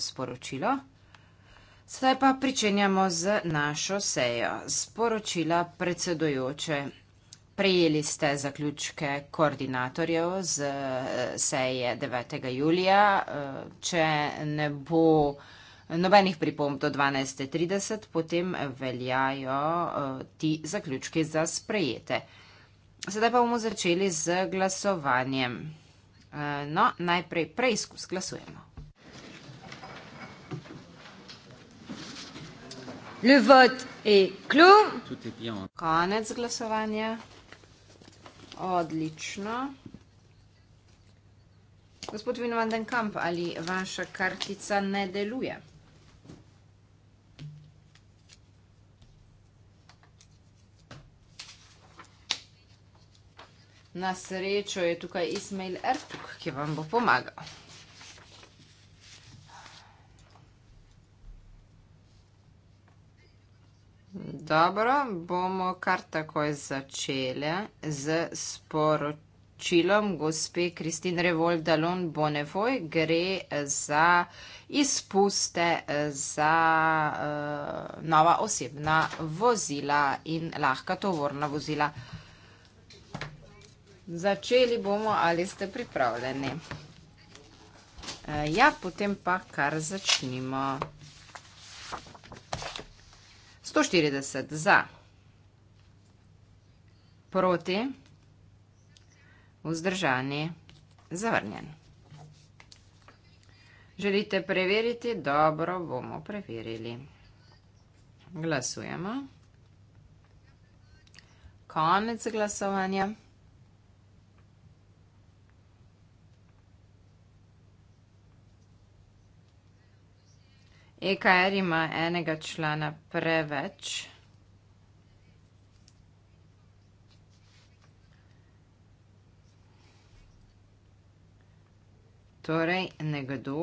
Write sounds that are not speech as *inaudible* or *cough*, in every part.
sporočilo. Sedaj pa pričenjamo z našo sejo. Sporočila predsedojoče. Prejeli ste zaključke koordinatorjev z eh, seje 9. julija. Eh, če ne bo nobenih pripomb do 12.30, potem veljajo eh, ti zaključki za sprejete. Sedaj pa bomo začeli z glasovanjem. No, najprej preizkus glasujemo. Le vote est clos. Tout est bien. Konec glasovanja. Odlično. Gospod Vinovanden Kamp, ali vaša kartica ne deluje? Na srečo je tukaj Ismail Ertug, ki vam bo pomagal. Dobro, bomo kar takoj začeli z sporočilom gospe Kristine Revoldalon Bonevoj. Gre za izpuste za uh, nova osebna vozila in lahka tovorna vozila. Začeli bomo, ali ste pripravljeni. Uh, ja, potem pa kar začnimo. 140 za, proti, vzdržani, zavrnjen. Želite preveriti? Dobro, bomo preverili. Glasujemo. Konec glasovanja. EKR ima enega člana preveč. Torej, nekdo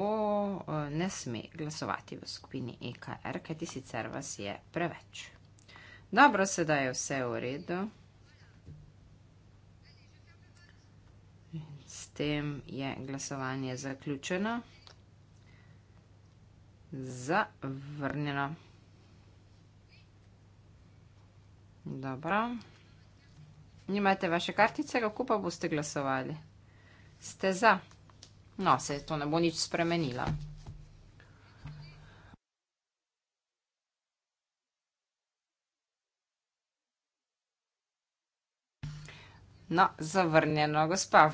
eh, ne sme glasovati v skupini EKR, kajti sicer vas je preveč. Dobro, sedaj je vse v redu. S tem je glasovanje zaključeno zavrnjeno. Dobro. Nimate vaše kartice, kako pa boste glasovali? Ste za? No, se to ne bo nič spremenilo. No, zavrnjeno, gospa.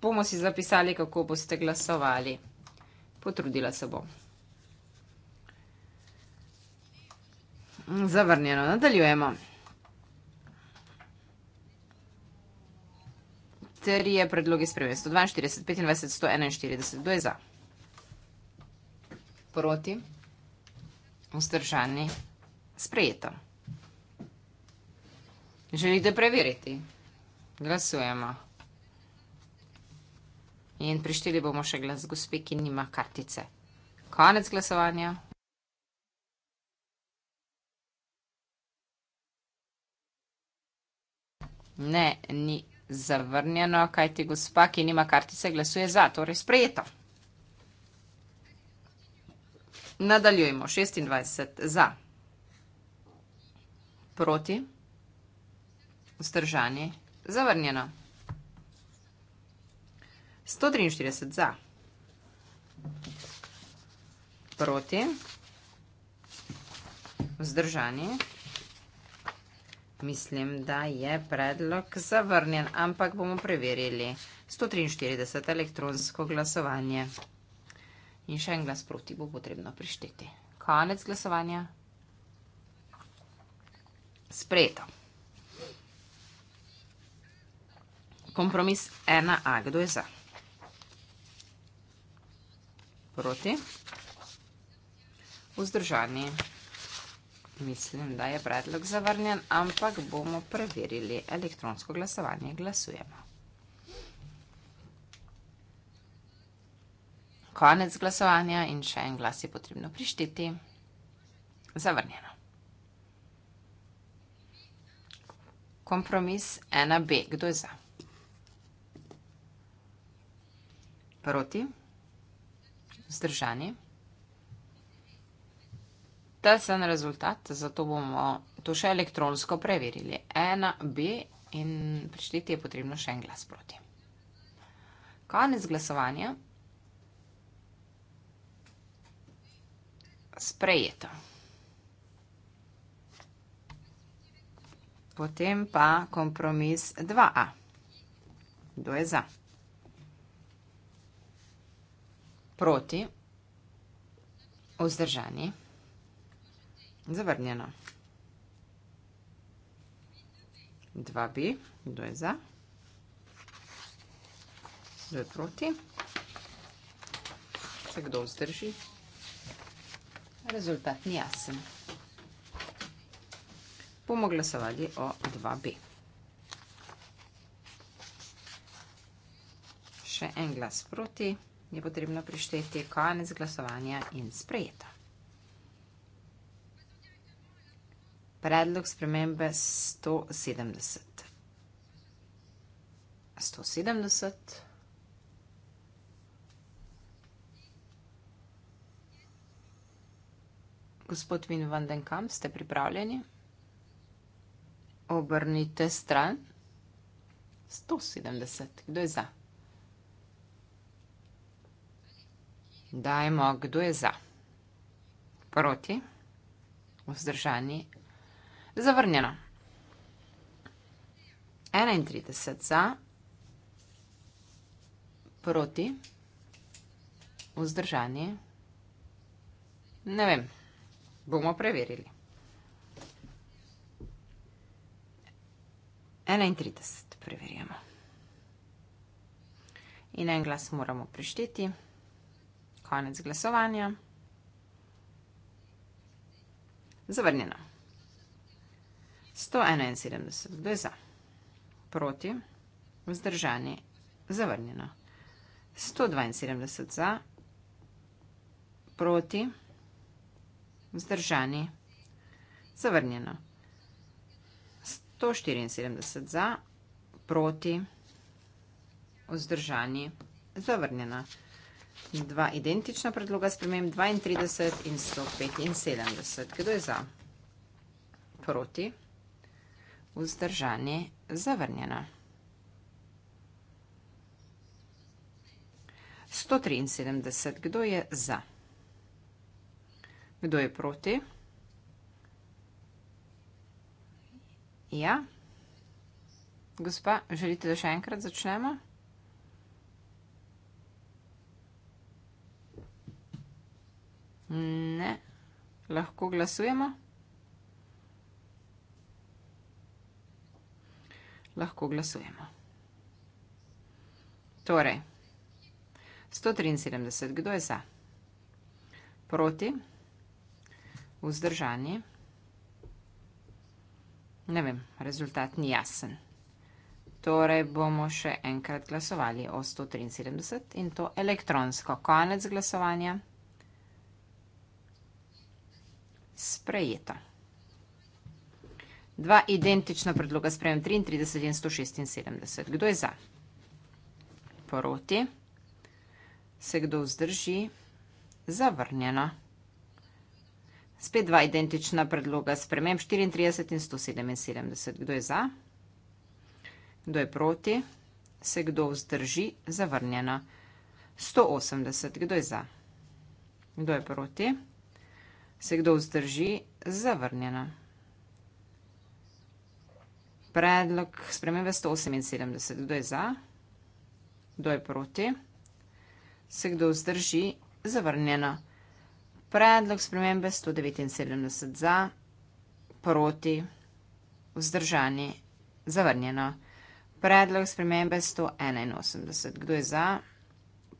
Bomo si zapisali, kako boste glasovali. Potrudila se bom. Zavrnjeno, nadaljujemo. Trije predlogi sprejme. 142, 25, 141. Kdo je za? Proti. Vzdržani. Sprejeto. Želite preveriti? Glasujemo. In prišteli bomo še glas gospe, ki nima kartice. Konec glasovanja. Ne, ni zavrnjeno, kaj ti gospa, ki nima kartice, glasuje za. Torej, sprejeto. Nadaljujemo. 26 za. Proti. Vzdržani. Zavrnjeno. 143 za. Proti. Vzdržani. Mislim, da je predlog zavrnjen, ampak bomo preverili 143 elektronsko glasovanje. In še en glas proti bo potrebno prišteti. Konec glasovanja. Sprejeto. Kompromis 1A. Kdo je za? Proti. Vzdržani. Vzdržani. Mislim, da je predlog zavrnjen, ampak bomo preverili elektronsko glasovanje. Glasujemo. Konec glasovanja in še en glas je potrebno prišteti. Zavrnjeno. Kompromis 1B. Kdo je za? Proti? Zdržani? Zdržani? tesen rezultat, zato bomo to še elektronsko preverili. 1B in prišteti je potrebno še en glas proti. Konec glasovanja. Sprejeto. Potem pa kompromis 2A. Kdo je za? Proti. Vzdržanje. Zavrnjeno. 2B, kdo je za? Kdo je proti? Če kdo vzdrži? Rezultat ni jasen. Bomo glasovali o 2B. Še en glas proti. Je potrebno prišteti konec glasovanja in sprejeto. predlog spremembe 170. 170. Gospod Vin van den Kamp, ste pripravljeni? Obrnite stran. 170. Kdo je za? Dajmo, kdo je za? Proti? Vzdržani Zavrnjeno. 31 za, proti, vzdržani. Ne vem, bomo preverili. 31 preverjamo. In en glas moramo prišteti. Konec glasovanja. Zavrnjeno. 171, kdo je za? Proti, vzdržani, zavrnjeno. 172 za, proti, vzdržani, zavrnjeno. 174 za, proti, vzdržani, zavrnjeno. Dva identična predloga spremem, 32 in 175. Kdo je za? Proti. Proti vzdržanje zavrnjeno. 173. Kdo je za? Kdo je proti? Ja. Gospa, želite, da še enkrat začnemo? Ne. Lahko glasujemo? lahko glasujemo. Torej, 173, kdo je za? Proti? Vzdržani? Ne vem, rezultat ni jasen. Torej bomo še enkrat glasovali o 173 in to elektronsko. Konec glasovanja. Sprejeto. Dva identična predloga sprejem 33 in 176. Kdo je za? Proti. Se kdo vzdrži? Zavrnjeno. Spet dva identična predloga sprejem 34 in 177. Kdo je za? Kdo je proti? Se kdo vzdrži? Zavrnjeno. 180. Kdo je za? Kdo je proti? Se kdo vzdrži? Zavrnjeno predlog spremembe 178. Kdo je za? Kdo je proti? Se kdo vzdrži? Zavrnjeno. Predlog spremembe 179 za, proti, vzdržani, zavrnjeno. Predlog spremembe 181. Kdo je za,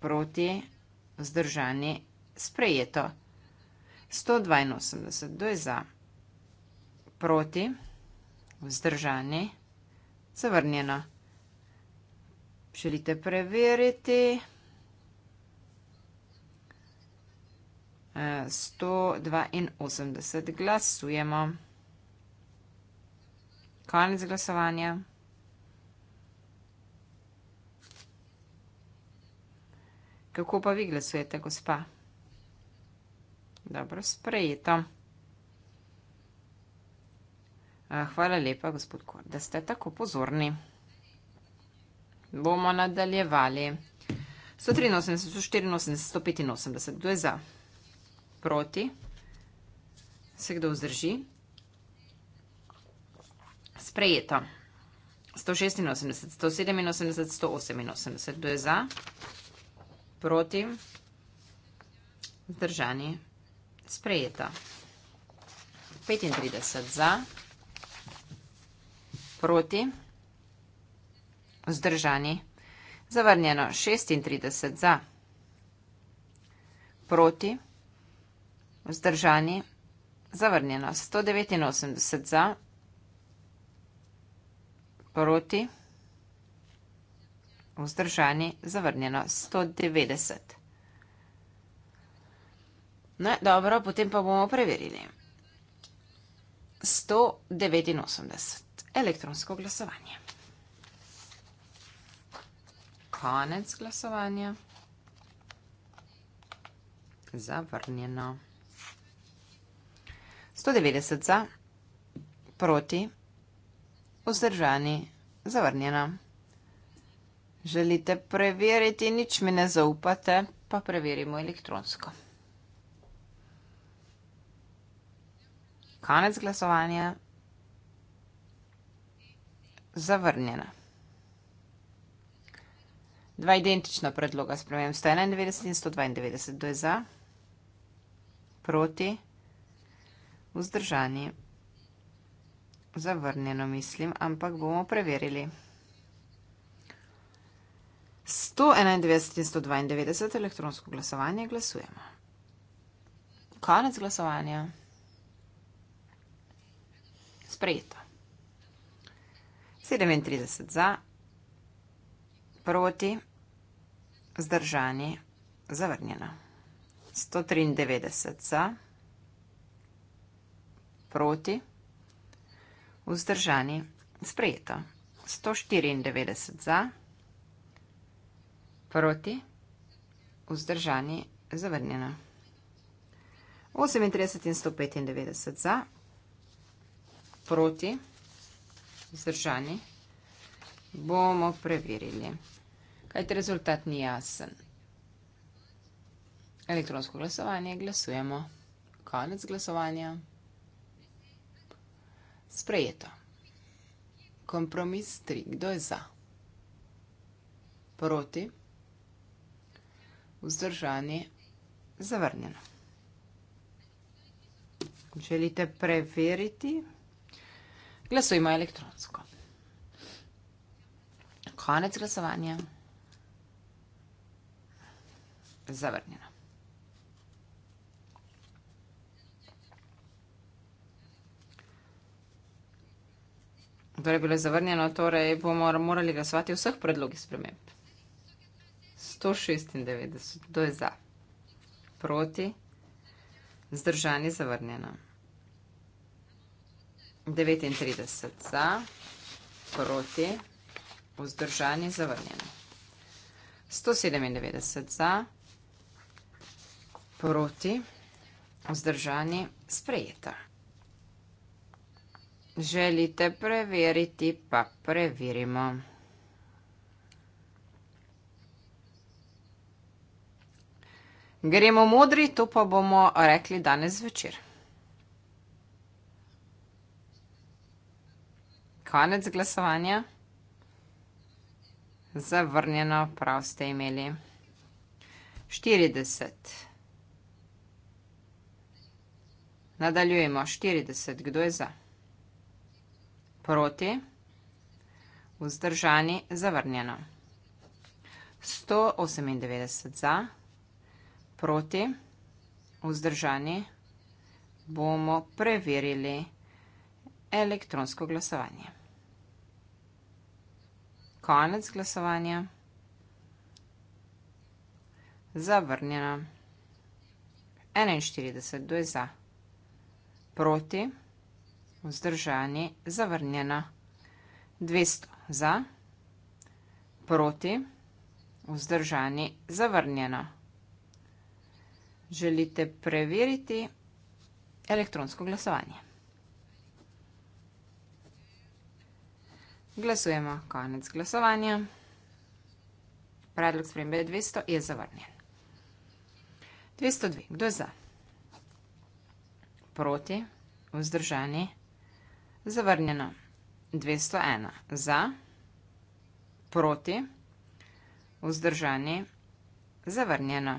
proti, vzdržani, sprejeto. 182. Kdo je za, proti, vzdržani vzdržani. Zavrnjeno. Želite preveriti? 182 eh, glasujemo. Konec glasovanja. Kako pa vi glasujete, gospa? Dobro, sprejeto. Hvala lepa, gospod Kor, da ste tako pozorni. Bomo nadaljevali. 183, 184, 185. Kdo je za? Proti? Se kdo vzdrži? Sprejeto. 186, 187, 188. Kdo je za? Proti? Vzdržani? Sprejeto. 35 za. Proti. Vzdržani. Zavrnjeno 36 za. Proti. Vzdržani. Zavrnjeno 189 za. Proti. Vzdržani. Zavrnjeno 190. Ne, dobro, potem pa bomo preverili. 189 elektronsko glasovanje. Konec glasovanja. Zavrnjeno. 190 za, proti, vzdržani, zavrnjeno. Želite preveriti, nič mi ne zaupate, pa preverimo elektronsko. Konec glasovanja zavrnjena. Dva identična predloga spremem 191 in 192. Kdo je za? Proti? Vzdržani? Zavrnjeno mislim, ampak bomo preverili. 191 in 192 elektronsko glasovanje glasujemo. Konec glasovanja. Sprejeto. 37 za, proti, vzdržani, zavrnjeno. 193 za, proti, vzdržani, sprejeto. 194 za, proti, vzdržani, zavrnjeno. 38 in 195 za, proti, vzdržani, zavrnjeno vzdržani, bomo preverili. Kajte rezultat ni jasen. Elektronsko glasovanje, glasujemo. Konec glasovanja. Sprejeto. Kompromis 3. Kdo je za? Proti. Vzdržani. Zavrnjeno. Želite preveriti? Vzdržani. Glasujmo elektronsko. Konec glasovanja. Zavrnjeno. Torej, bilo je zavrnjeno, torej bomo morali glasovati vseh predlogih sprememb. 196, kdo je za? Proti? Zdržanje zavrnjeno. 39 za, proti, vzdržani, zavrnjeno. 197 za, proti, vzdržani, sprejeta. Želite preveriti, pa preverimo. Gremo modri, to pa bomo rekli danes večer. konec glasovanja. Zavrnjeno, prav ste imeli. 40. Nadaljujemo 40. Kdo je za? Proti? Vzdržani? Zavrnjeno. 198 za, proti, vzdržani bomo preverili elektronsko glasovanje konec glasovanja. Zavrnjeno. 41, kdo je za? Proti, vzdržani, zavrnjeno. 200 za, proti, vzdržani, zavrnjeno. Želite preveriti elektronsko glasovanje? Glasujemo. Konec glasovanja. Predlog spremembe 200 je zavrnjen. 202. Kdo je za? Proti? Vzdržani? Zavrnjeno. 201. Za? Proti? Vzdržani? Zavrnjeno.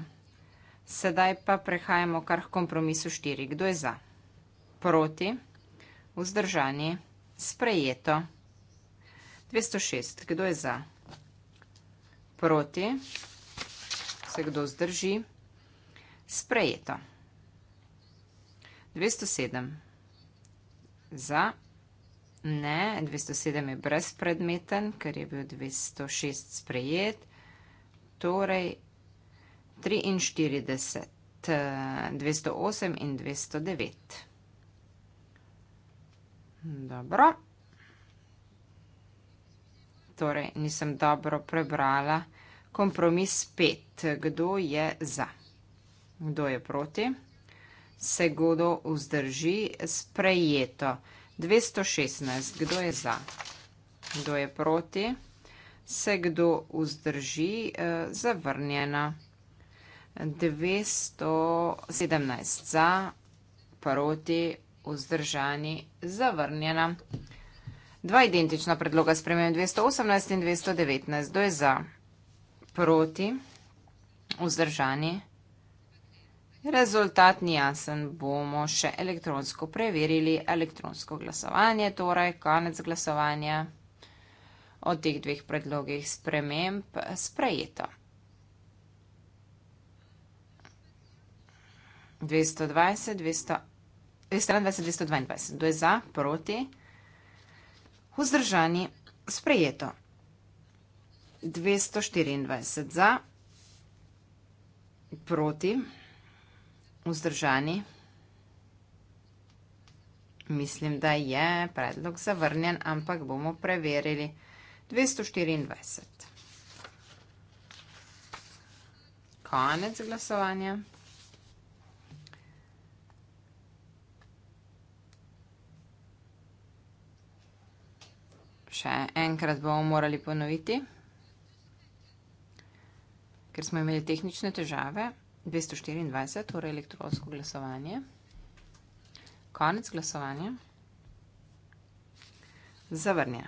Sedaj pa prehajamo kar k kompromisu 4. Kdo je za? Proti? Vzdržani? Sprejeto. 203. 206. Kdo je za? Proti? Se kdo zdrži? Sprejeto. 207. Za? Ne, 207 je brezpredmeten, ker je bil 206 sprejet. Torej, 43, 208 in 209. Dobro torej nisem dobro prebrala. Kompromis 5. Kdo je za? Kdo je proti? Se godo vzdrži sprejeto. 216. Kdo je za? Kdo je proti? Se kdo vzdrži eh, zavrnjena. 217 za, proti, vzdržani, zavrnjena. Dva identična predloga spremenja 218 in 219. Kdo je za? Proti? Vzdržani? Rezultat ni jasen. Bomo še elektronsko preverili. Elektronsko glasovanje, torej konec glasovanja o teh dveh predlogih sprememb sprejeto. 220, 200, 21, 222. Kdo je za? Proti? vzdržani, sprejeto. 224 za, proti, vzdržani. Mislim, da je predlog zavrnjen, ampak bomo preverili. 224. Konec glasovanja. Še enkrat bomo morali ponoviti, ker smo imeli tehnične težave. 224, torej elektronsko glasovanje. Konec glasovanja. Zavrnja.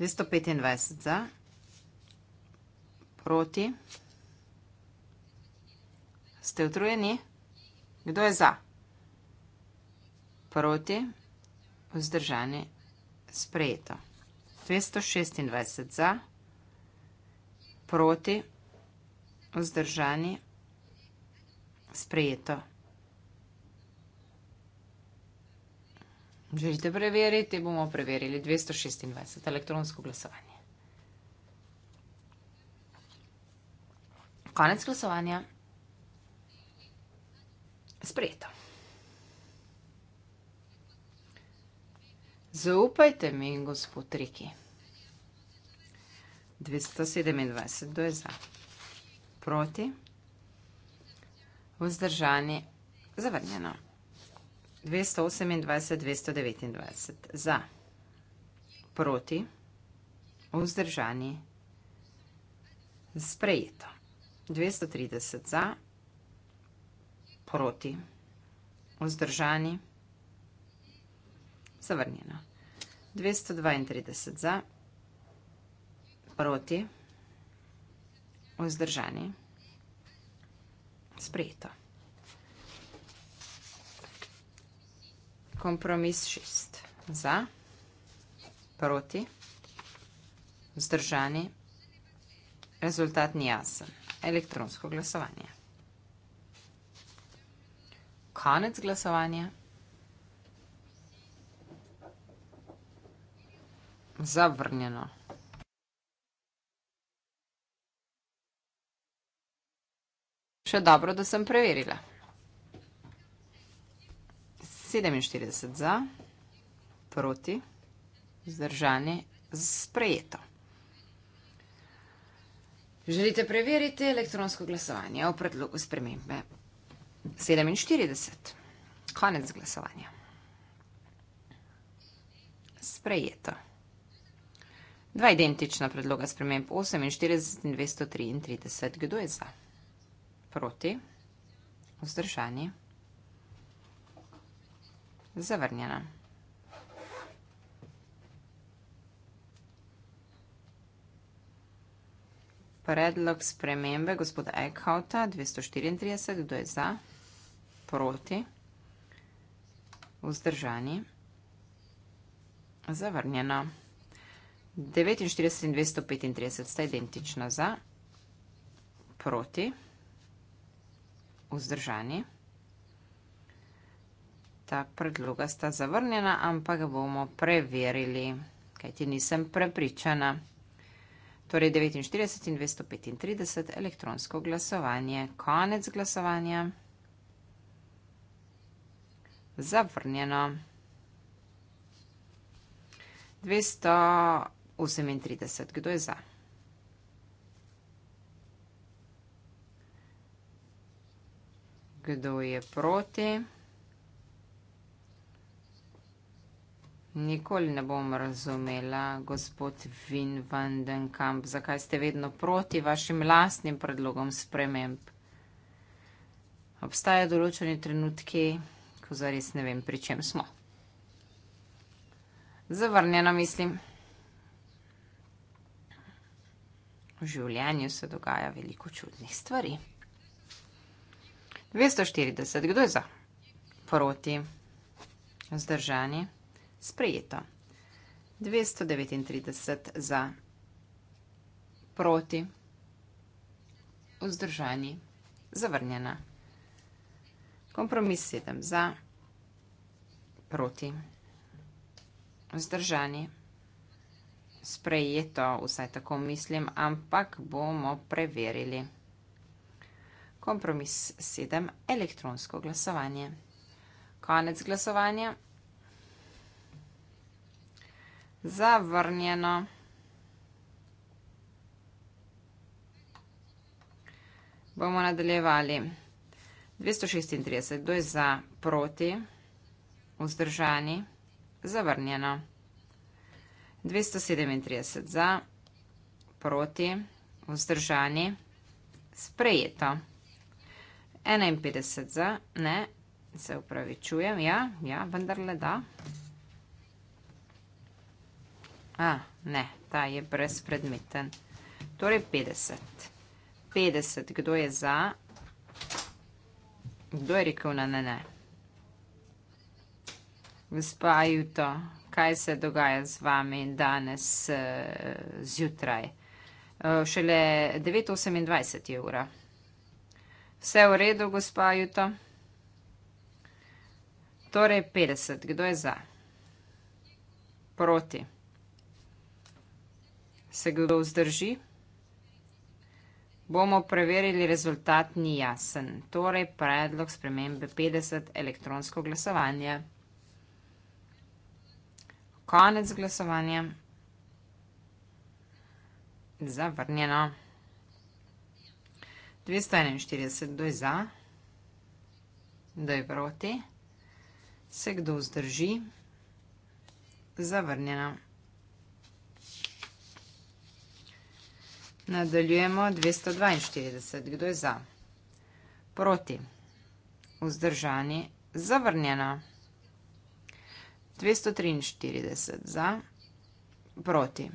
225 za, proti. Ste utrujeni? Kdo je za? Proti vzdržani, sprejeto. 226 za, proti, vzdržani, sprejeto. Želite preveriti, bomo preverili 226 elektronsko glasovanje. Konec glasovanja. Sprejeto. Zaupajte mi, gospod Riki. 227 do je za. Proti. Vzdržani. Zavrnjeno. 228, 229. Za. Proti. Vzdržani. Sprejeto. 230 za. Proti. Vzdržani. Vzdržani zavrnjeno. 232 za, proti, vzdržani, sprejeto. Kompromis 6 za, proti, vzdržani, rezultat ni jasen. Elektronsko glasovanje. Konec glasovanja. Zavrnjeno. Še dobro, da sem preverila. 47 za, proti, zdržani, sprejeto. Želite preveriti elektronsko glasovanje o predlogu spremembe? 47. Konec glasovanja. Sprejeto. Dva identična predloga sprememb 48 in 233. Kdo je za? Proti? Vzdržani? Zavrnjena. Predlog spremembe gospoda Eckhouta 234. Kdo je za? Proti? Vzdržani? Zavrnjena. 49 in 235 sta identična za, proti, vzdržani. Ta predloga sta zavrnjena, ampak bomo preverili, kajti nisem prepričana. Torej 49 in 235 elektronsko glasovanje, konec glasovanja, zavrnjeno. 200 38. Kdo je za? Kdo je proti? Nikoli ne bom razumela, gospod Vin van den Kamp, zakaj ste vedno proti vašim lastnim predlogom sprememb. Obstajajo določeni trenutki, ko zares ne vem, pri čem smo. Zavrnjeno mislim. V življenju se dogaja veliko čudnih stvari. 240. Kdo je za? Proti. Zdržani. Sprejeto. 239 za. Proti. Vzdržani. Zavrnjena. Kompromis 7 za. Proti. Vzdržani sprejeto, vsaj tako mislim, ampak bomo preverili. Kompromis 7. Elektronsko glasovanje. Konec glasovanja. Zavrnjeno. Bomo nadaljevali. 236. Kdo je za? Proti? Vzdržani? Zavrnjeno. 237 za, proti, vzdržani, sprejeto. 51 za, ne, se upravičujem, ja, ja, vendarle da. A, ne, ta je brezpredmeten. Torej 50. 50, kdo je za? Kdo je rekel na ne, ne? Gospa Juto, kaj se dogaja z vami danes uh, zjutraj. Uh, šele 9.28 je ura. Vse v redu, gospa Juta? Torej 50, kdo je za? Proti. Se kdo vzdrži? Bomo preverili, rezultat ni jasen. Torej predlog spremembe 50 elektronsko glasovanje. Konec glasovanja. Zavrnjeno. 241, kdo je za, kdo je proti, se kdo vzdrži, zavrnjeno. Nadaljujemo 242, kdo je za, proti, vzdržani, zavrnjeno. 243 za, proti.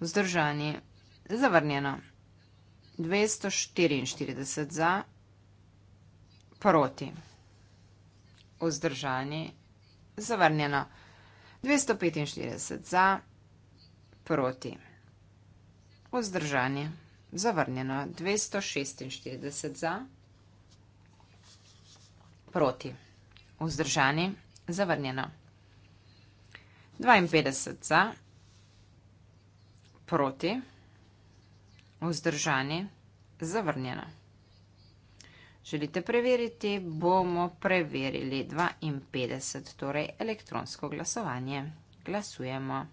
Vzdržani, zavrnjeno. 244 za, proti. Vzdržani, zavrnjeno. 245 za, proti. Vzdržani, zavrnjeno. 246 za, proti. Vzdržani, zavrnjeno. Zavrnjeno. 52 za, proti, vzdržani, zavrnjeno. Želite preveriti? Bomo preverili 52, torej elektronsko glasovanje. Glasujemo.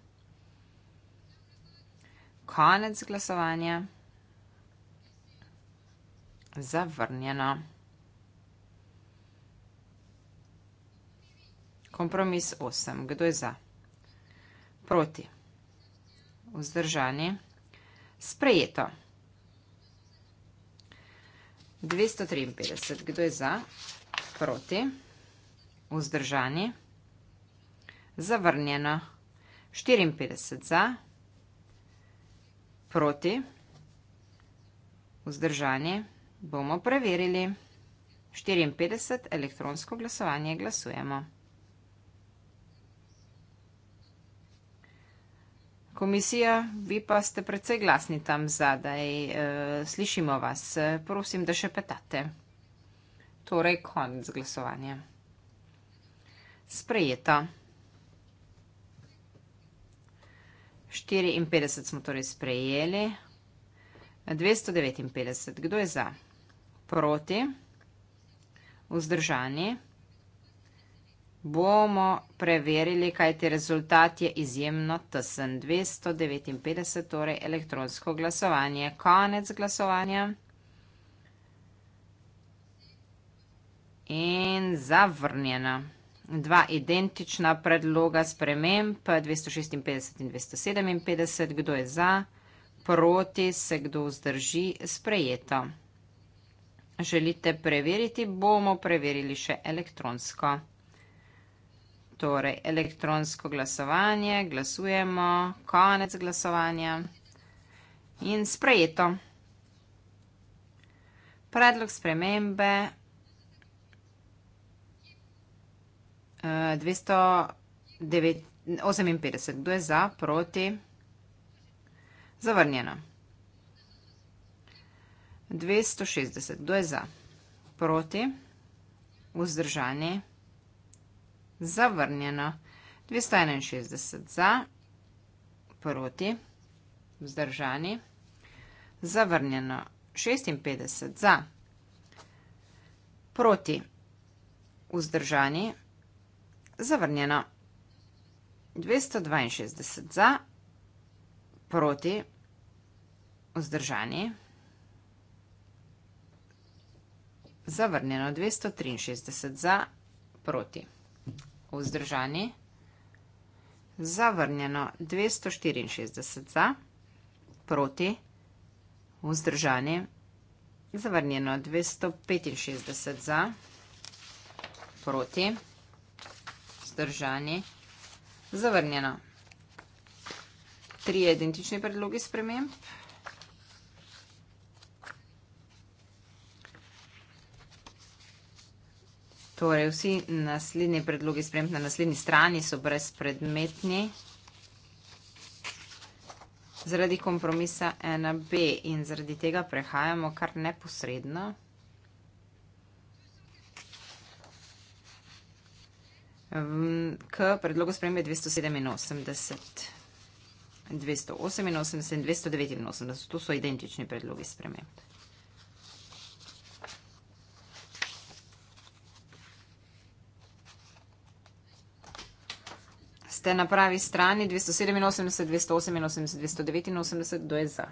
Konec glasovanja. Zavrnjeno. Kompromis 8. Kdo je za? Proti. Vzdržani. Sprejeto. 253. Kdo je za? Proti. Vzdržani. Zavrnjeno. 54 za. Proti. Vzdržani. Bomo preverili. 54. Elektronsko glasovanje glasujemo. Komisija, vi pa ste precej glasni tam zadaj, e, slišimo vas, prosim, da še petate. Torej, konec glasovanja. Sprejeta. 54 smo torej sprejeli. 259. Kdo je za? Proti? Vzdržani? bomo preverili, kajti rezultat je izjemno tesen. 259, torej elektronsko glasovanje. Konec glasovanja. In zavrnjena. Dva identična predloga sprememb, 256 in 257. Kdo je za, proti, se kdo vzdrži, sprejeto. Želite preveriti, bomo preverili še elektronsko. Torej, elektronsko glasovanje, glasujemo, konec glasovanja in sprejeto. Predlog spremembe 258. Eh, Kdo je za, proti? Zavrnjeno. 260. Kdo je za? Proti? Vzdržanje? Zavrnjeno. 261 za, proti, vzdržani. Zavrnjeno. 56 za, proti, vzdržani. Zavrnjeno. 262 za, proti, vzdržani. Zavrnjeno 263 za proti vzdržani. Zavrnjeno 264 za, proti, vzdržani. Zavrnjeno 265 za, proti, vzdržani. Zavrnjeno. Tri identični predlogi sprememb. Torej, vsi naslednji predlogi sprememb na naslednji strani so brezpredmetni. Zaradi kompromisa 1b in zaradi tega prehajamo kar neposredno k predlogu spremembe 287. 288 in 289, to so identični predlogi sprememb. ste na pravi strani 287, 288, 289, kdo je za?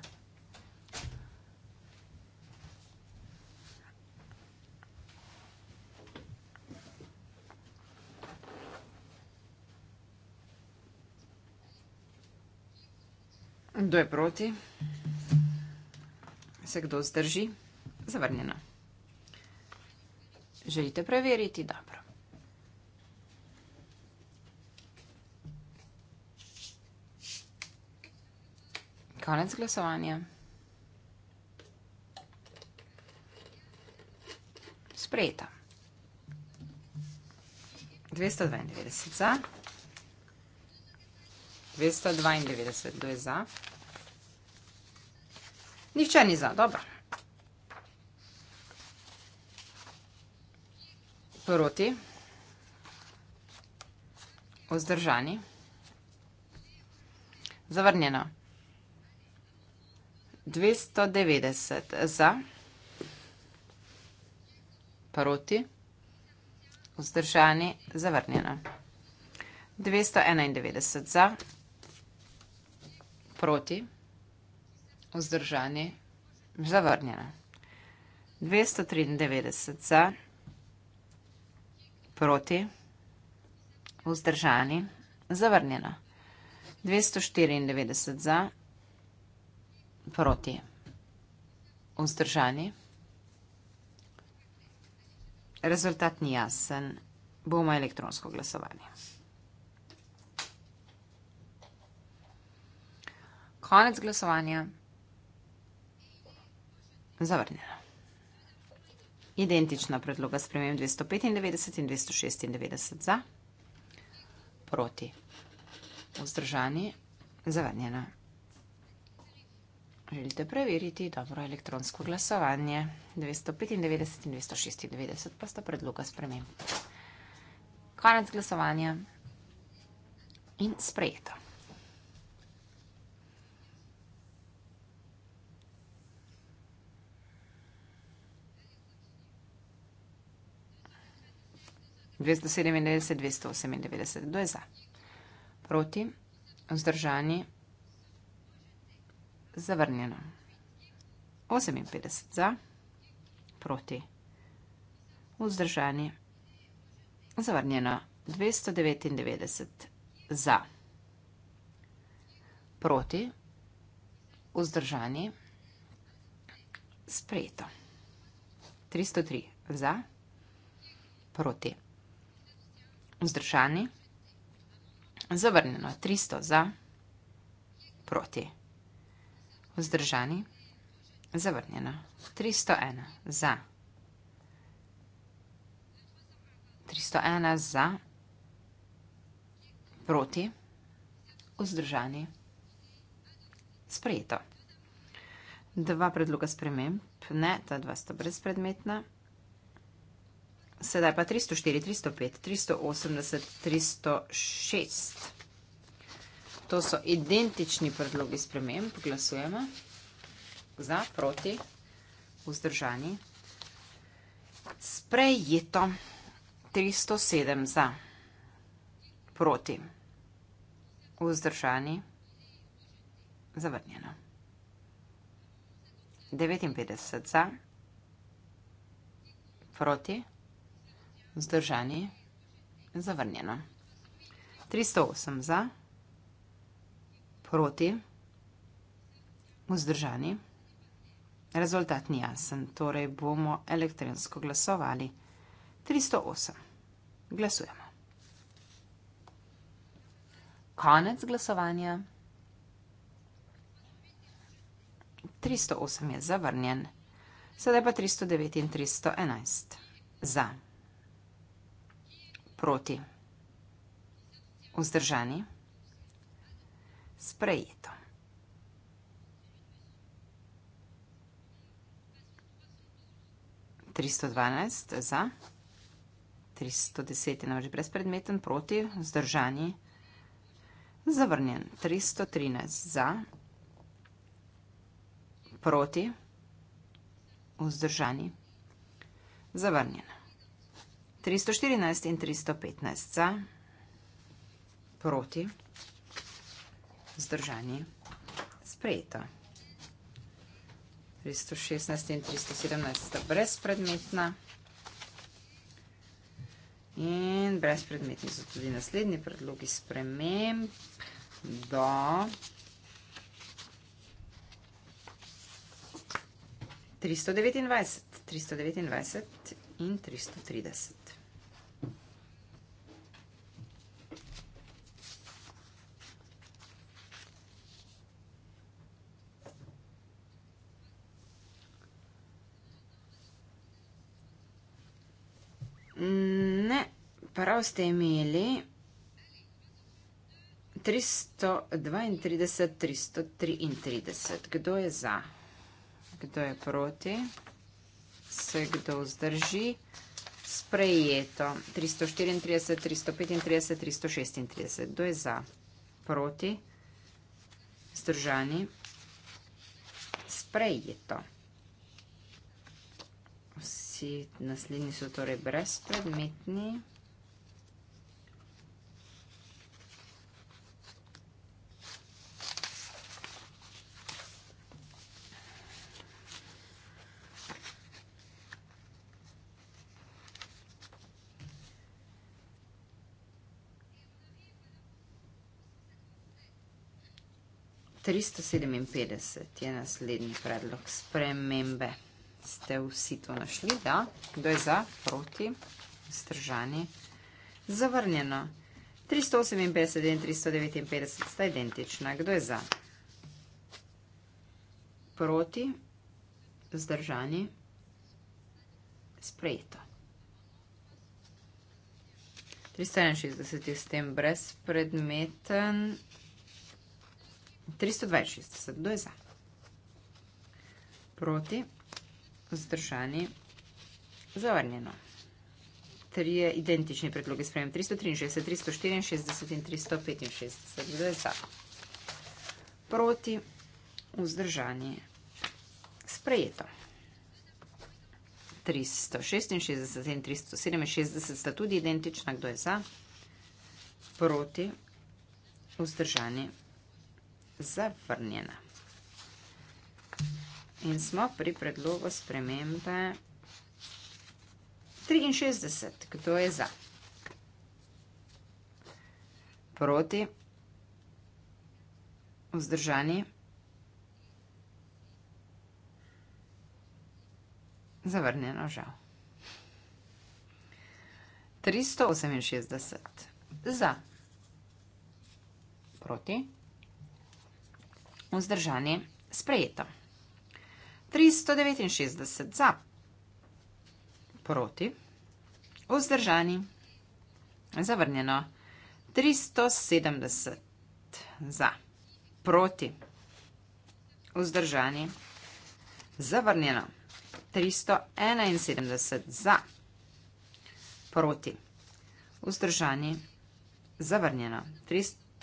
Kdo je proti? Se kdo zdrži? Zavrnjena. Želite preveriti? Dobro. Konec glasovanja. Sprejeta. 292 za. 292, kdo je za? Nihče ni za, dobro. Proti. Ozdržani. Zavrnjeno. 290 za, proti, vzdržani, zavrnjeno. 291 za, proti, vzdržani, zavrnjeno. 293 za, proti, vzdržani, zavrnjeno. 294 za, proti, vzdržani, zavrnjeno. 294 za, proti. Vzdržani. Rezultat ni jasen. Bomo elektronsko glasovanje. Konec glasovanja. Zavrnjeno. Identična predloga spremem 295 in 296 za. Proti. Vzdržani. Zavrnjeno. Želite preveriti dobro elektronsko glasovanje. 295 in 296 pa sta predloga sprememb. Konec glasovanja in sprejeto. Dvesto sedemindevetdeset, dvesto osemindevetdeset, kdo je za? Proti? Vzdržani? zavrnjeno. 58 za, proti, vzdržani, zavrnjeno. 299 za, proti, vzdržani, sprejeto. 303 za, proti, vzdržani, zavrnjeno. 300 za, proti. Vzdržani. Zavrnjeno. 301 za. 301 za. Proti. Vzdržani. Sprejeto. Dva predloga sprememb. Ne, ta dva sta brezpredmetna. Sedaj pa 304, 305, 380, 306. To so identični predlogi sprememb. Glasujemo za, proti, vzdržani. Sprejeto 307 za, proti, vzdržani, zavrnjeno. 59 za, proti, vzdržani, zavrnjeno. 308 za, proti, vzdržani proti, vzdržani. Rezultat ni jasen, torej bomo elektronsko glasovali. 308. Glasujemo. Konec glasovanja. 308 je zavrnjen, sedaj pa 309 in 311. Za. Proti. Vzdržani sprejeto. Tristo dvanajst za, tristo deset je namreč brezpredmeten, proti, vzdržani, zavrnjen. Tristo trinajst za, proti, vzdržani, zavrnjen. Tristo štirinajst in tristo petnajst za, proti, vzdržani vzdržani. Sprejeto. 316 in 317 sta brezpredmetna. In brezpredmetni so tudi naslednji predlogi sprememb do... Tristo devetindvajset, tristo devetindvajset in tristo trideset. ste imeli 332-333. Kdo je za? Kdo je proti? Se kdo vzdrži? Sprejeto. 334-335-336. Kdo je za? Proti? Zdržani? Sprejeto. Vsi naslednji so torej brezpredmetni. Sprejeto. 357 je naslednji predlog spremembe. Ste vsi to našli, da? Kdo je za, proti, zdržani, zavrnjeno. 358 in 359 sta identična. Kdo je za? Proti, zdržani, sprejeto. 361 je s tem brezpredmeten. 362, kdo je za? Proti, vzdržani, zavrnjeno. Tri je identični predloge, sprejem 363, 364 in 365, kdo je za? Proti, vzdržani, sprejeto. 366 in 367 sta tudi identična, kdo je za? Proti, vzdržani, sprejeto zavrnjena. In smo pri predlogu spremembe 63. Kdo je za? Proti? Vzdržani? Zavrnjeno žal. 368. Za. Proti? Proti? vzdržanje sprejeto. 369 za, proti, vzdržani, zavrnjeno. 370 za, proti, vzdržani, zavrnjeno. 371 za, proti, vzdržani, zavrnjeno. 300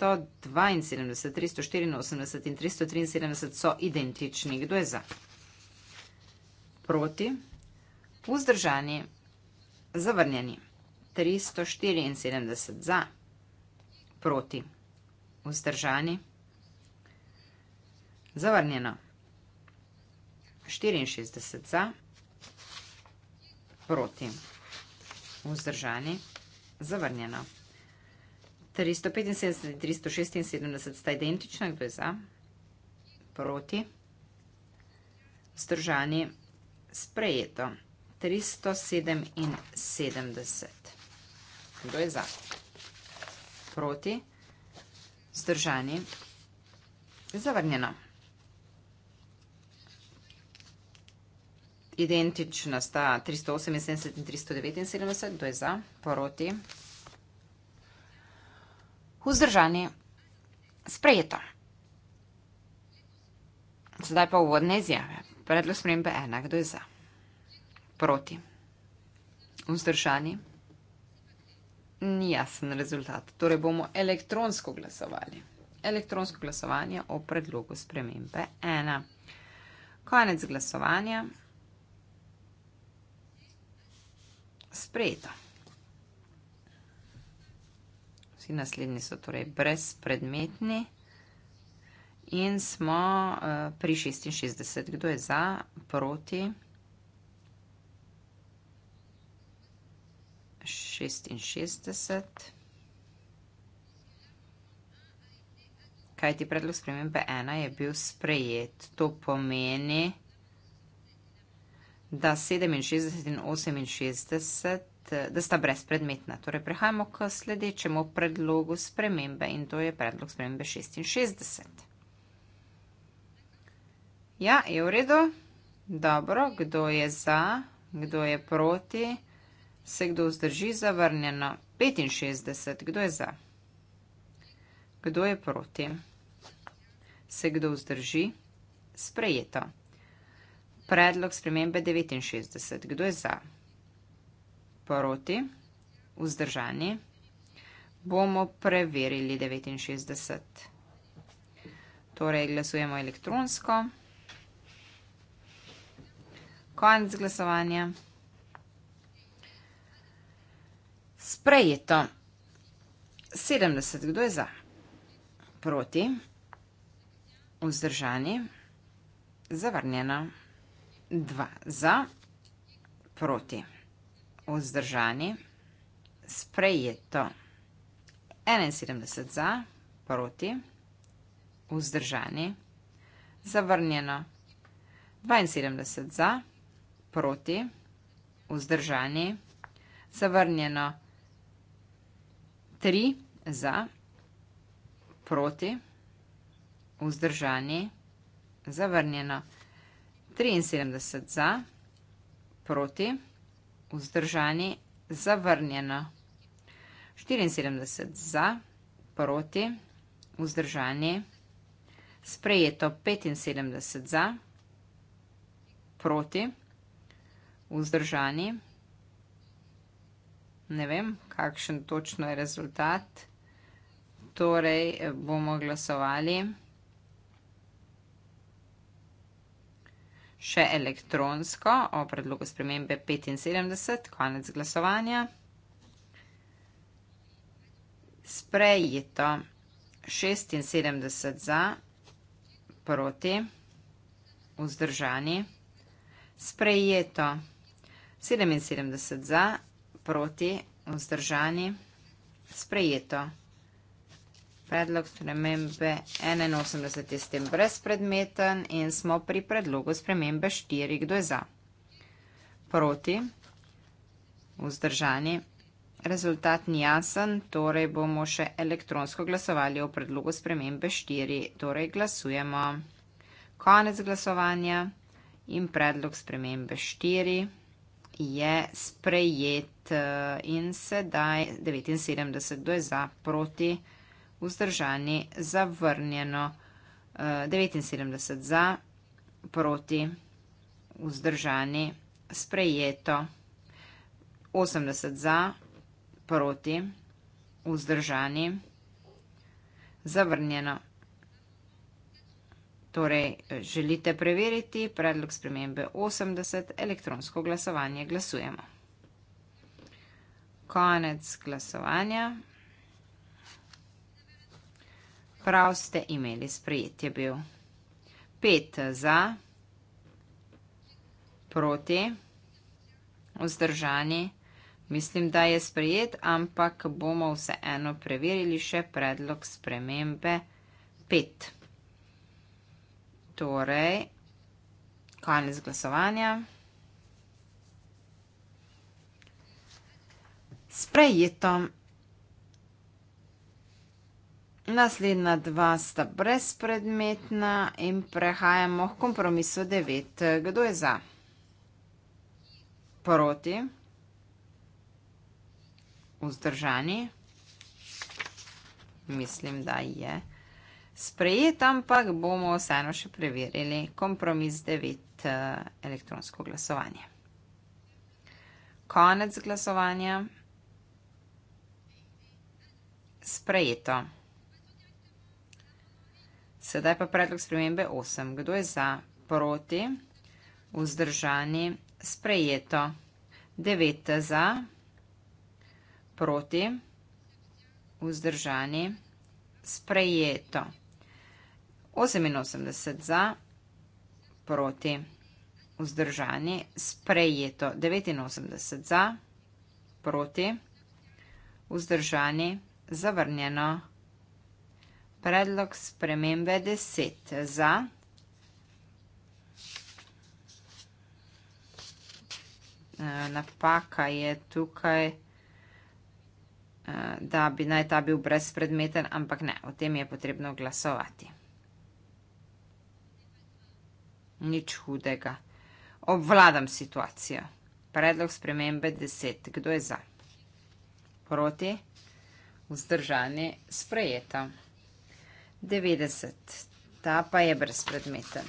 372, 384 in 373 so identični. Kdo je za? Proti. Vzdržani. Zavrnjeni. 374 za. Proti. Vzdržani. Zavrnjeno. 64 za. Proti. Vzdržani. Zavrnjeno. 376 sta identična, kdo je za, proti, vzdržani, sprejeto. 377. Kdo je za? Proti. Zdržani. Zavrnjeno. Identično sta 378 in 379. Kdo je za? Proti. Vzdržanje. Sprejeto. Zdaj pa uvodne izjave. Predlog spremembe ena. Kdo je za? Proti. Vzdržanje. Ni jasen rezultat. Torej bomo elektronsko glasovali. Elektronsko glasovanje o predlogu spremembe ena. Konec glasovanja. Sprejeto vsi naslednji so torej brezpredmetni. In smo uh, pri 66. Kdo je za, proti? 66. Kaj ti predlog spremembe 1 je bil sprejet? To pomeni, da 67 in 68 da sta brezpredmetna. Torej, prehajamo k sledečemu predlogu spremembe in to je predlog spremembe 66. Ja, je v redu. Dobro, kdo je za, kdo je proti, se kdo vzdrži zavrnjeno. 65, kdo je za, kdo je proti, se kdo vzdrži, sprejeto. Predlog spremembe 69, kdo je za sproti, vzdržani, bomo preverili 69. Torej, glasujemo elektronsko. Konec glasovanja. Sprejeto. 70. Kdo je za? Proti. Vzdržani. Zavrnjeno. 2. Za. Proti vzdržani. Sprejeto. 71 za, proti, vzdržani, zavrnjeno. 72 za, proti, vzdržani, zavrnjeno. 3 za, proti, vzdržani, zavrnjeno. 73 za, proti, vzdržani vzdržani, zavrnjeno. 74 za, proti, vzdržani, sprejeto 75 za, proti, vzdržani. Ne vem, kakšen točno je rezultat, torej bomo glasovali. še elektronsko o predlogu spremembe 75, konec glasovanja. Sprejeto 76 za, proti, vzdržani. Sprejeto 77 za, proti, vzdržani. Sprejeto. Predlog spremembe 81 je s tem brezpredmeten in smo pri predlogu spremembe 4. Kdo je za? Proti? Vzdržani? Rezultat ni jasen, torej bomo še elektronsko glasovali o predlogu spremembe 4. Torej glasujemo. Konec glasovanja in predlog spremembe 4 je sprejet eh, in sedaj 79 do je za proti vzdržani, zavrnjeno, 79 eh, za, proti, vzdržani, sprejeto, 80 za, proti, vzdržani, zavrnjeno. Torej, eh, želite preveriti predlog spremembe 80, elektronsko glasovanje glasujemo. Konec glasovanja. Prav ste imeli sprejetje bil. Pet za, proti, vzdržani. Mislim, da je sprejet, ampak bomo vseeno preverili še predlog spremembe pet. Torej, konec glasovanja. Sprejetom. Naslednja dva sta brezpredmetna in prehajamo k kompromisu 9. Kdo je za? Proti? Vzdržani? Mislim, da je sprejet, ampak bomo vseeno še preverili kompromis 9 eh, elektronsko glasovanje. Konec glasovanja. Sprejeto. Sedaj pa predlog spremembe 8. Kdo je za, proti, vzdržani, sprejeto? 9 za, proti, vzdržani, sprejeto. 88 za, proti, vzdržani, sprejeto. 89 za, proti, vzdržani, zavrnjeno predlog spremembe deset za. E, napaka je tukaj, e, da bi naj ta bil brezpredmeten, ampak ne, o tem je potrebno glasovati. Nič hudega. Obvladam situacijo. Predlog spremembe deset. Kdo je za? Proti? Vzdržani? Sprejeta. 90. Ta pa je brezpredmeten.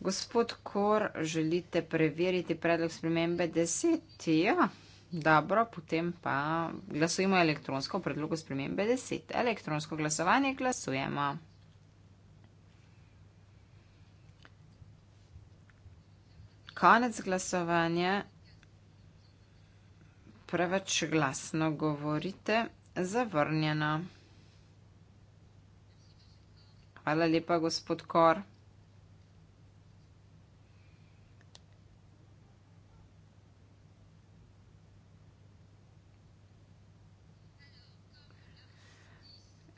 Gospod Kor, želite preveriti predlog spremembe 10? Ja, dobro, potem pa glasujemo elektronsko predlogo spremembe 10. Elektronsko glasovanje glasujemo. Konec glasovanja preveč glasno govorite. Zavrnjena. Hvala lepa, gospod Kor.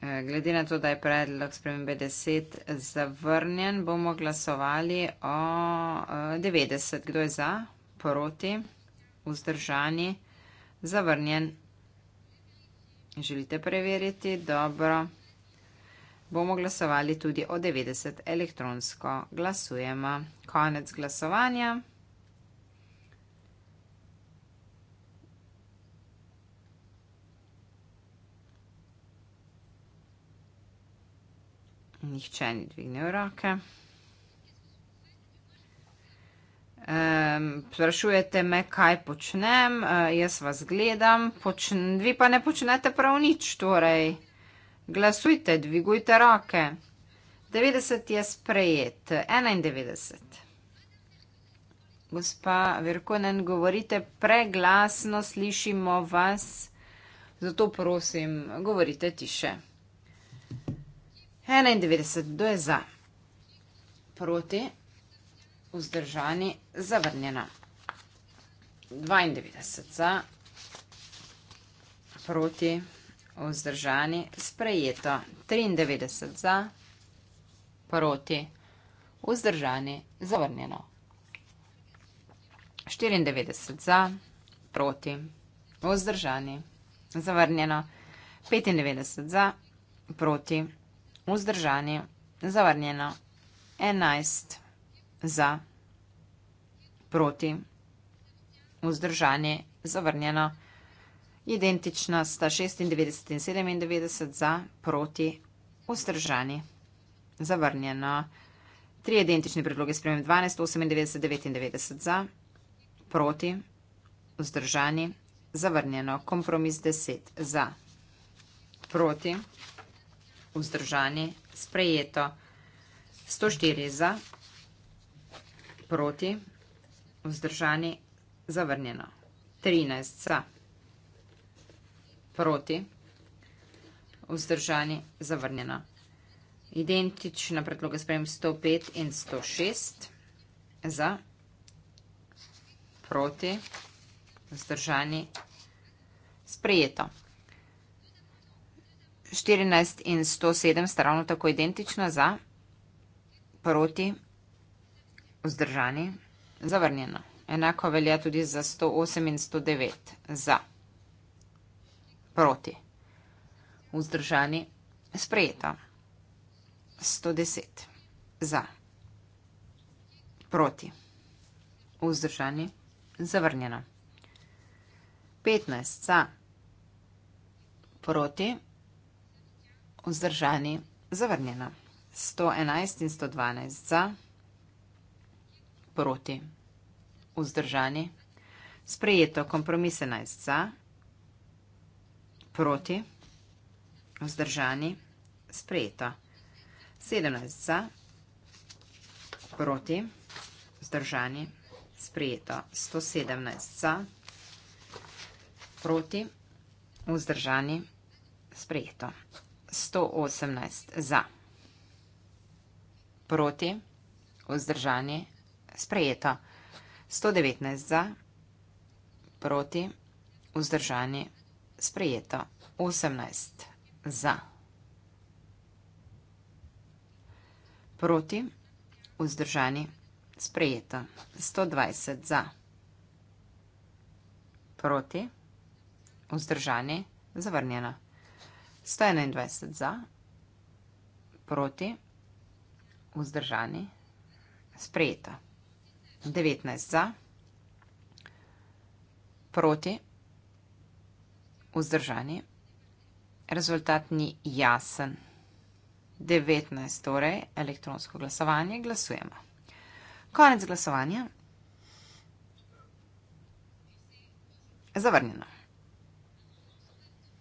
Eh, glede na to, da je predlog spremembe 10 zavrnjen, bomo glasovali o 90. Eh, Kdo je za? Proti? Vzdržani? zavrnjen. Želite preveriti? Dobro. Bomo glasovali tudi o 90 elektronsko. Glasujemo. Konec glasovanja. Nihče ni dvignil roke. Sprašujete me, kaj počnem, eh, jaz vas gledam, počn, vi pa ne počnete prav nič, torej glasujte, dvigujte roke. 90 je sprejet, 91. Gospa Virkonen, govorite preglasno, slišimo vas, zato prosim, govorite tiše. 91, kdo je za? Proti? vzdržani, zavrnjena. 92 za, proti, vzdržani, sprejeto. 93 za, proti, vzdržani, zavrnjeno. 94 za, proti, vzdržani, zavrnjeno. 95 za, proti, vzdržani, zavrnjeno. 11 za za, proti, vzdržani, zavrnjeno. Identična sta 96 in 97 za, proti, vzdržani, zavrnjeno. Tri identični predloge spremem 12, 98, 99 za, proti, vzdržani, zavrnjeno. Kompromis 10 za, proti, vzdržani, sprejeto. 104 za, proti proti, vzdržani, zavrnjeno. 13 za, proti, vzdržani, zavrnjeno. Identična predloga sprejem 105 in 106 za, proti, vzdržani, sprejeto. 14 in 107 sta ravno tako identična za, proti, vzdržani vzdržani, zavrnjeno. Enako velja tudi za 108 in 109 za, proti, vzdržani, sprejeto. 110 za, proti, vzdržani, zavrnjeno. 15 za, proti, vzdržani, zavrnjeno. 111 in 112 za, proti proti. Vzdržani. Sprejeto kompromis 11 za, proti, vzdržani, sprejeto. 17 za, proti, vzdržani, sprejeto. 117 za, proti, vzdržani, sprejeto. 118 za, proti, vzdržani, sprejeto sprejeto. 119 za, proti, vzdržani, sprejeto. 18 za, proti, vzdržani, sprejeto. 120 za, proti, vzdržani, zavrnjeno. 121 za, proti, vzdržani, sprejeto. 19 za, proti, vzdržani. Rezultat ni jasen. 19 torej elektronsko glasovanje. Glasujemo. Konec glasovanja. Zavrnjeno.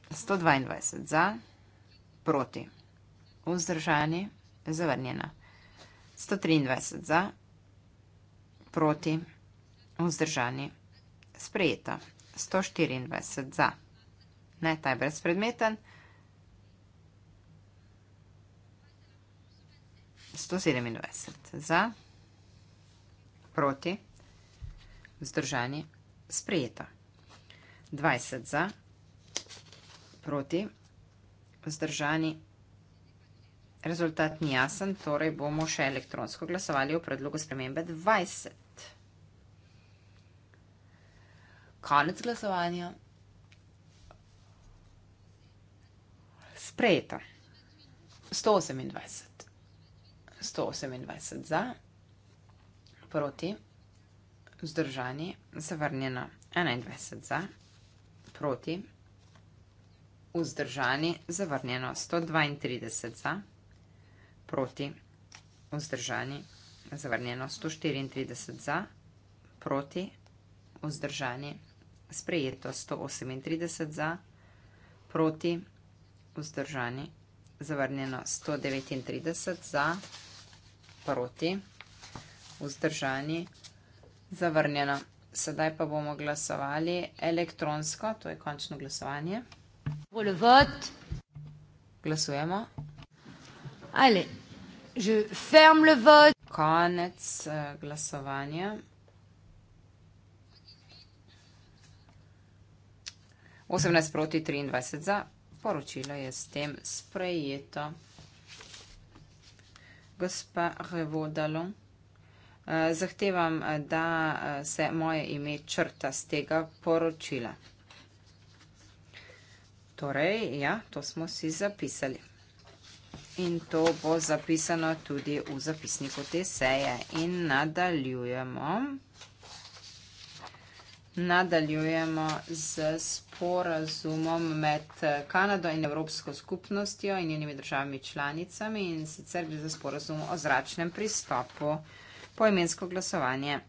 122 za, proti, vzdržani, zavrnjeno. 123 za, proti vzdržani. Sprejeto. 124 za. Ne, ta je brezpredmeten. 127 za. Proti vzdržani. Sprejeto. 20 za. Proti vzdržani. Rezultat ni jasen, torej bomo še elektronsko glasovali o predlogu spremembe 20. konec glasovanja. Sprejeta. 128. 128 za, proti, vzdržani, zavrnjena. 21 za, proti, vzdržani, zavrnjeno. 132 za, proti, vzdržani, zavrnjeno. 134 za, proti, vzdržani, zavrnjeno sprejeto 138 za, proti vzdržani, zavrnjeno 139 za, proti vzdržani, zavrnjeno. Sedaj pa bomo glasovali elektronsko, to je končno glasovanje. Glasujemo. Allez, je ferme le vote. Konec eh, glasovanja. 18 proti 23 za poročilo je s tem sprejeto. Gospa Revodalo, eh, zahtevam, da eh, se moje ime črta z tega poročila. Torej, ja, to smo si zapisali. In to bo zapisano tudi v zapisniku te seje. In nadaljujemo. Nadaljujemo z sporazumom med Kanado in Evropsko skupnostjo in njenimi državami članicami in sicer gre za sporazum o zračnem pristopu. Poimensko glasovanje.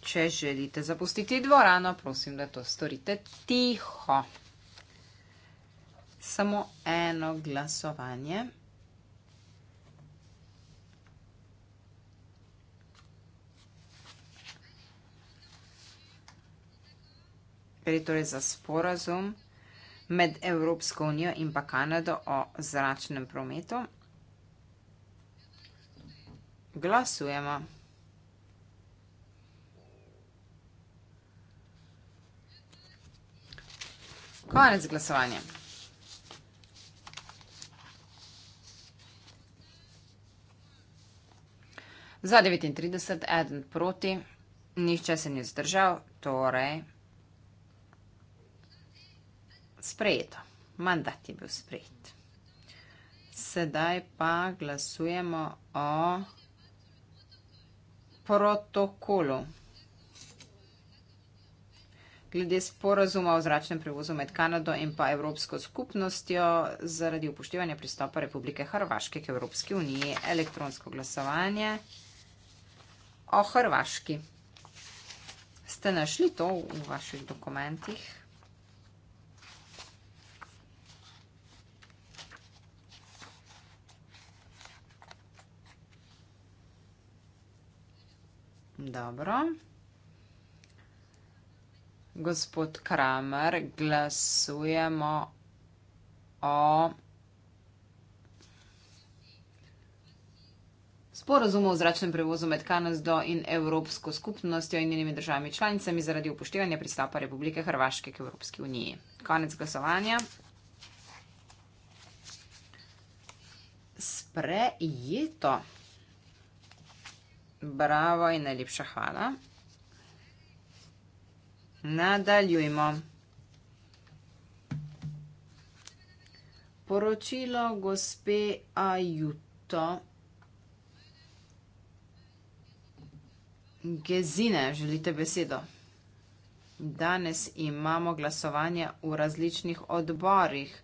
Če želite zapustiti dvorano, prosim, da to storite tiho. Samo eno glasovanje. Gre torej za sporazum med Evropsko unijo in pa Kanado o zračnem prometu. Glasujemo. Konec glasovanja. Za 39, eden proti, nihče se ni zdržal, torej sprejeto. Mandat je bil sprejet. Sedaj pa glasujemo o protokolu. Glede sporazuma o zračnem prevozu med Kanado in pa Evropsko skupnostjo zaradi upoštevanja pristopa Republike Hrvaške k Evropski uniji elektronsko glasovanje o Hrvaški. Ste našli to v vaših dokumentih? Dobro. Gospod Kramer, glasujemo o sporozumu o zračnem prevozu med Kanazdo in Evropsko skupnostjo in njenimi državami članicami zaradi upoštevanja pristopa Republike Hrvaške k Evropski uniji. Konec glasovanja. Sprejeto. Bravo in najlepša hvala. Nadaljujmo. Poročilo gospe Ajuto. Gezine, želite besedo? Danes imamo glasovanje v različnih odborih.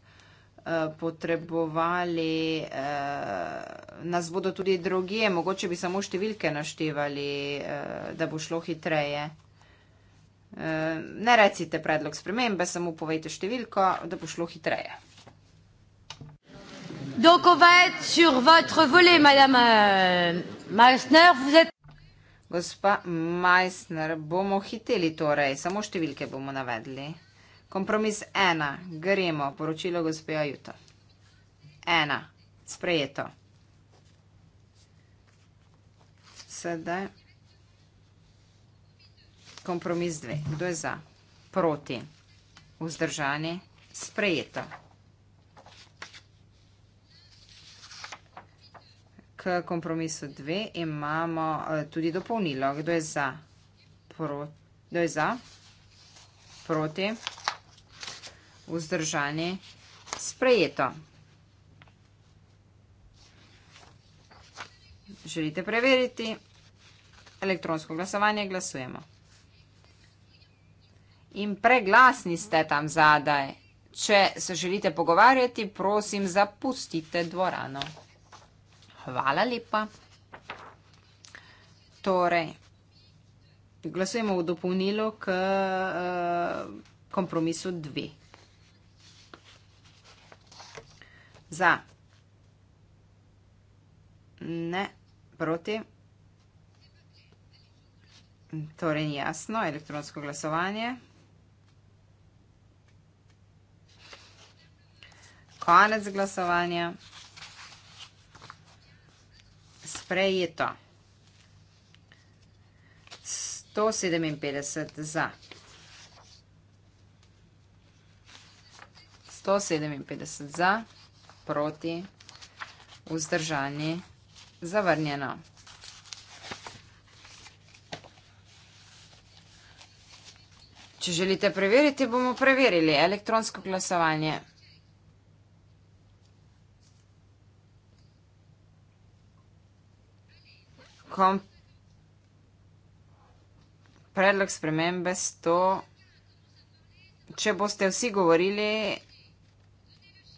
Eh, potrebovali, uh, nas bodo tudi druge, mogoče bi samo številke naštevali, uh, da bo šlo hitreje. Uh, ne recite predlog spremembe, samo povejte številko, da bo šlo hitreje. Donc on va être sur votre volet, Madame euh, Meissner, vous êtes... Gospa Meissner, bomo hiteli torej, samo številke bomo navedli. Kompromis ena, gremo, poročilo gospe Ajuto. Ena, sprejeto. Sedaj. Kompromis dve, kdo je za? Proti, vzdržani, sprejeto. K kompromisu dve imamo eh, tudi dopolnilo, kdo je za? Proti, kdo je za? Proti. Proti vzdržani, sprejeto. Želite preveriti elektronsko glasovanje, glasujemo. In preglasni ste tam zadaj. Če se želite pogovarjati, prosim, zapustite dvorano. Hvala lepa. Torej, glasujemo v dopolnilo k uh, kompromisu 2. Za. Ne. Proti. Torej ni jasno. Elektronsko glasovanje. Konec glasovanja. Sprejeto. 157 za. 157 za proti, vzdržani, zavrnjeno. Če želite preveriti, bomo preverili elektronsko glasovanje. Kom predlog spremembe 100. Če boste vsi govorili,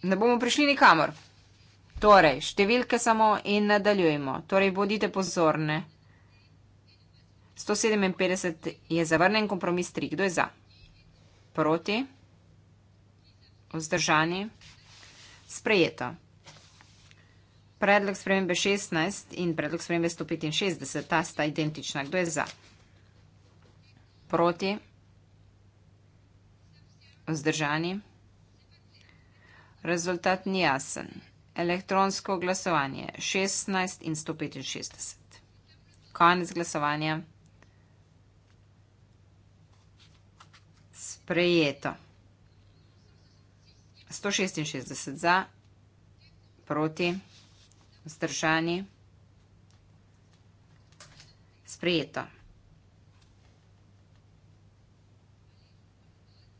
ne bomo prišli nikamor. Torej, številke samo in nadaljujemo. Torej, bodite pozorne. 157 je zavrnen kompromis 3. Kdo je za? Proti? Vzdržani? Sprejeto. Predlog spremembe 16 in predlog spremembe 165, ta sta identična. Kdo je za? Proti? Vzdržani? Sprejeto. Rezultat ni jasen. Elektronsko glasovanje 16 in 165. Konec glasovanja. Sprejeto. 166 za, proti, vzdržani. Sprejeto.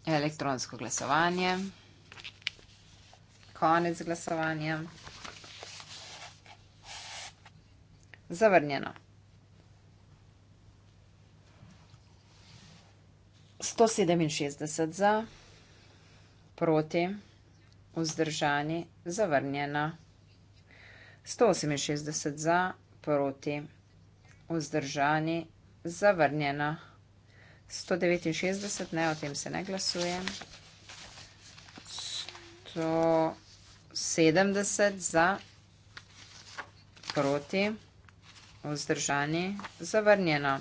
Elektronsko glasovanje konec glasovanja. Zavrnjeno. 167 za, proti, vzdržani, zavrnjena. 168 za, proti, vzdržani, zavrnjena. 169 ne, o tem se ne glasuje. 100... 70 za, proti, vzdržani, zavrnjeno.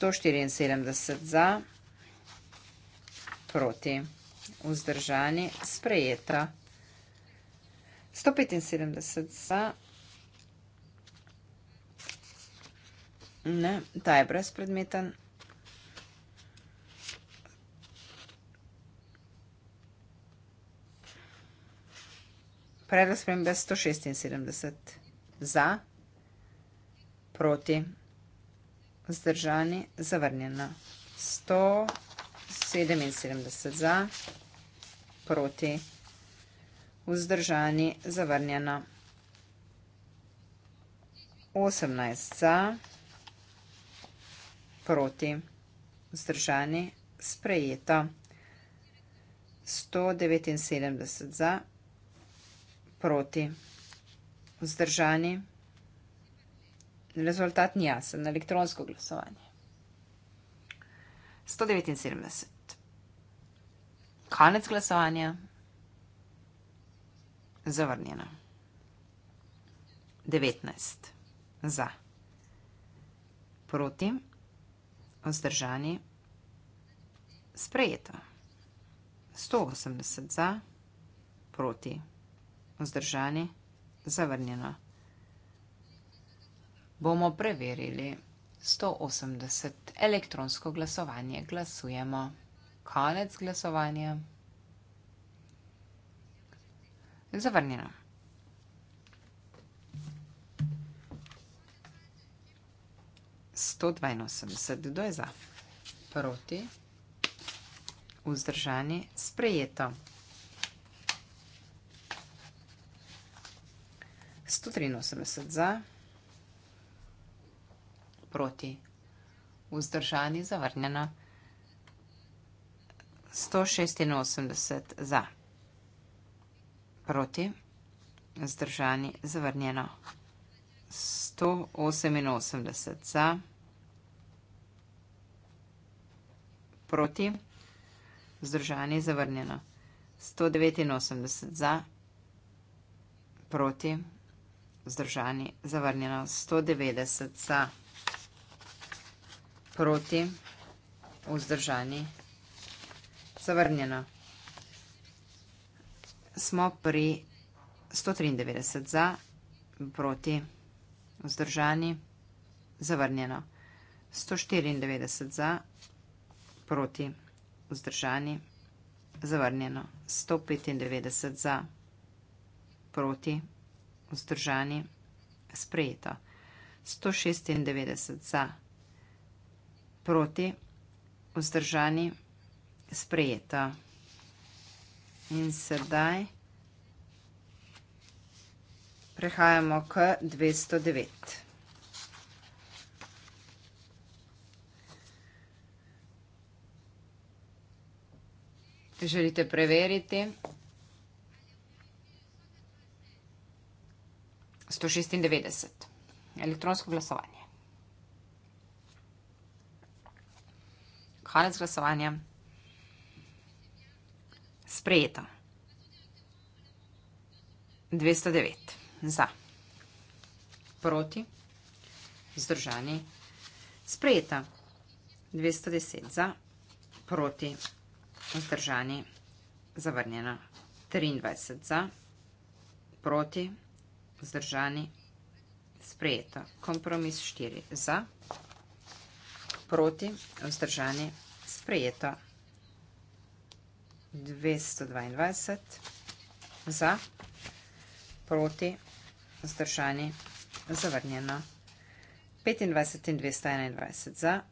174 za, proti, vzdržani, sprejeta. 175 za, ne, ta je brez predmeten. Predlog spremembe 176. Za, proti, vzdržani, zavrnjeno. 177 za, proti, vzdržani, zavrnjeno. 18 za, proti, vzdržani, sprejeto. 179 za, proti. Vzdržani. Rezultat ni jasen, elektronsko glasovanje. 179. Konec glasovanja. Zavrnjeno. 19. Za. Proti. Vzdržani. Sprejeto. 180 za. Proti. Vzdržani? Zavrnjeno. Bomo preverili. 180. Elektronsko glasovanje. Glasujemo. Konec glasovanja. Zavrnjeno. Sto dvainosemdeset, kdo je za? Proti. Vzdržani, sprejeto. 183 za, proti, vzdržani, zavrnjeno, 186 za, proti, vzdržani, zavrnjeno, 188 za, proti, vzdržani, zavrnjeno, 189 za, proti, vzdržani, zavrnjeno, 189 za, proti, vzdržani, zavrnjeno 190 za, proti, vzdržani, zavrnjeno. Smo pri 193 za, proti, vzdržani, zavrnjeno. 194 za, proti, vzdržani, zavrnjeno. 195 za, proti, vzdržani vzdržani, sprejeto. 196 za, proti, vzdržani, sprejeto. In sedaj prehajamo k 209. Želite preveriti? 196. Elektronsko glasovanje. Konec glasovanja. Sprejeta. 209. Za. Proti. Zdržani. Sprejeta. 210. Za. Proti. Zdržani. Zavrnjena. 23. Za. Proti. Zdržani vzdržani. Sprejeto. Kompromis 4 za, proti, vzdržani. Sprejeto. 222 za, proti, vzdržani. Zavrnjeno. 25 in 221 za,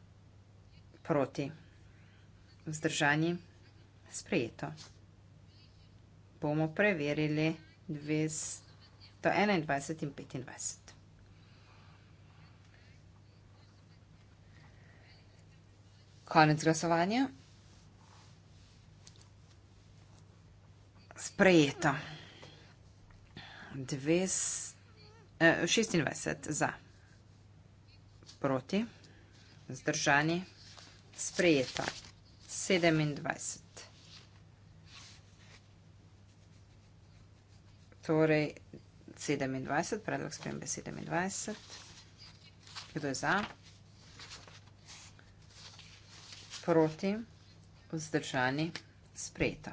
proti, vzdržani. Sprejeto. Bomo preverili 222 do 21 in 25. Konec glasovanja. Sprejeto. 26 eh, za. Proti. Zdržani. Sprejeto. 27. Torej, 27, predlog spremembe 27. Kdo je za? Proti, vzdržani, sprejeto.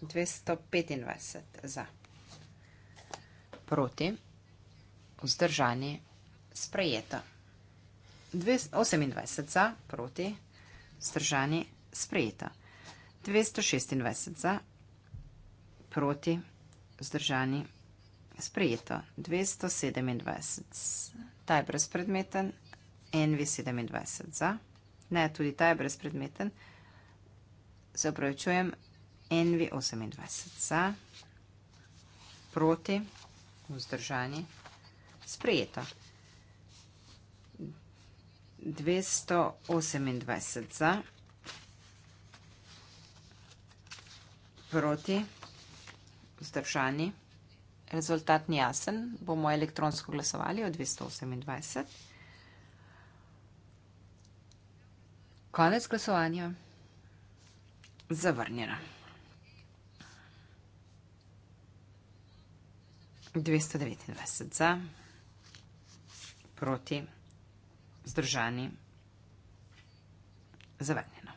225 za. Proti, vzdržani, sprejeto. 28 za, proti, vzdržani, sprejeto. 226 za, proti, vzdržani, sprejeto sprejeto. 227. Ta je brezpredmeten. NV27 za. Ne, tudi ta je brezpredmeten. Se upravičujem. NV28 za. Proti. Vzdržani. Sprejeto. 228 za. Proti. Vzdržani. Vzdržani rezultat ni jasen, bomo elektronsko glasovali o 228. Konec glasovanja. Zavrnjena. 229 za, proti, zdržani, zavrnjeno.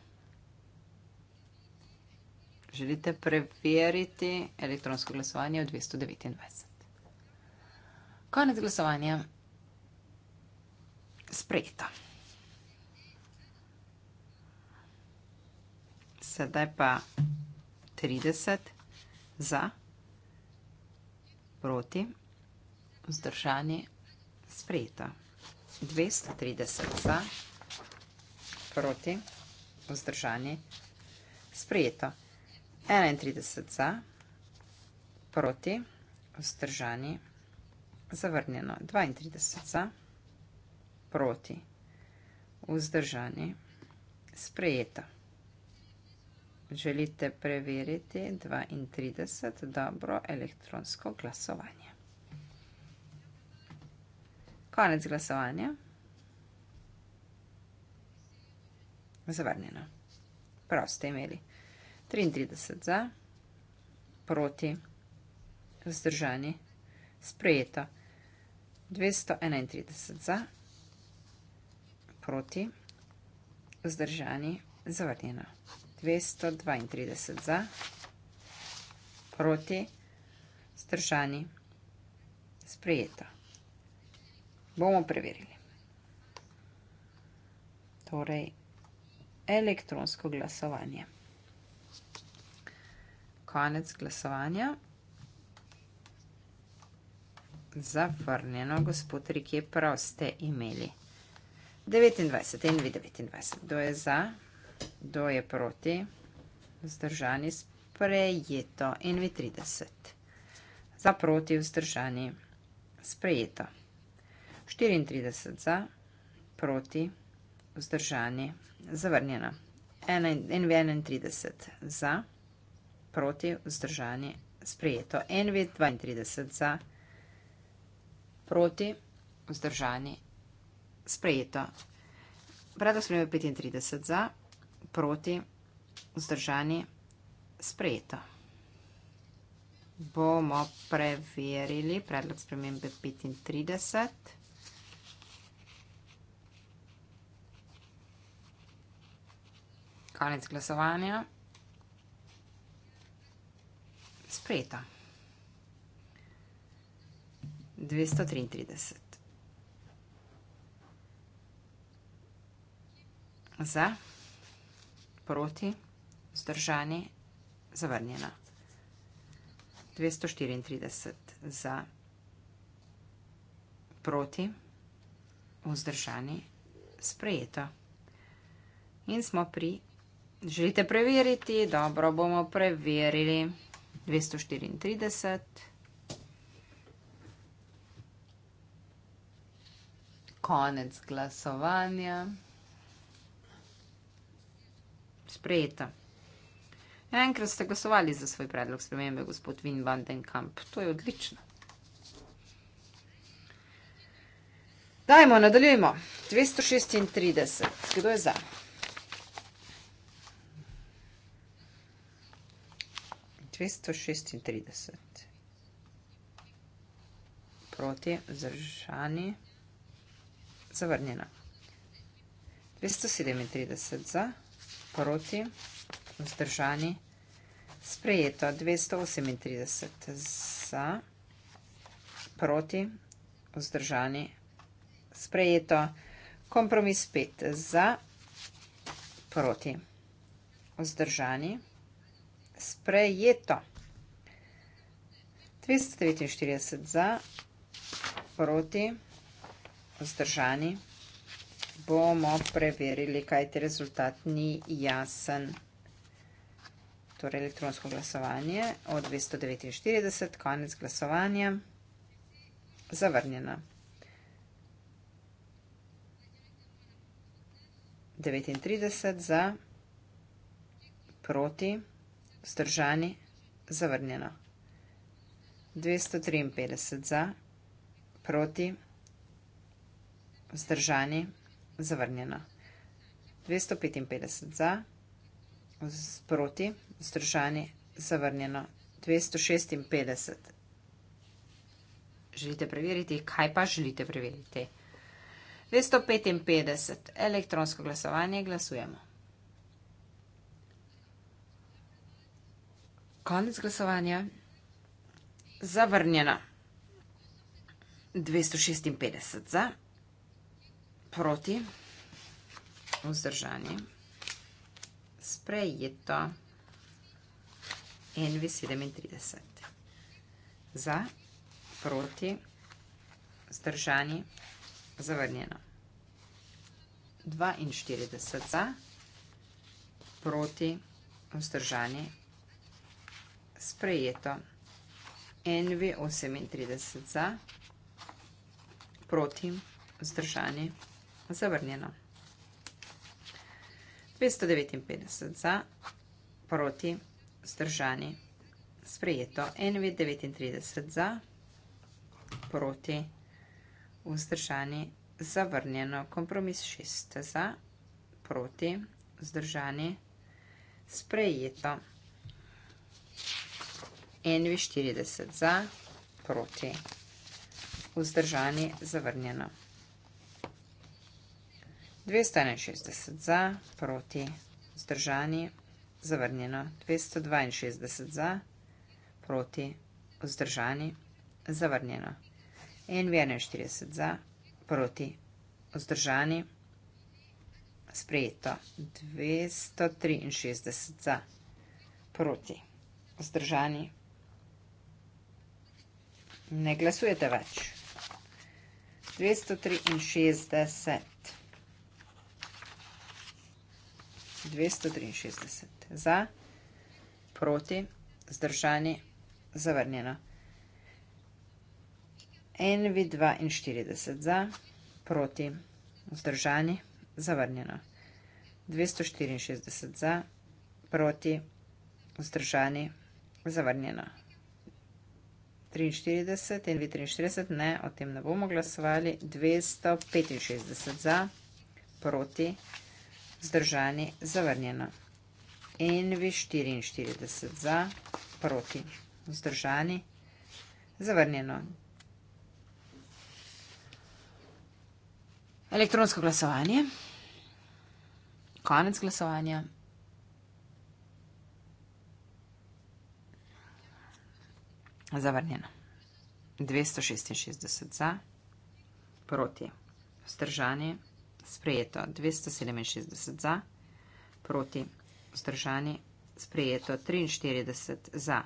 Želite preveriti elektronsko glasovanje v 229. Konec glasovanja. Sprejeta. Sedaj pa 30 za, proti, vzdržani, sprejeta. 230 za, proti, vzdržani, sprejeta. 31 za, proti, vzdržani, zavrnjeno. 32 za, proti, vzdržani, sprejeto. Želite preveriti 32, dobro, elektronsko glasovanje. Konec glasovanja. Zavrnjeno. Prav ste imeli. 33 za, proti, vzdržani, sprejeto. 231 za, proti, vzdržani, zavrnjeno. 232 za, proti, vzdržani, sprejeto. Bomo preverili. Torej, elektronsko glasovanje konec glasovanja. Zavrnjeno, gospod Rik, je prav ste imeli. 29, in vi 29. Kdo je za, kdo je proti, vzdržani, sprejeto. In vi 30. Za proti, vzdržani, sprejeto. 34 za, proti, vzdržani, zavrnjeno. In vi 31 za proti vzdržani sprejeto. NV 32 za proti vzdržani sprejeto. Bratoslovi 35 za proti vzdržani sprejeto. Bomo preverili predlog spremembe 35. Konec glasovanja. Sprejeta. 233. Za, proti, zdržani, zavrnjena. 234. Za, proti, vzdržani, sprejeta. In smo pri. Želite preveriti? Dobro, bomo preverili. 234, konec glasovanja, sprejeta. Enkrat ste glasovali za svoj predlog spremembe, gospod Vin van den Kamp. To je odlično. Dajmo, nadaljujmo. 236. Kdo je za? 236 proti zdržani zavrnjena 237 za proti vzdržani sprejeto 238 za proti vzdržani sprejeto kompromis 5 za proti vzdržani sprejeto sprejeto. 349 za, proti, vzdržani. Bomo preverili, kajti rezultat ni jasen. Torej, elektronsko glasovanje od 249, konec glasovanja, zavrnjena. 39 za, proti, vzdržani vzdržani, zavrnjeno. 253 za, proti, vzdržani, zavrnjeno. 255 za, proti, vzdržani, zavrnjeno. 256. Želite preveriti? Kaj pa želite preveriti? 255. Elektronsko glasovanje glasujemo. Konec glasovanja. Zavrnjeno. 256 za, proti, vzdržani, sprejeto. NV37. Za, proti, vzdržani, zavrnjeno. 42 za, proti, vzdržani, zavrnjeno sprejeto. NV 38 za, proti, vzdržani, zavrnjeno. 259 za, proti, vzdržani, sprejeto. NV 39 za, proti, vzdržani, zavrnjeno. Kompromis 6 za, proti, vzdržani, sprejeto. Sprejeto. 41 za, proti, vzdržani, zavrnjeno. 261 za, proti, vzdržani, zavrnjeno. 262 za, proti, vzdržani, zavrnjeno. 41 za, proti, vzdržani, sprejeto. 263 za, proti, vzdržani, zavrnjeno ne glasujete več. 263. 263 za, proti, zdržani, zavrnjeno. NV 42 za, proti, zdržani, zavrnjeno. 264 za, proti, zdržani, zavrnjeno. 43 in vi 43 ne, o tem ne bomo glasovali, 265 za, proti, zdržani, zavrnjeno. In vi 44 za, proti, zdržani, zavrnjeno. Elektronsko glasovanje, konec glasovanja. Zavrnjeno. 266 za, proti, vzdržani, sprejeto. 267 za, proti, vzdržani, sprejeto. 43 za,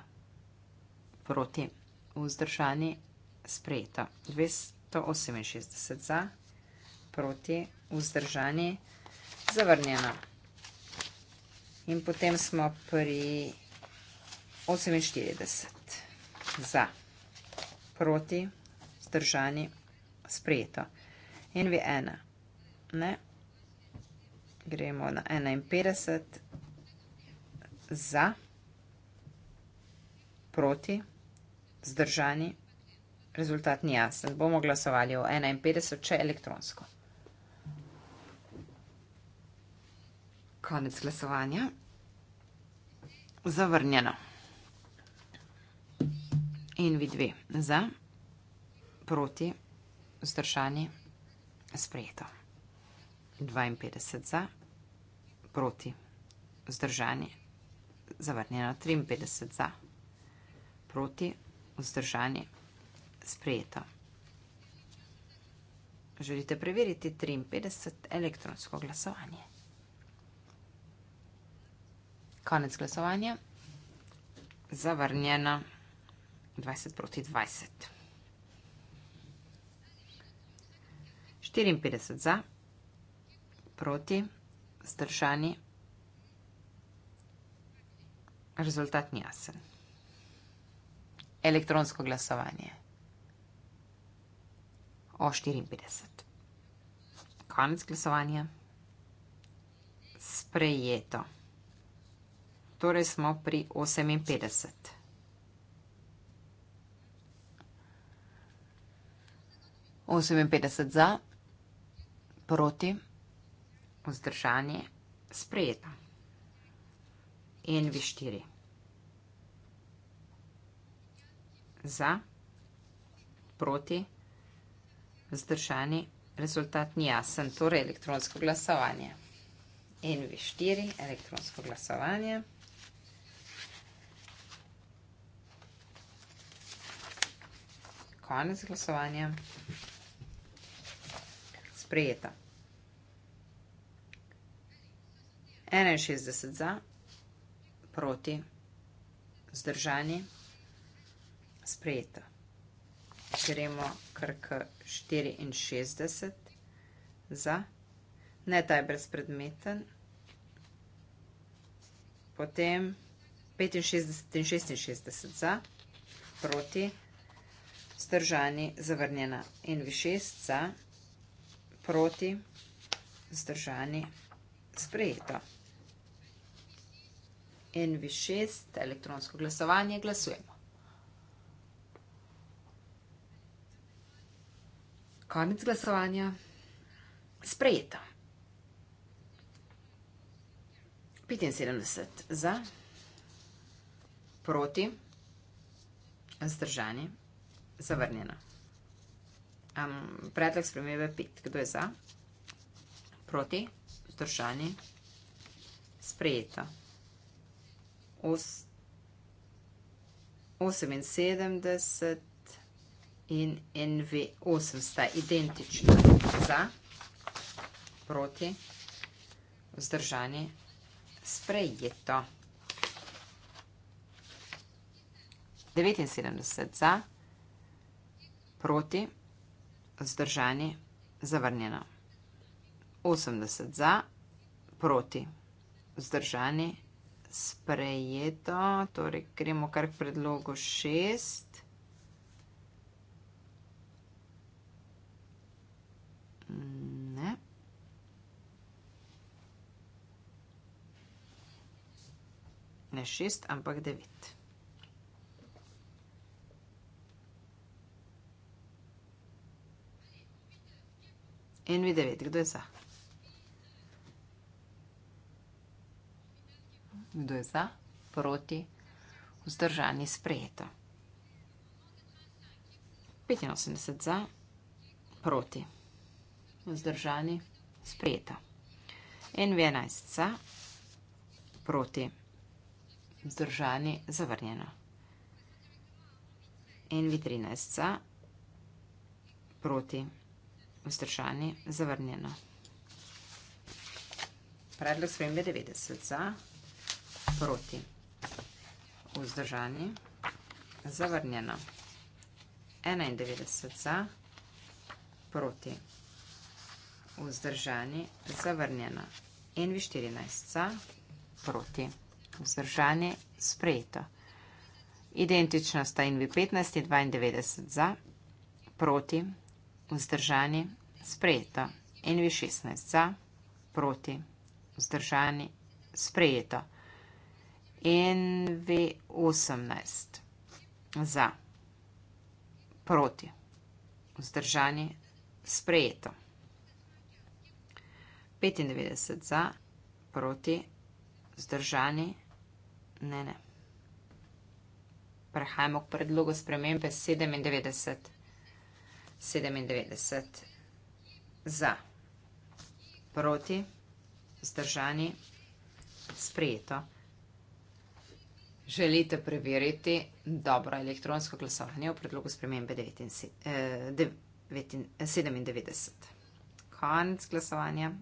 proti, vzdržani, sprejeto. 268 za, proti, vzdržani, zavrnjeno. In potem smo pri 48 za, proti, zdržani, sprejeto. In vi ena, ne, gremo na 51, za, proti, zdržani, rezultat ni jasen, bomo glasovali o 51, če elektronsko. Konec glasovanja. Zavrnjeno in vi dve za, proti, vzdržani, sprejeto. 52 za, proti, vzdržani, zavrnjeno. 53 za, proti, vzdržani, sprejeto. Želite preveriti 53 elektronsko glasovanje? Konec glasovanja. Zavrnjeno. 20 proti 20. 54 za, proti, zdržani, rezultat ni jasen. Elektronsko glasovanje. O 54. Konec glasovanja. Sprejeto. Torej smo pri 58. 58 za, proti, vzdržanje, sprejeta. NV4. Za, proti, vzdržanje, rezultat ni jasen, torej elektronsko glasovanje. NV4, elektronsko glasovanje. Konec glasovanja sprejeta. 61 za, proti, zdržani, sprejeta. Gremo kar k 64 za, ne ta je brezpredmeten. Potem 65 in 66 za, proti, zdržani, zavrnjena in v 6 za, proti, zdržani, sprejeto. In vi šest, elektronsko glasovanje, glasujemo. Konec glasovanja, sprejeto. 75 za, proti, zdržani, zavrnjeno. Um, predlog spremembe je pet. Kdo je za, proti, zdržani, sprejeta. 78 in NV8 sta identična za, proti, zdržani, sprejeta. 79 za, proti, zdržani vzdržani, zavrnjeno. 80 za, proti, vzdržani, sprejeto, torej gremo kar k predlogu 6. Ne. Ne 6, ampak 9. En vi devet, kdo je za? Kdo je za? Proti. Vzdržani sprejeto. 85 za, proti. Vzdržani sprejeto. NV11 za, proti. Vzdržani zavrnjeno. NV13 za, proti. Vzdržani zavrnjeno vzdržani zavrnjeno. Predlog spremembe 90 za, proti, vzdržani zavrnjeno. 91 za, proti, vzdržani zavrnjeno. NV14 za, proti, vzdržani sprejeto. Identično sta NV15 in 92 za, proti, vzdržani zavrnjeno vzdržani, sprejeto. NV16 za, proti, vzdržani, sprejeto. NV18 za, proti, vzdržani, sprejeto. 95 za, proti, vzdržani, ne, ne. Prehajamo k predlogu spremembe 97. 97 za, proti, zdržani, sprejeto. Želite preveriti dobro elektronsko glasovanje v predlogu spremembe 97. Eh, eh, Konec glasovanja.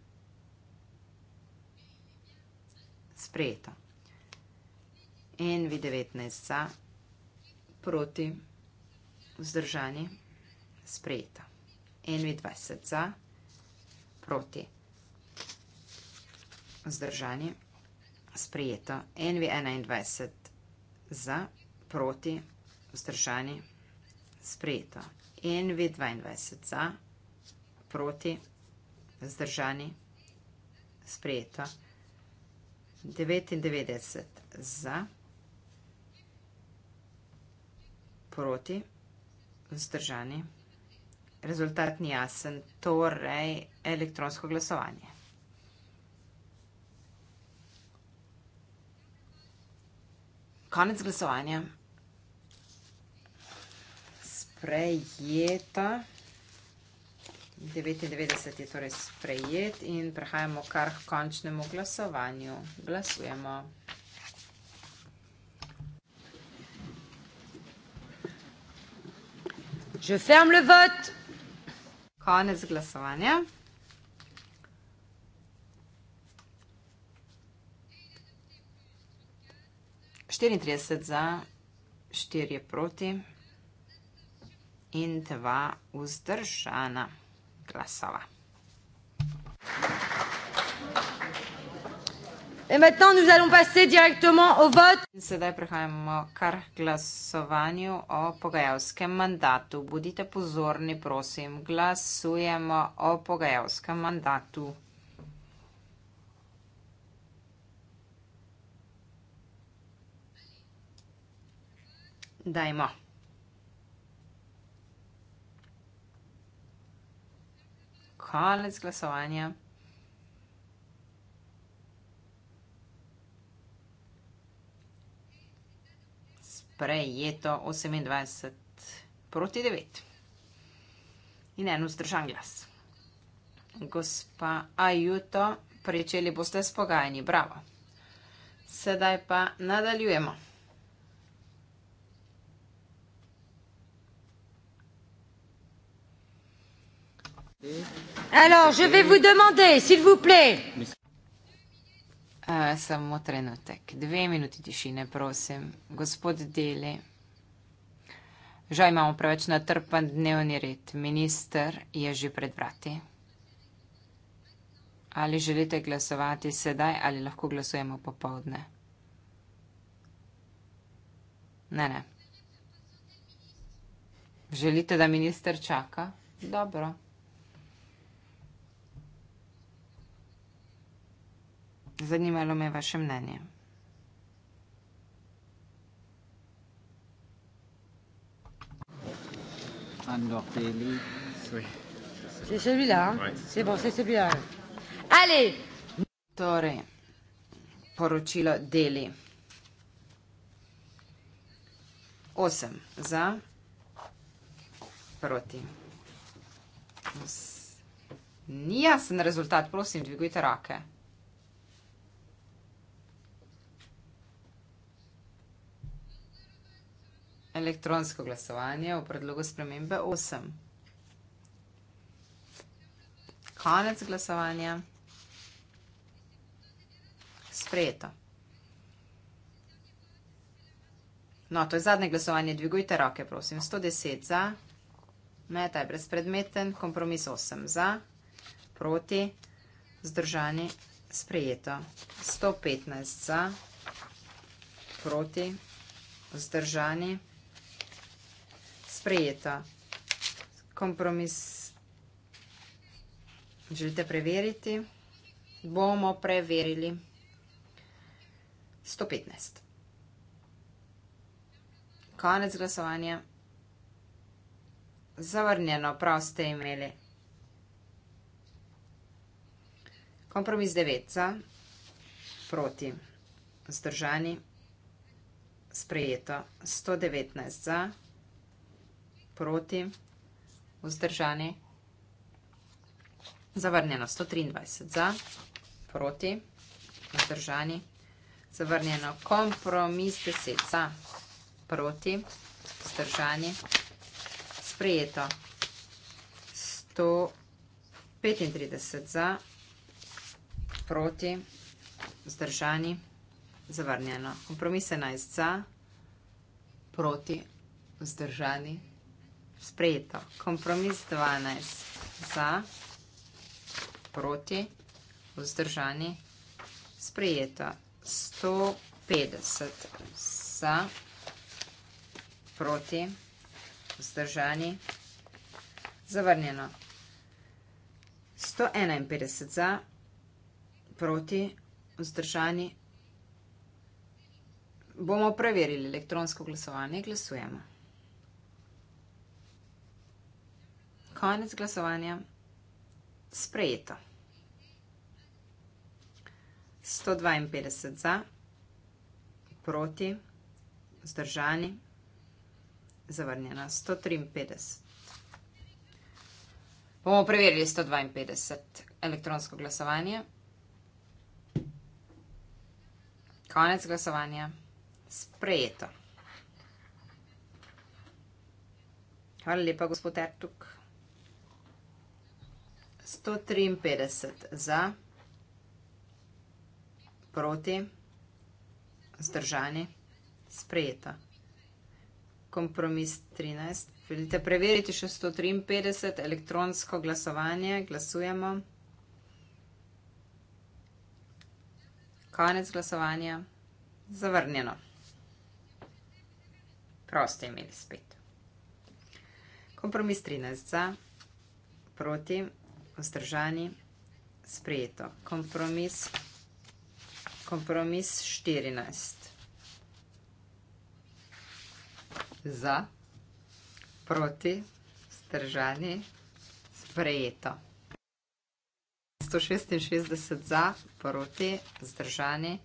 Sprejeto. NV19 za, proti, vzdržani sprejeta. 21 za, proti, vzdržani, sprejeta. NV 21 za, proti, vzdržani, sprejeta. NV 22 za, proti, vzdržani, sprejeta. 99 za, proti, vzdržani, sprejeta rezultat ni jasen, torej elektronsko glasovanje. Konec glasovanja. Sprejeta. 99 je torej sprejet in prehajamo kar k končnemu glasovanju. Glasujemo. Je ferme le vote konec glasovanja. Štiriintrideset za, štiri je proti in dva vzdržana glasova. Thank you. Et maintenant, nous allons passer directement au vote. Sedaj prehajamo kar glasovanju o pogajalskem mandatu. Bodite pozorni, prosim, glasujemo o pogajalskem mandatu. Dajmo. Konec glasovanja. prejeto 28 proti 9. In en vzdržan glas. Gospa Ajuto, pričeli boste s pogajanji. Bravo. Sedaj pa nadaljujemo. Alors, je vais vous demander, s'il vous plaît. Eh, samo trenutek. Dve minuti tišine, prosim. Gospod Deli, žal imamo preveč natrpan dnevni red. Minister je že pred vrati. Ali želite glasovati sedaj ali lahko glasujemo popovdne? Ne, ne. Želite, da minister čaka? Dobro. Zanimalo me je vaše mnenje. Torej, poročilo deli. Osem za, proti. Nijasen rezultat, prosim, dvigujte rake. Hvala. elektronsko glasovanje o predlogu spremembe 8. Konec glasovanja. Sprejeto. No, to je zadnje glasovanje. Dvigujte roke, prosim. 110 za. Meta je brezpredmeten. Kompromis 8 za. Proti. Zdržani. Sprejeto. 115 za. Proti. Zdržani. Sprejeto sprejeta. Kompromis. Želite preveriti? Bomo preverili. 115. Konec glasovanja. Zavrnjeno, prav ste imeli. Kompromis 9. Proti. Zdržani. Sprejeto. 119 za proti, vzdržani. Zavrnjeno 123 za, proti, vzdržani. Zavrnjeno kompromis 10 za, proti, vzdržani. Sprejeto 135 za, proti, vzdržani. Zavrnjeno kompromis 11 za, proti, vzdržani sprejeto. Kompromis 12 za, proti, vzdržani, sprejeto. 150 za, proti, vzdržani, zavrnjeno. 151 za, proti, vzdržani. Bomo preverili elektronsko glasovanje. Glasujemo. Konec glasovanja. Sprejeto. 152 za, proti, zdržani, zavrnjena. 153. Bomo preverili 152 elektronsko glasovanje. Konec glasovanja. Sprejeto. Hvala lepa, gospod Ertuk. 153 za, proti, zdržani, sprejeta. Kompromis 13. Želite preveriti še 153, elektronsko glasovanje, glasujemo. Konec glasovanja, zavrnjeno. Proste imeli spet. Kompromis 13 za, proti, zdržani vzdržani, sprejeto. Kompromis, kompromis 14. Za, proti, vzdržani, sprejeto. 166 za, proti, vzdržani,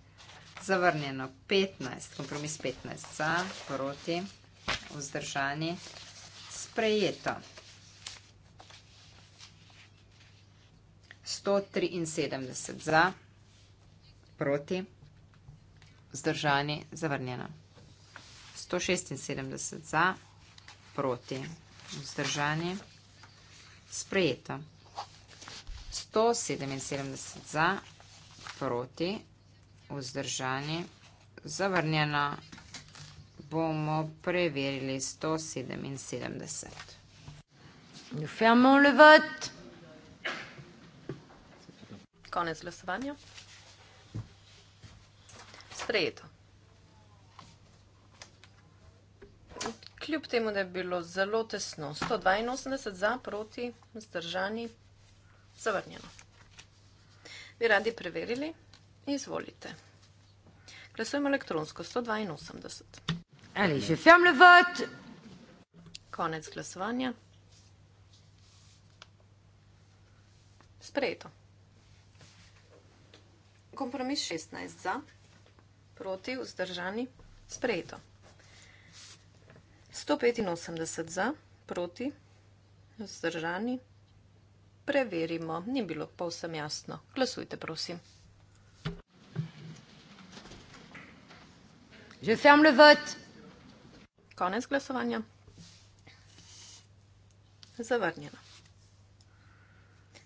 zavrnjeno. 15, kompromis 15 za, proti, vzdržani, sprejeto. Sprejeto. 173 za, proti, vzdržani, zavrnjeno. 176 za, proti, vzdržani, sprejeto. 177 za, proti, vzdržani, zavrnjeno. Bomo preverili 177. Nous fermons le vote. Konec glasovanja. Sprejeto. Kljub temu, da je bilo zelo tesno, 182 za, proti, zdržani, zavrnjeno. Bi radi preverili? Izvolite. Glasujemo elektronsko, 182. Ali že ferme le vot? Konec glasovanja. Sprejeto. Kompromis 16 za, proti, vzdržani, sprejeto. 185 za, proti, vzdržani, preverimo, ni bilo povsem jasno. Glasujte, prosim. Je ferm le vot. Konec glasovanja. Zavrnjeno.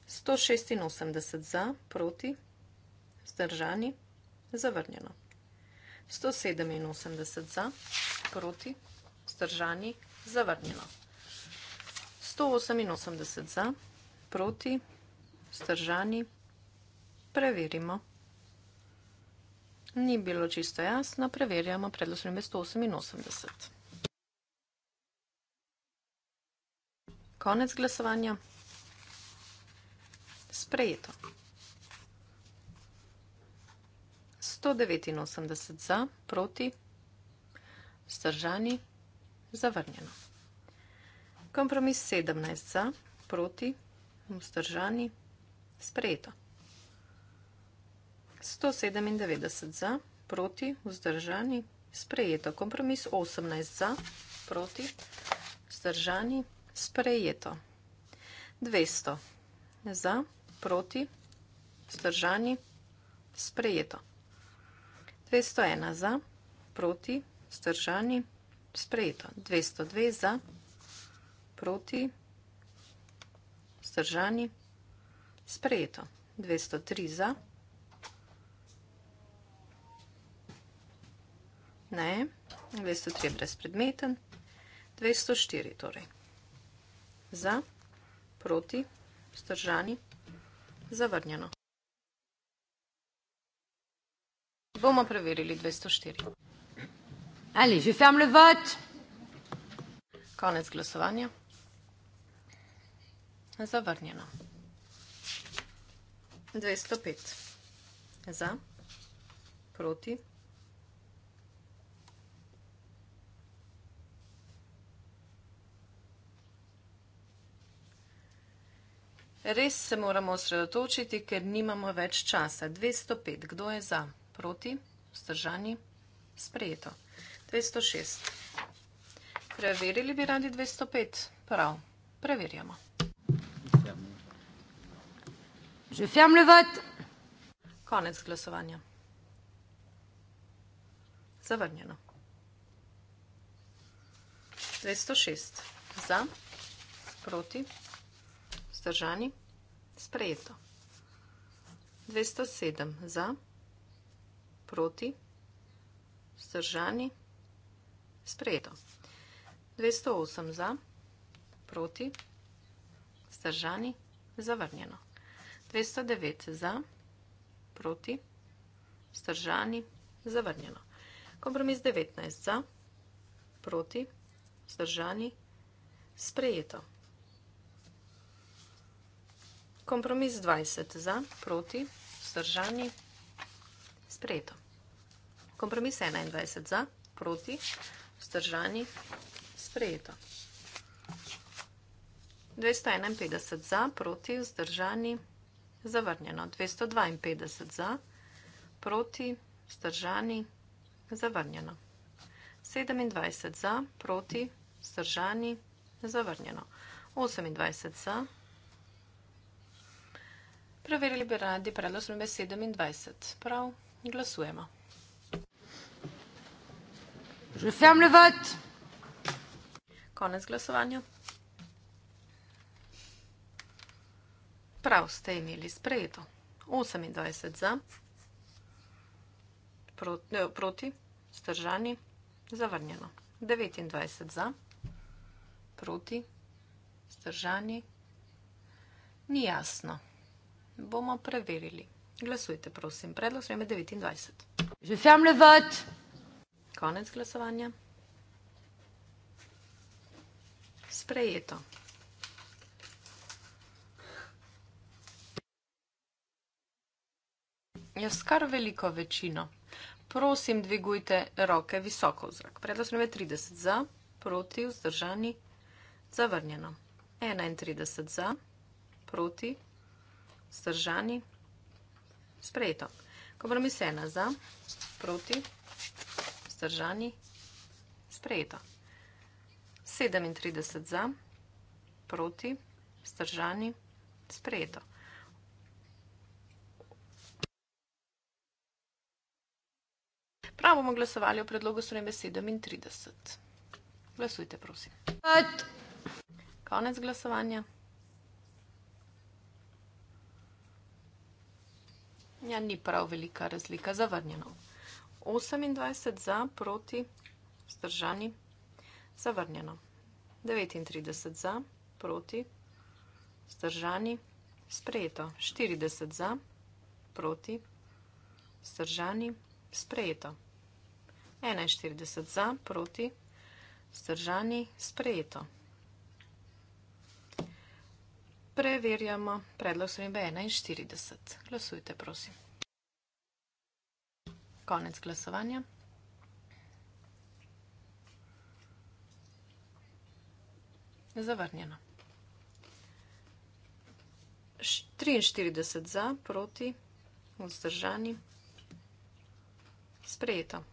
186 za, proti, vzdržani vzdržani, zavrnjeno. 187 za, proti, vzdržani, zavrnjeno. 188 za, proti, vzdržani, preverimo. Ni bilo čisto jasno, preverjamo predlog sprembe 188. Konec glasovanja. Sprejeto. 189 za, proti, vzdržani, zavrnjeno. Kompromis 17 za, proti, vzdržani, sprejeto. 197 za, proti, vzdržani, sprejeto. Kompromis 18 za, proti, vzdržani, sprejeto. 200 za, proti, vzdržani, sprejeto. 201 za, proti, stržani, sprejeto. 202 za, proti, stržani, sprejeto. 203 za, ne, 203 je brezpredmeten, 204 torej, za, proti, stržani, zavrnjeno. Bomo preverili 204. Ali že ferm le vot? Konec glasovanja. Zavrnjeno. 205. Za. Proti. Res se moramo osredotočiti, ker nimamo več časa. 205. Kdo je za? proti, vzdržani, sprejeto. 206. Preverili bi radi 205. Prav. Preverjamo. Je ferm le vote. Konec glasovanja. Zavrnjeno. 206. Za, proti, vzdržani, sprejeto. 207. Za, proti proti, vzdržani, sprejeto. 208 za, proti, vzdržani, zavrnjeno. 209 za, proti, vzdržani, zavrnjeno. Kompromis 19 za, proti, vzdržani, sprejeto. Kompromis 20 za, proti, vzdržani, zavrnjeno sprejeto. Kompromis 21 za, proti, vzdržani, sprejeto. 251 za, proti, vzdržani, zavrnjeno. 252 za, proti, vzdržani, zavrnjeno. 27 za, proti, vzdržani, zavrnjeno. 28 za. Preverili bi radi predlog 27. Prav? Glasujemo. Že sem levat. Konec glasovanja. Prav ste imeli sprejeto. 28 eh, za, proti, ne, proti stržani, zavrnjeno. 29 za, proti stržani, ni jasno. Bomo preverili. Glasujte, prosim. Predlog sprejme 29. Že fjam le vot. Konec glasovanja. Sprejeto. Jaz kar veliko večino. Prosim, dvigujte roke visoko v zrak. Predlog sprejme 30 za, proti, vzdržani, zavrnjeno. 31 za, proti, vzdržani, vzdržani sprejeto. Kompromis ena za, proti, vzdržani, sprejeto. 37 za, proti, vzdržani, sprejeto. Prav bomo glasovali o predlogu sprejme 37. Glasujte, prosim. Konec glasovanja. Ja, ni prav velika razlika, zavrnjeno. 28 za, proti, vzdržani, zavrnjeno. 39 za, proti, vzdržani, sprejeto. 40 za, proti, vzdržani, sprejeto. 41 za, proti, vzdržani, sprejeto preverjamo predlog srednjega 41. Glasujte, prosim. Konec glasovanja. Zavrnjeno. 43 za, proti, vzdržani. Sprejeto.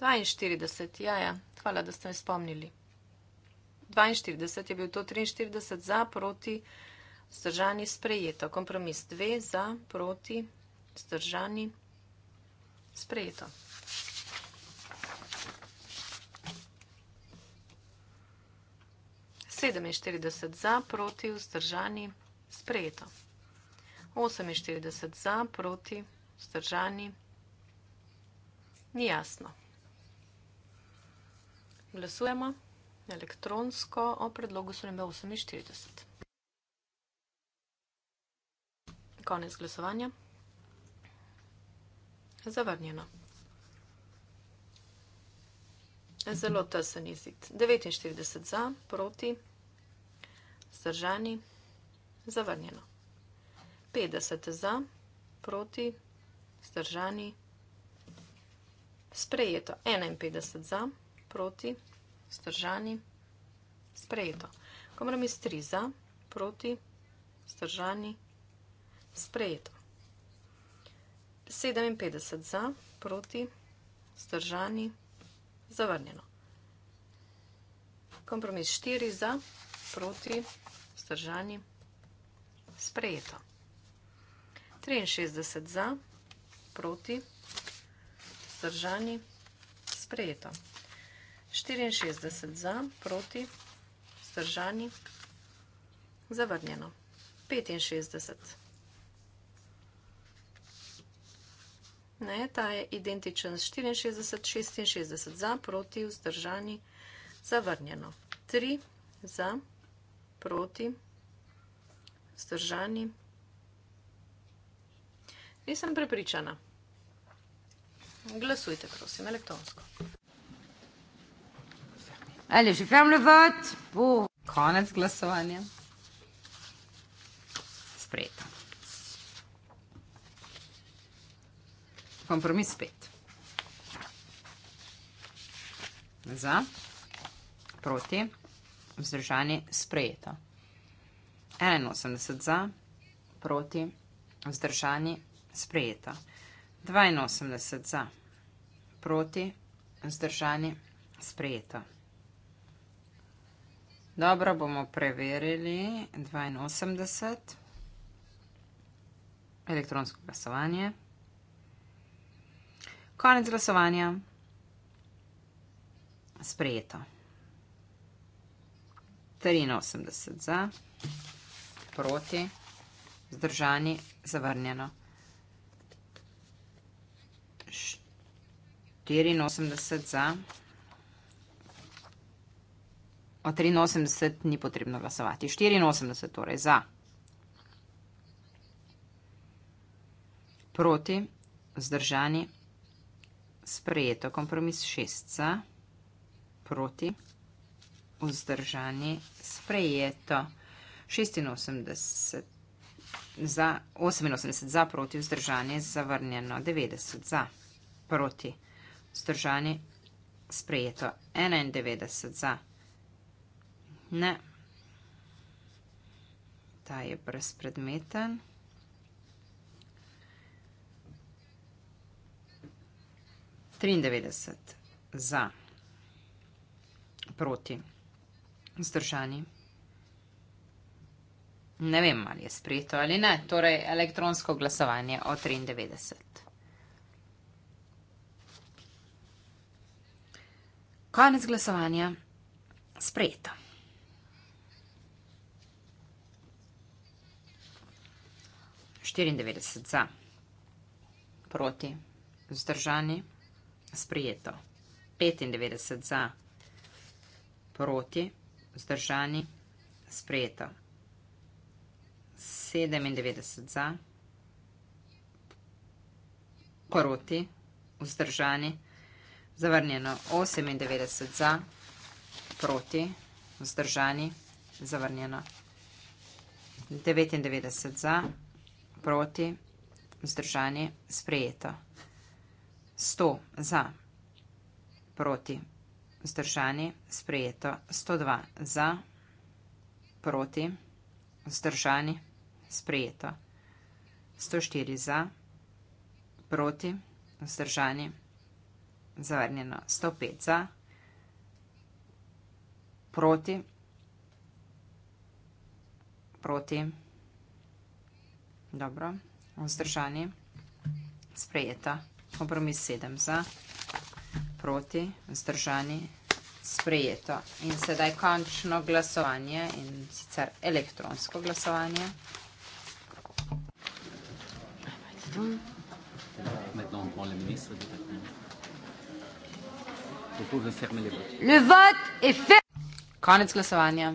42, ja, ja, hvala, da ste me spomnili. 42 je bil to 43 za, proti, zdržani, sprejeto. Kompromis 2 za, proti, zdržani, sprejeto. Sedeminštirideset za, proti, vzdržani, sprejeto. Oseminštirideset za, proti, vzdržani, ni jasno. Glasujemo elektronsko o predlogu spremembe 48. Konec glasovanja. Zavrnjeno. Zelo tesen izid. 49 za, proti, zdržani, zavrnjeno. 50 za, proti, zdržani, sprejeto. 51 za, proti, zdržani. Stržani. Sprejeto. Komra mi stri za, proti, stržani. Sprejeto. 57 za, proti, stržani. Zavrnjeno. Kompromis 4 za, proti, stržani, sprejeto. 63 za, proti, stržani, sprejeto. 64 za, proti, zdržani, zavrnjeno. 65. Ne, ta je identičen s 64, 66 za, proti, vzdržani, zavrnjeno. 3 za, proti, vzdržani, nisem prepričana. Glasujte, prosim, elektronsko. Allez, je ferme le vote pour Konec glasovanja. Sprejeto. Kompromis spet. Za, proti, vzdržani, sprejeto. 81 za, proti, vzdržani, sprejeto. 82 za, proti, vzdržani, sprejeto. Dobro, bomo preverili 82 elektronsko glasovanje. Konec glasovanja. Sprejeto. 83 za, proti, zdržani, zavrnjeno. 84 za. O 83 ni potrebno glasovati. 84 torej za. Proti, zdržani, sprejeto kompromis 6 za. Proti, vzdržani, sprejeto 86 za, 88 za, proti, vzdržani, zavrnjeno 90 za, proti, vzdržani, sprejeto 91 za. Ne. Ta je brezpredmeten. Trindevedeset. Za. Proti. Zdržani. Ne vem, ali je spreto ali ne. Torej, elektronsko glasovanje o 93. Konec glasovanja. Spreto. 94 za, proti, vzdržani, sprijeto. 95 za, proti, vzdržani, sprijeto. 97 za, proti, vzdržani, zavrnjeno. 98 za, proti, vzdržani, zavrnjeno. 99 za, proti, vzdržani proti, vzdržani, sprejeto. 100 za, proti, vzdržani, sprejeto. 102 za, proti, vzdržani, sprejeto. 104 za, proti, vzdržani, zavrnjeno. 105 za, proti, proti, proti. Dobro, vzdržani, sprejeta, kompromis 7 za, proti, vzdržani, sprejeto. In sedaj končno glasovanje in sicer elektronsko glasovanje. Le vote je fait. Konec glasovanja.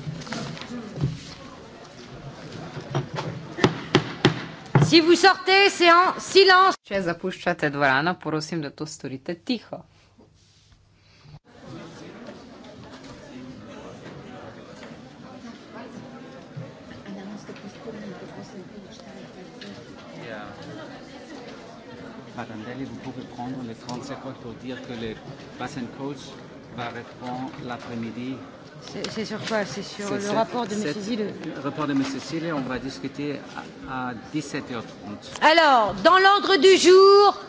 Si vi sortez, séan, silence. Če zapuščate dvorano, prosim, da to storite tiho. Parandeli, vous pouvez prendre les 30 secondes pour dire que le Bassin Coach va reprendre l'après-midi C'est sur quoi C'est sur le rapport de M. Le rapport de M. Sille, on va discuter à, à 17h30. Alors, dans l'ordre du jour.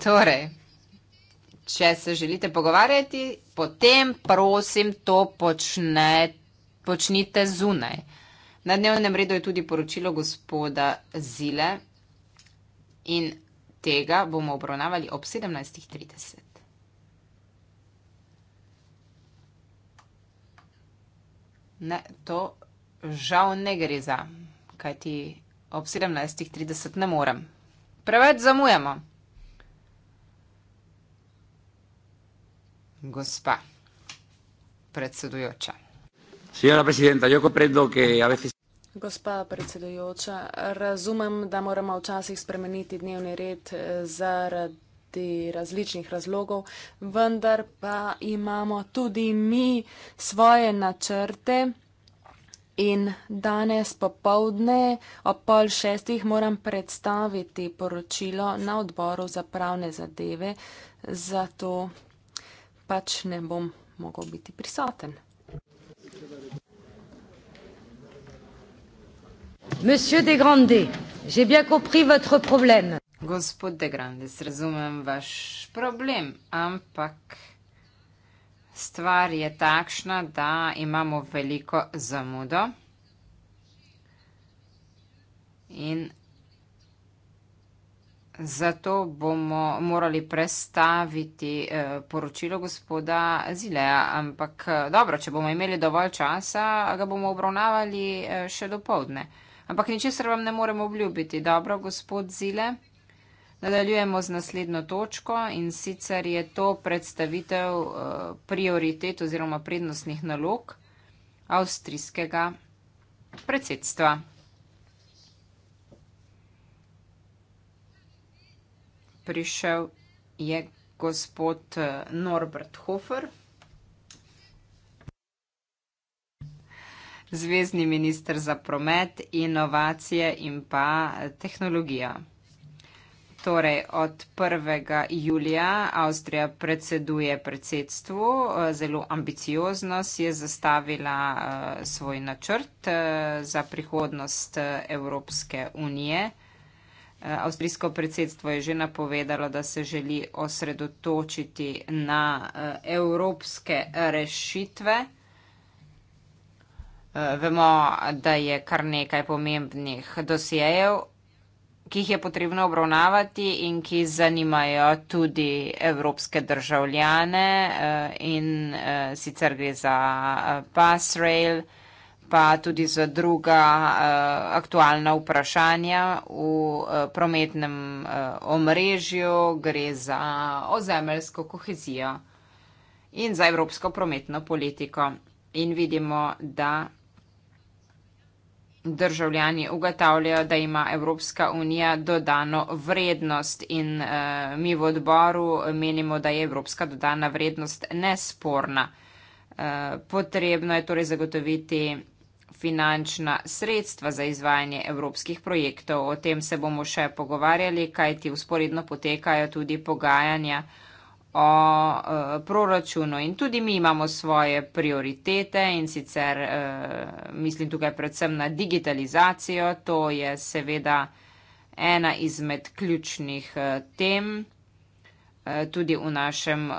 Torej, če se želite pogovarjati, potem prosim to počne, počnite zunaj. Na dnevnem redu je tudi poročilo gospoda Zile in tega bomo obravnavali ob 17.30. Ne, to žal ne gre za, kaj ti ob 17.30 ne morem. Preveč zamujamo. Gospa, predsedujoča. Signora predsednica, jo ko predlog, a veces... Gospa predsedujoča, razumem, da moramo včasih spremeniti dnevni red eh, zaradi različnih razlogov, vendar pa imamo tudi mi svoje načrte. In danes popovdne ob pol šestih moram predstaviti poročilo na odboru za pravne zadeve, zato pač ne bom mogel biti prisoten. Monsieur de Grande, j'ai bien compris votre problème. Gospod de Grande, razumem vaš problem, ampak stvar je takšna, da imamo veliko zamudo. In zato bomo morali prestaviti eh, poročilo gospoda Zileja. Ampak eh, dobro, če bomo imeli dovolj časa, ga bomo obravnavali eh, še do povdne ampak ničesar vam ne morem obljubiti. Dobro, gospod Zile, nadaljujemo z naslednjo točko in sicer je to predstavitev eh, prioritet oziroma prednostnih nalog avstrijskega predsedstva. Prišel je gospod eh, Norbert Hofer. zvezdni minister za promet, inovacije in pa eh, tehnologijo. Torej, od 1. julija Avstrija predseduje predsedstvu, eh, zelo ambiciozno si je zastavila eh, svoj načrt za prihodnost Evropske unije. Avstrijsko predsedstvo je že napovedalo, da se želi osredotočiti na evropske rešitve vemo, da je kar nekaj pomembnih dosijejev, ki jih je potrebno obravnavati in ki zanimajo tudi evropske državljane eh, in eh, sicer gre za Passrail, eh, pa tudi za druga aktualna vprašanja v prometnem omrežju, gre za ozemeljsko kohezijo in za evropsko prometno politiko. In vidimo, da državljani ugotavljajo, da ima Evropska unija dodano vrednost in uh, mi v odboru menimo, da je Evropska dodana vrednost nesporna. Uh, potrebno je torej zagotoviti finančna sredstva za izvajanje evropskih projektov. O tem se bomo še pogovarjali, kajti usporedno potekajo tudi pogajanja o uh, proračunu in tudi mi imamo svoje prioritete in sicer uh, mislim tukaj predvsem na digitalizacijo. To je seveda ena izmed ključnih uh, tem uh, tudi v našem uh,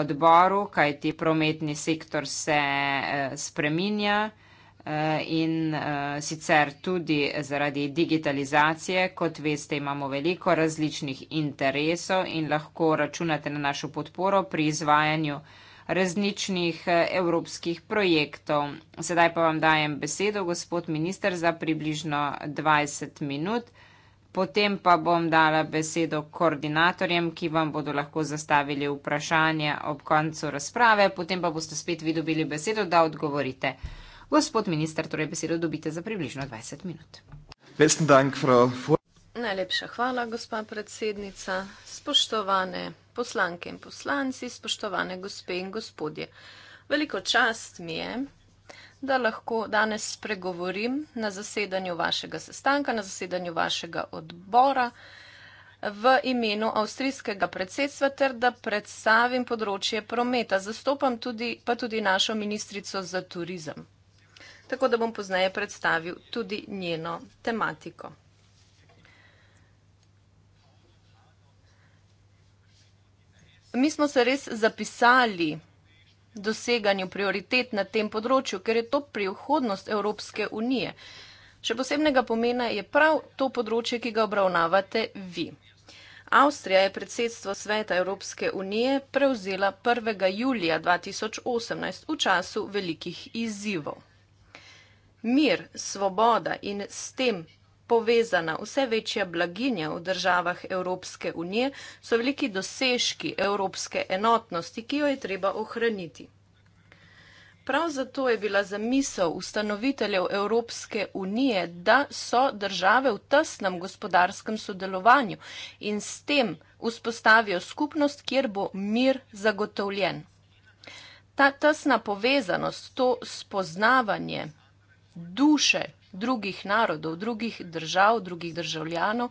odboru, kajti prometni sektor se uh, spreminja. Eh, in eh, sicer tudi zaradi digitalizacije. Kot veste, imamo veliko različnih interesov in lahko računate na našo podporo pri izvajanju različnih eh, evropskih projektov. Sedaj pa vam dajem besedo, gospod minister, za približno 20 minut. Potem pa bom dala besedo koordinatorjem, ki vam bodo lahko zastavili vprašanje ob koncu razprave. Potem pa boste spet vi dobili besedo, da odgovorite. Gospod minister, torej besedo dobite za približno 20 minut. Najlepša hvala, gospa predsednica. Spoštovane poslanke in poslanci, spoštovane gospe in gospodje. Veliko čast mi je, da lahko danes spregovorim na zasedanju vašega sestanka, na zasedanju vašega odbora v imenu avstrijskega predsedstva ter da predstavim področje prometa. Zastopam tudi, pa tudi našo ministrico za turizem tako da bom pozneje predstavil tudi njeno tematiko. Mi smo se res zapisali doseganju prioritet na tem področju, ker je to prihodnost Evropske unije. Še posebnega pomena je prav to področje, ki ga obravnavate vi. Avstrija je predsedstvo Sveta Evropske unije prevzela 1. julija 2018 v času velikih izzivov mir, svoboda in s tem povezana vse večja blaginja v državah Evropske unije so veliki dosežki evropske enotnosti, ki jo je treba ohraniti. Prav zato je bila zamisel ustanoviteljev Evropske unije, da so države v tesnem gospodarskem sodelovanju in s tem vzpostavijo skupnost, kjer bo mir zagotovljen. Ta tesna povezanost, to spoznavanje duše drugih narodov, drugih držav, drugih državljanov.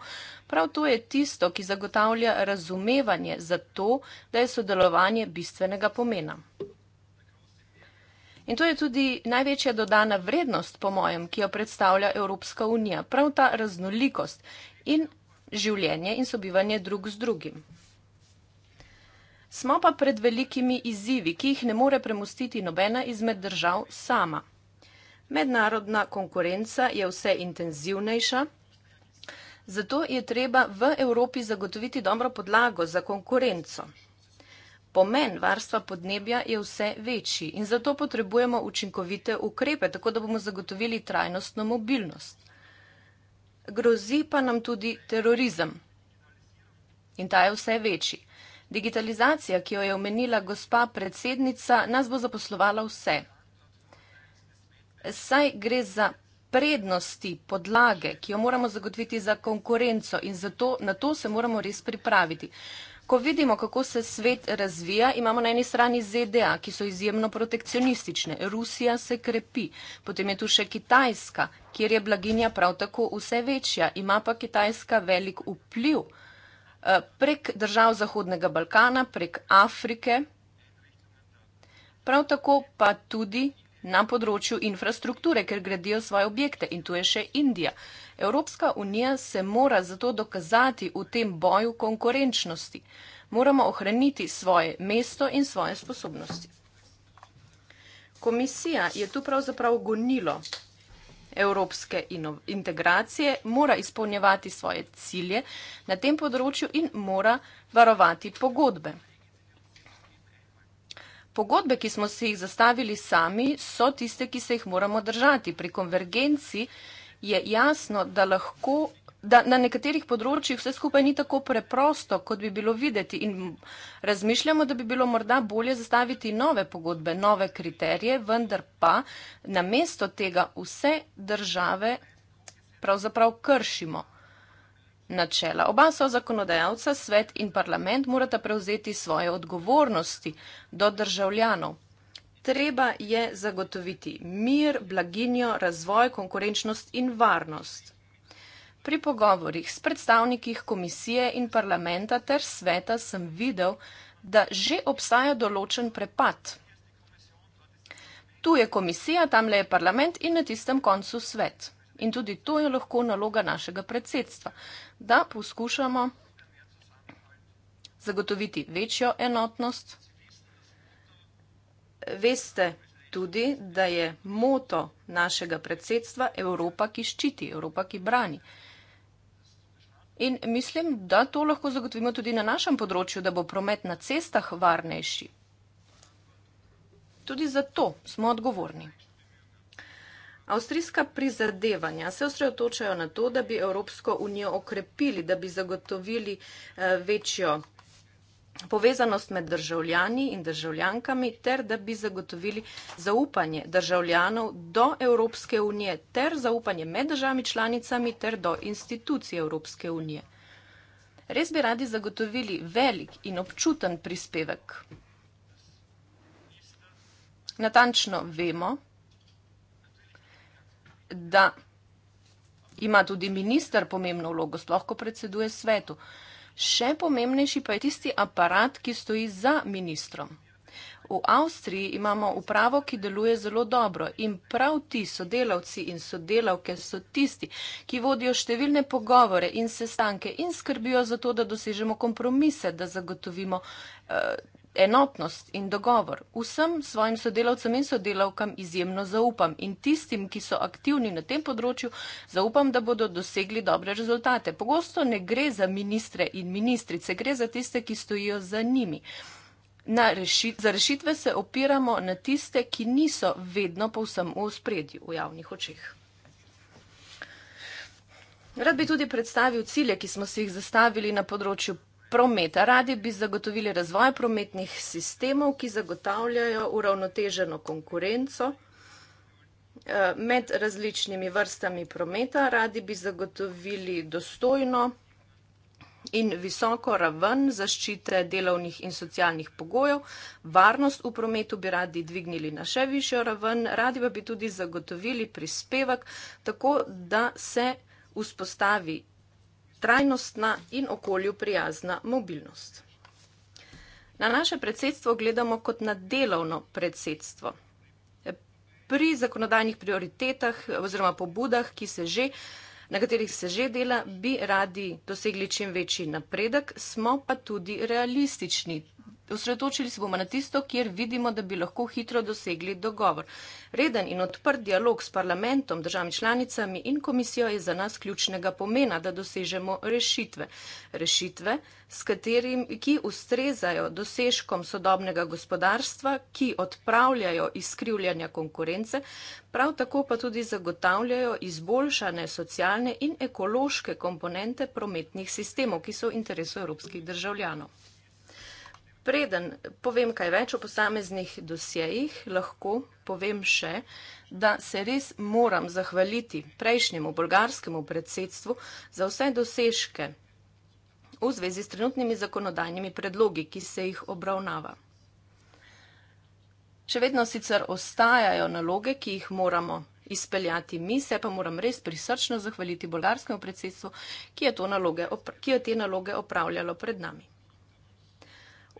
Prav to je tisto, ki zagotavlja razumevanje za to, da je sodelovanje bistvenega pomena. In to je tudi največja dodana vrednost, po mojem, ki jo predstavlja Evropska unija. Prav ta raznolikost in življenje in sobivanje drug z drugim. Smo pa pred velikimi izzivi, ki jih ne more premustiti nobena izmed držav sama. Mednarodna konkurenca je vse intenzivnejša, zato je treba v Evropi zagotoviti dobro podlago za konkurenco. Pomen varstva podnebja je vse večji in zato potrebujemo učinkovite ukrepe, tako da bomo zagotovili trajnostno mobilnost. Grozi pa nam tudi terorizem in ta je vse večji. Digitalizacija, ki jo je omenila gospa predsednica, nas bo zaposlovala vse saj gre za prednosti, podlage, ki jo moramo zagotoviti za konkurenco in zato na to se moramo res pripraviti. Ko vidimo, kako se svet razvija, imamo na eni strani ZDA, ki so izjemno protekcionistične, Rusija se krepi, potem je tu še Kitajska, kjer je blaginja prav tako vse večja, ima pa Kitajska velik vpliv eh, prek držav Zahodnega Balkana, prek Afrike, prav tako pa tudi na področju infrastrukture, ker gradijo svoje objekte in tu je še Indija. Evropska unija se mora zato dokazati v tem boju konkurenčnosti. Moramo ohraniti svoje mesto in svoje sposobnosti. Komisija je tu pravzaprav gonilo evropske integracije, mora izpolnjevati svoje cilje na tem področju in mora varovati pogodbe pogodbe, ki smo si jih zastavili sami, so tiste, ki se jih moramo držati. Pri konvergenci je jasno, da lahko. Da na nekaterih področjih vse skupaj ni tako preprosto, kot bi bilo videti, in razmišljamo, da bi bilo morda bolje zastaviti nove pogodbe, nove kriterije, vendar pa namesto tega vse države pravzaprav kršimo načela. Oba so zakonodajalca, svet in parlament morata prevzeti svoje odgovornosti do državljanov. Treba je zagotoviti mir, blaginjo, razvoj, konkurenčnost in varnost. Pri pogovorjih s predstavniki komisije in parlamenta ter sveta sem videl, da že obstaja določen prepad. Tu je komisija, tamle je parlament in na tistem koncu svet. In tudi to je lahko naloga našega predsedstva, da poskušamo zagotoviti večjo enotnost. Veste tudi, da je moto našega predsedstva Evropa, ki ščiti, Evropa, ki brani. In mislim, da to lahko zagotovimo tudi na našem področju, da bo promet na cestah varnejši. Tudi za to smo odgovorni. Avstrijska prizadevanja se osredotočajo na to, da bi Evropsko unijo okrepili, da bi zagotovili eh, večjo povezanost med državljani in državljankami ter da bi zagotovili zaupanje državljanov do Evropske unije ter zaupanje med državami članicami ter do institucij Evropske unije. Res bi radi zagotovili velik in občuten prispevek. Natančno vemo, da ima tudi minister pomembno vlogo, sploh ko predseduje svetu. Še pomembnejši pa je tisti aparat, ki stoji za ministrom. V Avstriji imamo upravo, ki deluje zelo dobro in prav ti sodelavci in sodelavke so tisti, ki vodijo številne pogovore in sestanke in skrbijo za to, da dosežemo kompromise, da zagotovimo eh, enotnost in dogovor. Vsem svojim sodelavcem in sodelavkam izjemno zaupam in tistim, ki so aktivni na tem področju, zaupam, da bodo dosegli dobre rezultate. Pogosto ne gre za ministre in ministrice, gre za tiste, ki stojijo za njimi. Rešit za rešitve se opiramo na tiste, ki niso vedno povsem v spredju v javnih očeh. Rad bi tudi predstavil cilje, ki smo si jih zastavili na področju prometa. Radi bi zagotovili razvoj prometnih sistemov, ki zagotavljajo uravnoteženo konkurenco eh, med različnimi vrstami prometa. Radi bi zagotovili dostojno in visoko raven zaščite delovnih in socialnih pogojev. Varnost v prometu bi radi dvignili na še višjo raven. Radi pa bi tudi zagotovili prispevek tako, da se vzpostavi trajnostna in okolju prijazna mobilnost. Na naše predsedstvo gledamo kot na delovno predsedstvo. Pri zakonodajnih prioritetah oziroma pobudah, ki se že na katerih se že dela, bi radi dosegli čim večji napredek, smo pa tudi realistični. Osredotočili se bomo na tisto, kjer vidimo, da bi lahko hitro dosegli dogovor. Reden in odprt dialog s parlamentom, državami članicami in komisijo je za nas ključnega pomena, da dosežemo rešitve. Rešitve, katerim, ki ustrezajo dosežkom sodobnega gospodarstva, ki odpravljajo izkrivljanja konkurence, prav tako pa tudi zagotavljajo izboljšane socialne in ekološke komponente prometnih sistemov, ki so v interesu evropskih državljanov preden povem kaj več o posameznih dosjejih, lahko povem še, da se res moram zahvaliti prejšnjemu bolgarskemu predsedstvu za vse dosežke v zvezi s trenutnimi zakonodajnimi predlogi, ki se jih obravnava. Še vedno sicer ostajajo naloge, ki jih moramo izpeljati mi, se pa moram res prisrčno zahvaliti bolgarskemu predsedstvu, ki je, naloge, ki je te naloge opravljalo pred nami.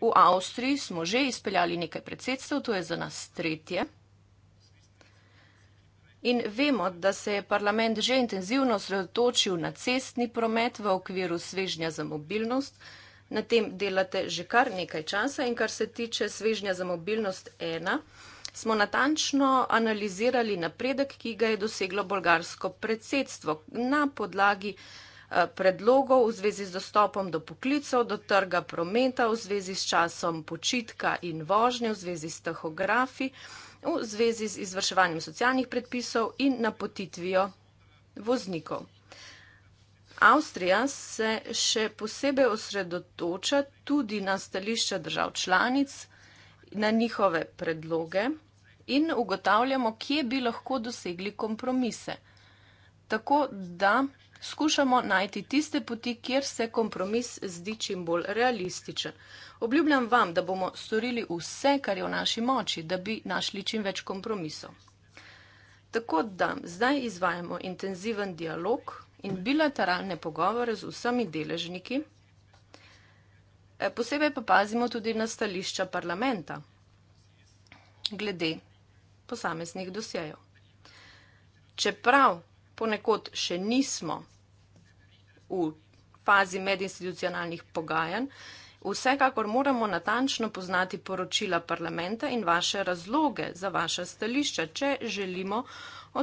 V Avstriji smo že izpeljali nekaj predsedstev, to je za nas tretje. In vemo, da se je parlament že intenzivno sredotočil na cestni promet v okviru svežnja za mobilnost. Na tem delate že kar nekaj časa in kar se tiče svežnja za mobilnost ena, smo natančno analizirali napredek, ki ga je doseglo bolgarsko predsedstvo na podlagi Eh, predlogov v zvezi z dostopom do poklicov, do trga prometa, v zvezi s časom počitka in vožnje, v zvezi s tahografi, v zvezi z izvrševanjem socialnih predpisov in napotitvijo voznikov. Avstrija se še posebej osredotoča tudi na stališča držav članic, na njihove predloge in ugotavljamo, kje bi lahko dosegli kompromise. Tako da Skušamo najti tiste poti, kjer se kompromis zdi čim bolj realističen. Obljubljam vam, da bomo storili vse, kar je v naši moči, da bi našli čim več kompromisov. Tako da zdaj izvajamo intenziven dialog in bilateralne pogovore z vsemi deležniki. E, posebej pa pazimo tudi na stališča parlamenta glede posameznih dosjejev. Čeprav ponekod še nismo v fazi medinstitucionalnih pogajanj. Vsekakor moramo natančno poznati poročila parlamenta in vaše razloge za vaše stališča, če želimo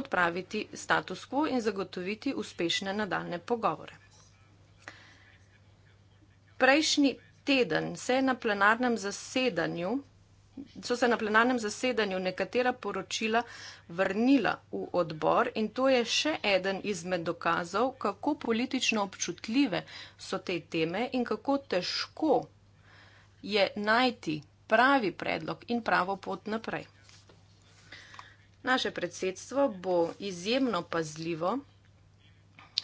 odpraviti status quo in zagotoviti uspešne nadaljne pogovore. Prejšnji teden se je na plenarnem zasedanju so se na plenarnem zasedanju nekatera poročila vrnila v odbor in to je še eden izmed dokazov, kako politično občutljive so te teme in kako težko je najti pravi predlog in pravo pot naprej. Naše predsedstvo bo izjemno pazljivo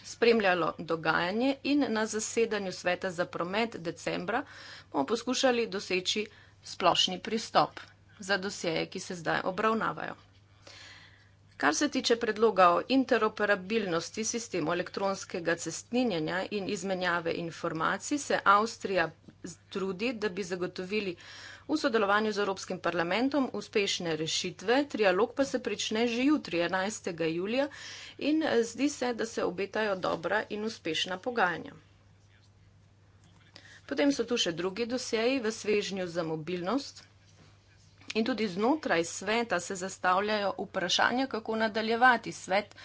spremljalo dogajanje in na zasedanju sveta za promet decembra bomo poskušali doseči splošni pristop za dosjeje, ki se zdaj obravnavajo. Kar se tiče predloga o interoperabilnosti sistemu elektronskega cestninjenja in izmenjave informacij, se Avstrija trudi, da bi zagotovili v sodelovanju z Evropskim parlamentom uspešne rešitve. Trialog pa se prične že jutri, 11. julija, in zdi se, da se obetajo dobra in uspešna pogajanja. Potem so tu še drugi dosjeji v svežnju za mobilnost. In tudi znotraj sveta se zastavljajo vprašanja, kako nadaljevati. Svet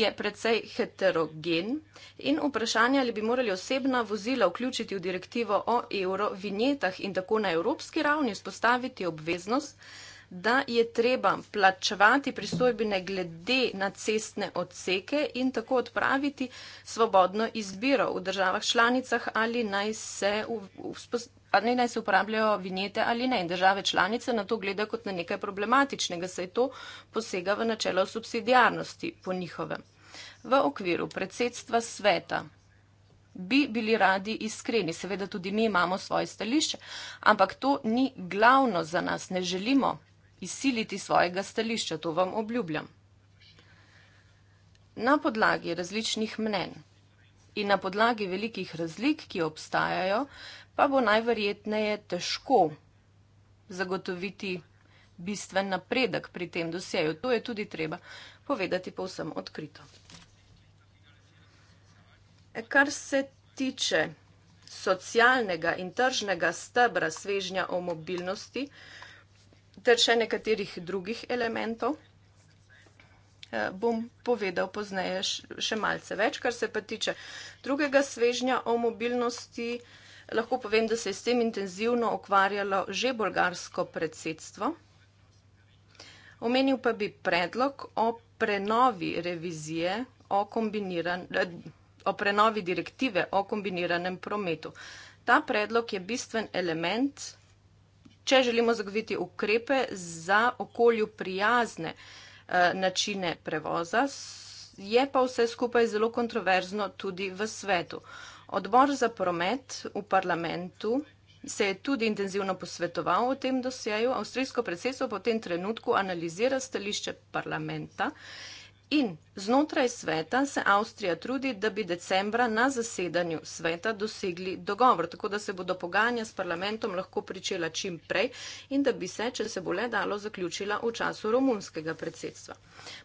je precej heterogen in vprašanje, ali bi morali osebna vozila vključiti v direktivo o evrovinjetah in tako na evropski ravni vzpostaviti obveznost da je treba plačevati pristojbine glede na cestne odseke in tako odpraviti svobodno izbiro v državah članicah, ali naj se, ali naj se uporabljajo vinjete ali ne. In države članice na to gleda kot na nekaj problematičnega, saj to posega v načelo subsidijarnosti po njihovem. V okviru predsedstva sveta bi bili radi iskreni. Seveda tudi mi imamo svoje stališče, ampak to ni glavno za nas. Ne želimo izsiliti svojega stališča, to vam obljubljam. Na podlagi različnih mnen in na podlagi velikih razlik, ki obstajajo, pa bo najverjetneje težko zagotoviti bistven napredek pri tem dosjeju. To je tudi treba povedati povsem odkrito. Kar se tiče socialnega in tržnega stebra svežnja o mobilnosti, ter še nekaterih drugih elementov. Eh, bom povedal pozneje še malce več, kar se pa tiče drugega svežnja o mobilnosti. Lahko povem, da se je s tem intenzivno ukvarjalo že bolgarsko predsedstvo. Omenil pa bi predlog o prenovi revizije o kombiniranem, eh, o prenovi direktive o kombiniranem prometu. Ta predlog je bistven element če želimo zagoviti ukrepe za okolju prijazne eh, načine prevoza, je pa vse skupaj zelo kontroverzno tudi v svetu. Odbor za promet v parlamentu se je tudi intenzivno posvetoval o tem dosjeju. Avstrijsko predsedstvo po tem trenutku analizira stališče parlamenta In znotraj sveta se Avstrija trudi, da bi decembra na zasedanju sveta dosegli dogovor, tako da se bodo pogajanja s parlamentom lahko pričela čim prej in da bi se, če se bo le dalo, zaključila v času romunskega predsedstva.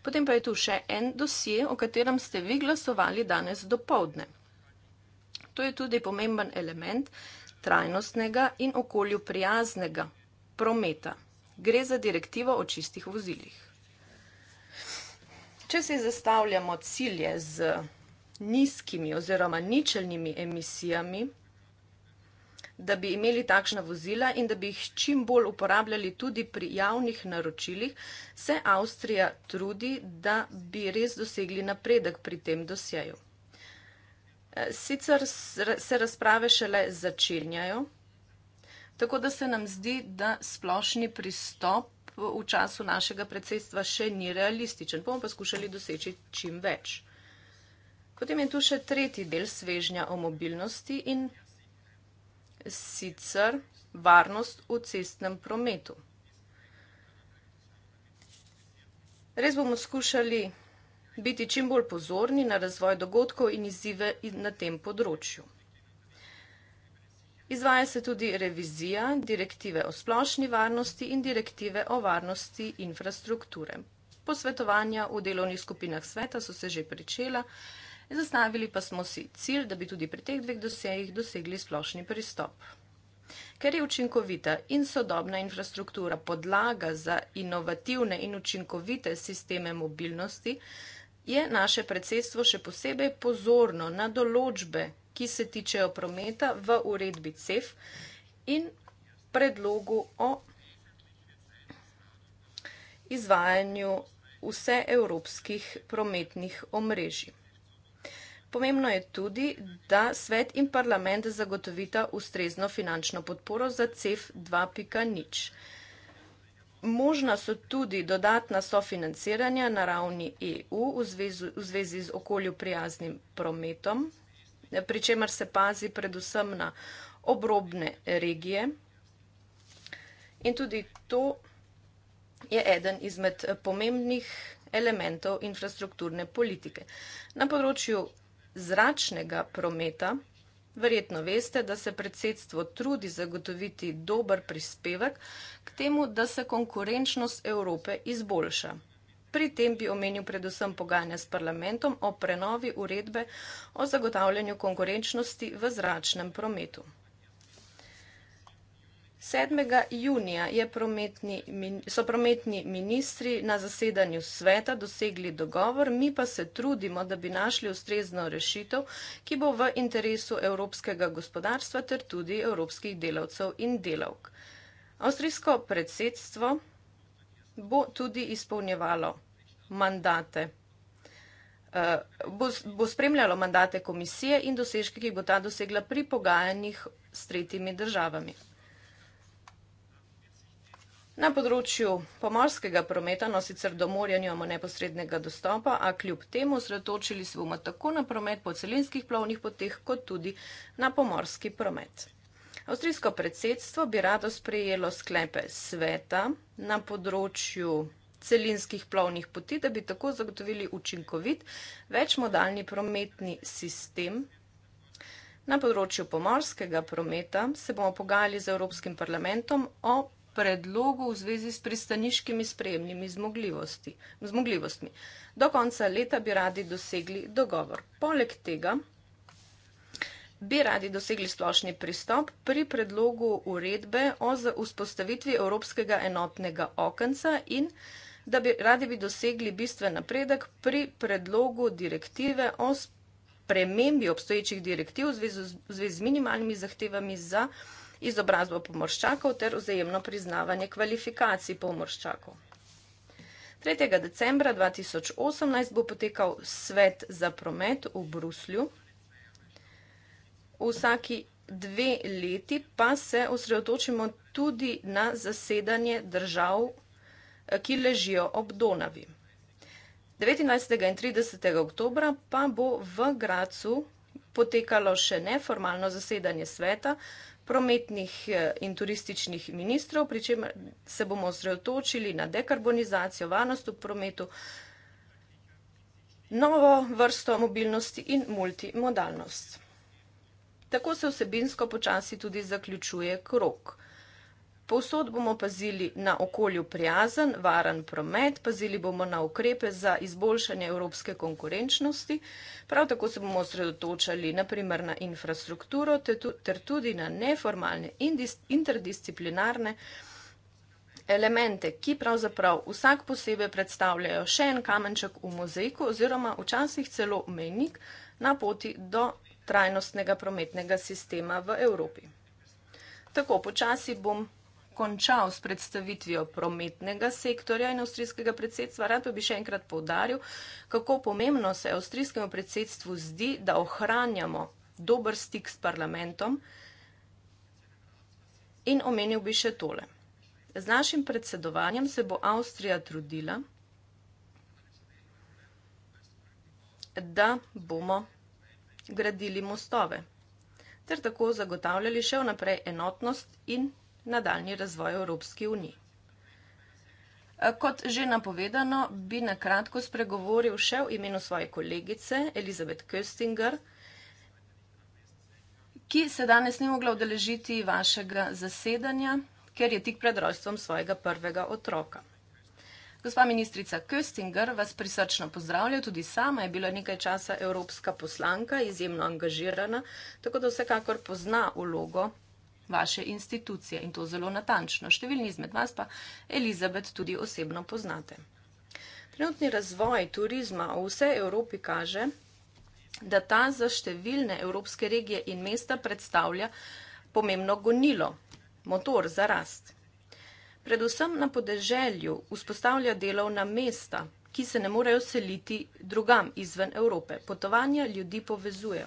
Potem pa je tu še en dosje, o katerem ste vi glasovali danes do povdne. To je tudi pomemben element trajnostnega in okolju prijaznega prometa. Gre za direktivo o čistih vozilih. Če si zastavljamo cilje z nizkimi oziroma ničelnimi emisijami, da bi imeli takšna vozila in da bi jih čim bolj uporabljali tudi pri javnih naročilih, se Avstrija trudi, da bi res dosegli napredek pri tem dosjeju. E, sicer se razprave šele začenjajo, tako da se nam zdi, da splošni pristop v, v času našega predsedstva še ni realističen. Bomo pa skušali doseči čim več. Potem je tu še tretji del svežnja o mobilnosti in sicer varnost v cestnem prometu. Res bomo skušali biti čim bolj pozorni na razvoj dogodkov in izzive na tem področju. Izvaja se tudi revizija direktive o splošni varnosti in direktive o varnosti infrastrukture. Posvetovanja v delovnih skupinah sveta so se že pričela, zastavili pa smo si cilj, da bi tudi pri teh dveh dosejih dosegli splošni pristop. Ker je učinkovita in sodobna infrastruktura podlaga za inovativne in učinkovite sisteme mobilnosti, je naše predsedstvo še posebej pozorno na določbe ki se tičejo prometa v uredbi CEF in predlogu o izvajanju vse evropskih prometnih omrežij. Pomembno je tudi, da svet in parlament zagotovita ustrezno finančno podporo za CEF 2.0. Možna so tudi dodatna sofinanciranja na ravni EU v zvezi z okolju prijaznim prometom pri čemer se pazi predvsem na obrobne regije. In tudi to je eden izmed pomembnih elementov infrastrukturne politike. Na področju zračnega prometa verjetno veste, da se predsedstvo trudi zagotoviti dober prispevek k temu, da se konkurenčnost Evrope izboljša. Pri tem bi omenil predvsem pogajanja s parlamentom o prenovi uredbe o zagotavljanju konkurenčnosti v zračnem prometu. 7. junija prometni, so prometni ministri na zasedanju sveta dosegli dogovor, mi pa se trudimo, da bi našli ustrezno rešitev, ki bo v interesu evropskega gospodarstva ter tudi evropskih delavcev in delavk. Avstrijsko predsedstvo bo tudi izpolnjevalo mandate, eh, bo, bo spremljalo mandate komisije in dosežke, ki jih bo ta dosegla pri pogajanjih s tretjimi državami. Na področju pomorskega prometa, no sicer do morja nimamo neposrednega dostopa, a kljub temu sredotočili se bomo tako na promet po celinskih plovnih poteh, kot tudi na pomorski promet. Avstrijsko predsedstvo bi rado sprejelo sklepe sveta na področju celinskih plovnih poti, da bi tako zagotovili učinkovit večmodalni prometni sistem. Na področju pomorskega prometa se bomo pogajali z Evropskim parlamentom o predlogu v zvezi s pristaniškimi sprejemnimi zmogljivostmi. Do konca leta bi radi dosegli dogovor. Poleg tega bi radi dosegli splošni pristop pri predlogu uredbe o vzpostavitvi Evropskega enotnega okenca in da bi radi bi dosegli bistven napredek pri predlogu direktive o spremembi obstoječih direktiv v zvezi, v zvezi z minimalnimi zahtevami za izobrazbo pomorščakov ter vzajemno priznavanje kvalifikacij pomorščakov. 3. decembra 2018 bo potekal svet za promet v Bruslju vsaki dve leti, pa se osredotočimo tudi na zasedanje držav, eh, ki ležijo ob Donavi. 19. in 30. oktober pa bo v Gracu potekalo še neformalno zasedanje sveta prometnih eh, in turističnih ministrov, pri čemer se bomo osredotočili na dekarbonizacijo, varnost v prometu, novo vrsto mobilnosti in multimodalnost. Tako se vsebinsko počasi tudi zaključuje krok. Povsod bomo pazili na okolju prijazen, varen promet, pazili bomo na ukrepe za izboljšanje evropske konkurenčnosti, prav tako se bomo osredotočali naprimer na infrastrukturo ter tudi na neformalne interdisciplinarne elemente, ki pravzaprav vsak posebej predstavljajo še en kamenček v mozaiku oziroma včasih celo mejnik na poti do trajnostnega prometnega sistema v Evropi. Tako počasi bom končal s predstavitvijo prometnega sektorja in avstrijskega predsedstva. Rad pa bi še enkrat povdaril, kako pomembno se avstrijskemu predsedstvu zdi, da ohranjamo dober stik s parlamentom. In omenil bi še tole. Z našim predsedovanjem se bo Avstrija trudila, da bomo gradili mostove ter tako zagotavljali še vnaprej enotnost in nadaljni razvoj Evropske unije. Eh, kot že napovedano, bi na kratko spregovoril še v imenu svoje kolegice Elizabet Köstinger, ki se danes ni mogla udeležiti vašega zasedanja, ker je tik pred rojstvom svojega prvega otroka. Gospa ministrica Köstinger vas prisrčno pozdravlja, tudi sama je bila nekaj časa evropska poslanka, izjemno angažirana, tako da vsekakor pozna ulogo vaše institucije in to zelo natančno. Številni izmed vas pa Elizabet tudi osebno poznate. Trenutni razvoj turizma v vsej Evropi kaže, da ta za številne evropske regije in mesta predstavlja pomembno gonilo, motor za rast predvsem na podeželju, vzpostavlja delovna mesta ki se ne morejo seliti drugam izven Evrope. Potovanja ljudi povezujejo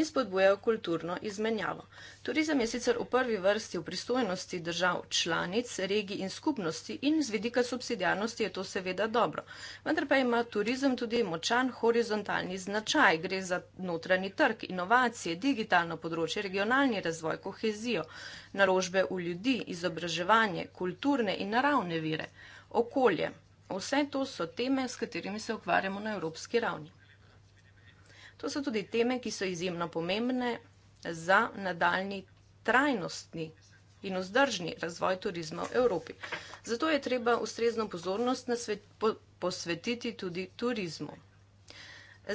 in spodbujajo kulturno izmenjavo. Turizem je sicer v prvi vrsti v pristojnosti držav članic, regij in skupnosti in z vidika subsidijarnosti je to seveda dobro. Vendar pa ima turizem tudi močan horizontalni značaj. Gre za notranji trg, inovacije, digitalno področje, regionalni razvoj, kohezijo, naložbe v ljudi, izobraževanje, kulturne in naravne vire, okolje. Vse to so teme, s katerimi se ukvarjamo na evropski ravni. To so tudi teme, ki so izjemno pomembne za nadaljni trajnostni in vzdržni razvoj turizma v Evropi. Zato je treba ustrezno pozornost svet, po, posvetiti tudi turizmu.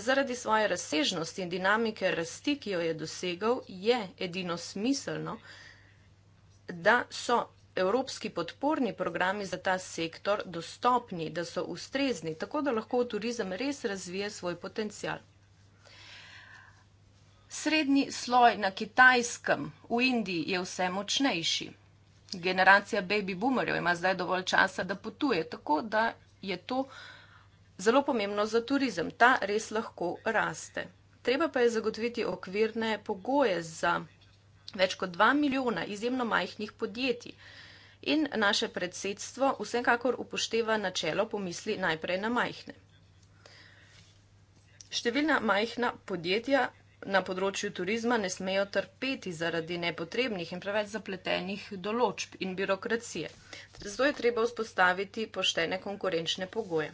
Zaradi svoje razsežnosti in dinamike rasti, ki jo je dosegal, je edino smiselno, da so evropski podporni programi za ta sektor dostopni, da so ustrezni, tako da lahko turizem res razvije svoj potencial. Srednji sloj na kitajskem v Indiji je vse močnejši. Generacija baby boomerjev ima zdaj dovolj časa, da potuje, tako da je to zelo pomembno za turizem. Ta res lahko raste. Treba pa je zagotoviti okvirne pogoje za več kot 2 milijona izjemno majhnih podjetij in naše predsedstvo vsekakor upošteva načelo pomisli najprej na majhne. Številna majhna podjetja na področju turizma ne smejo trpeti zaradi nepotrebnih in preveč zapletenih določb in birokracije. Zato je treba vzpostaviti poštene konkurenčne pogoje.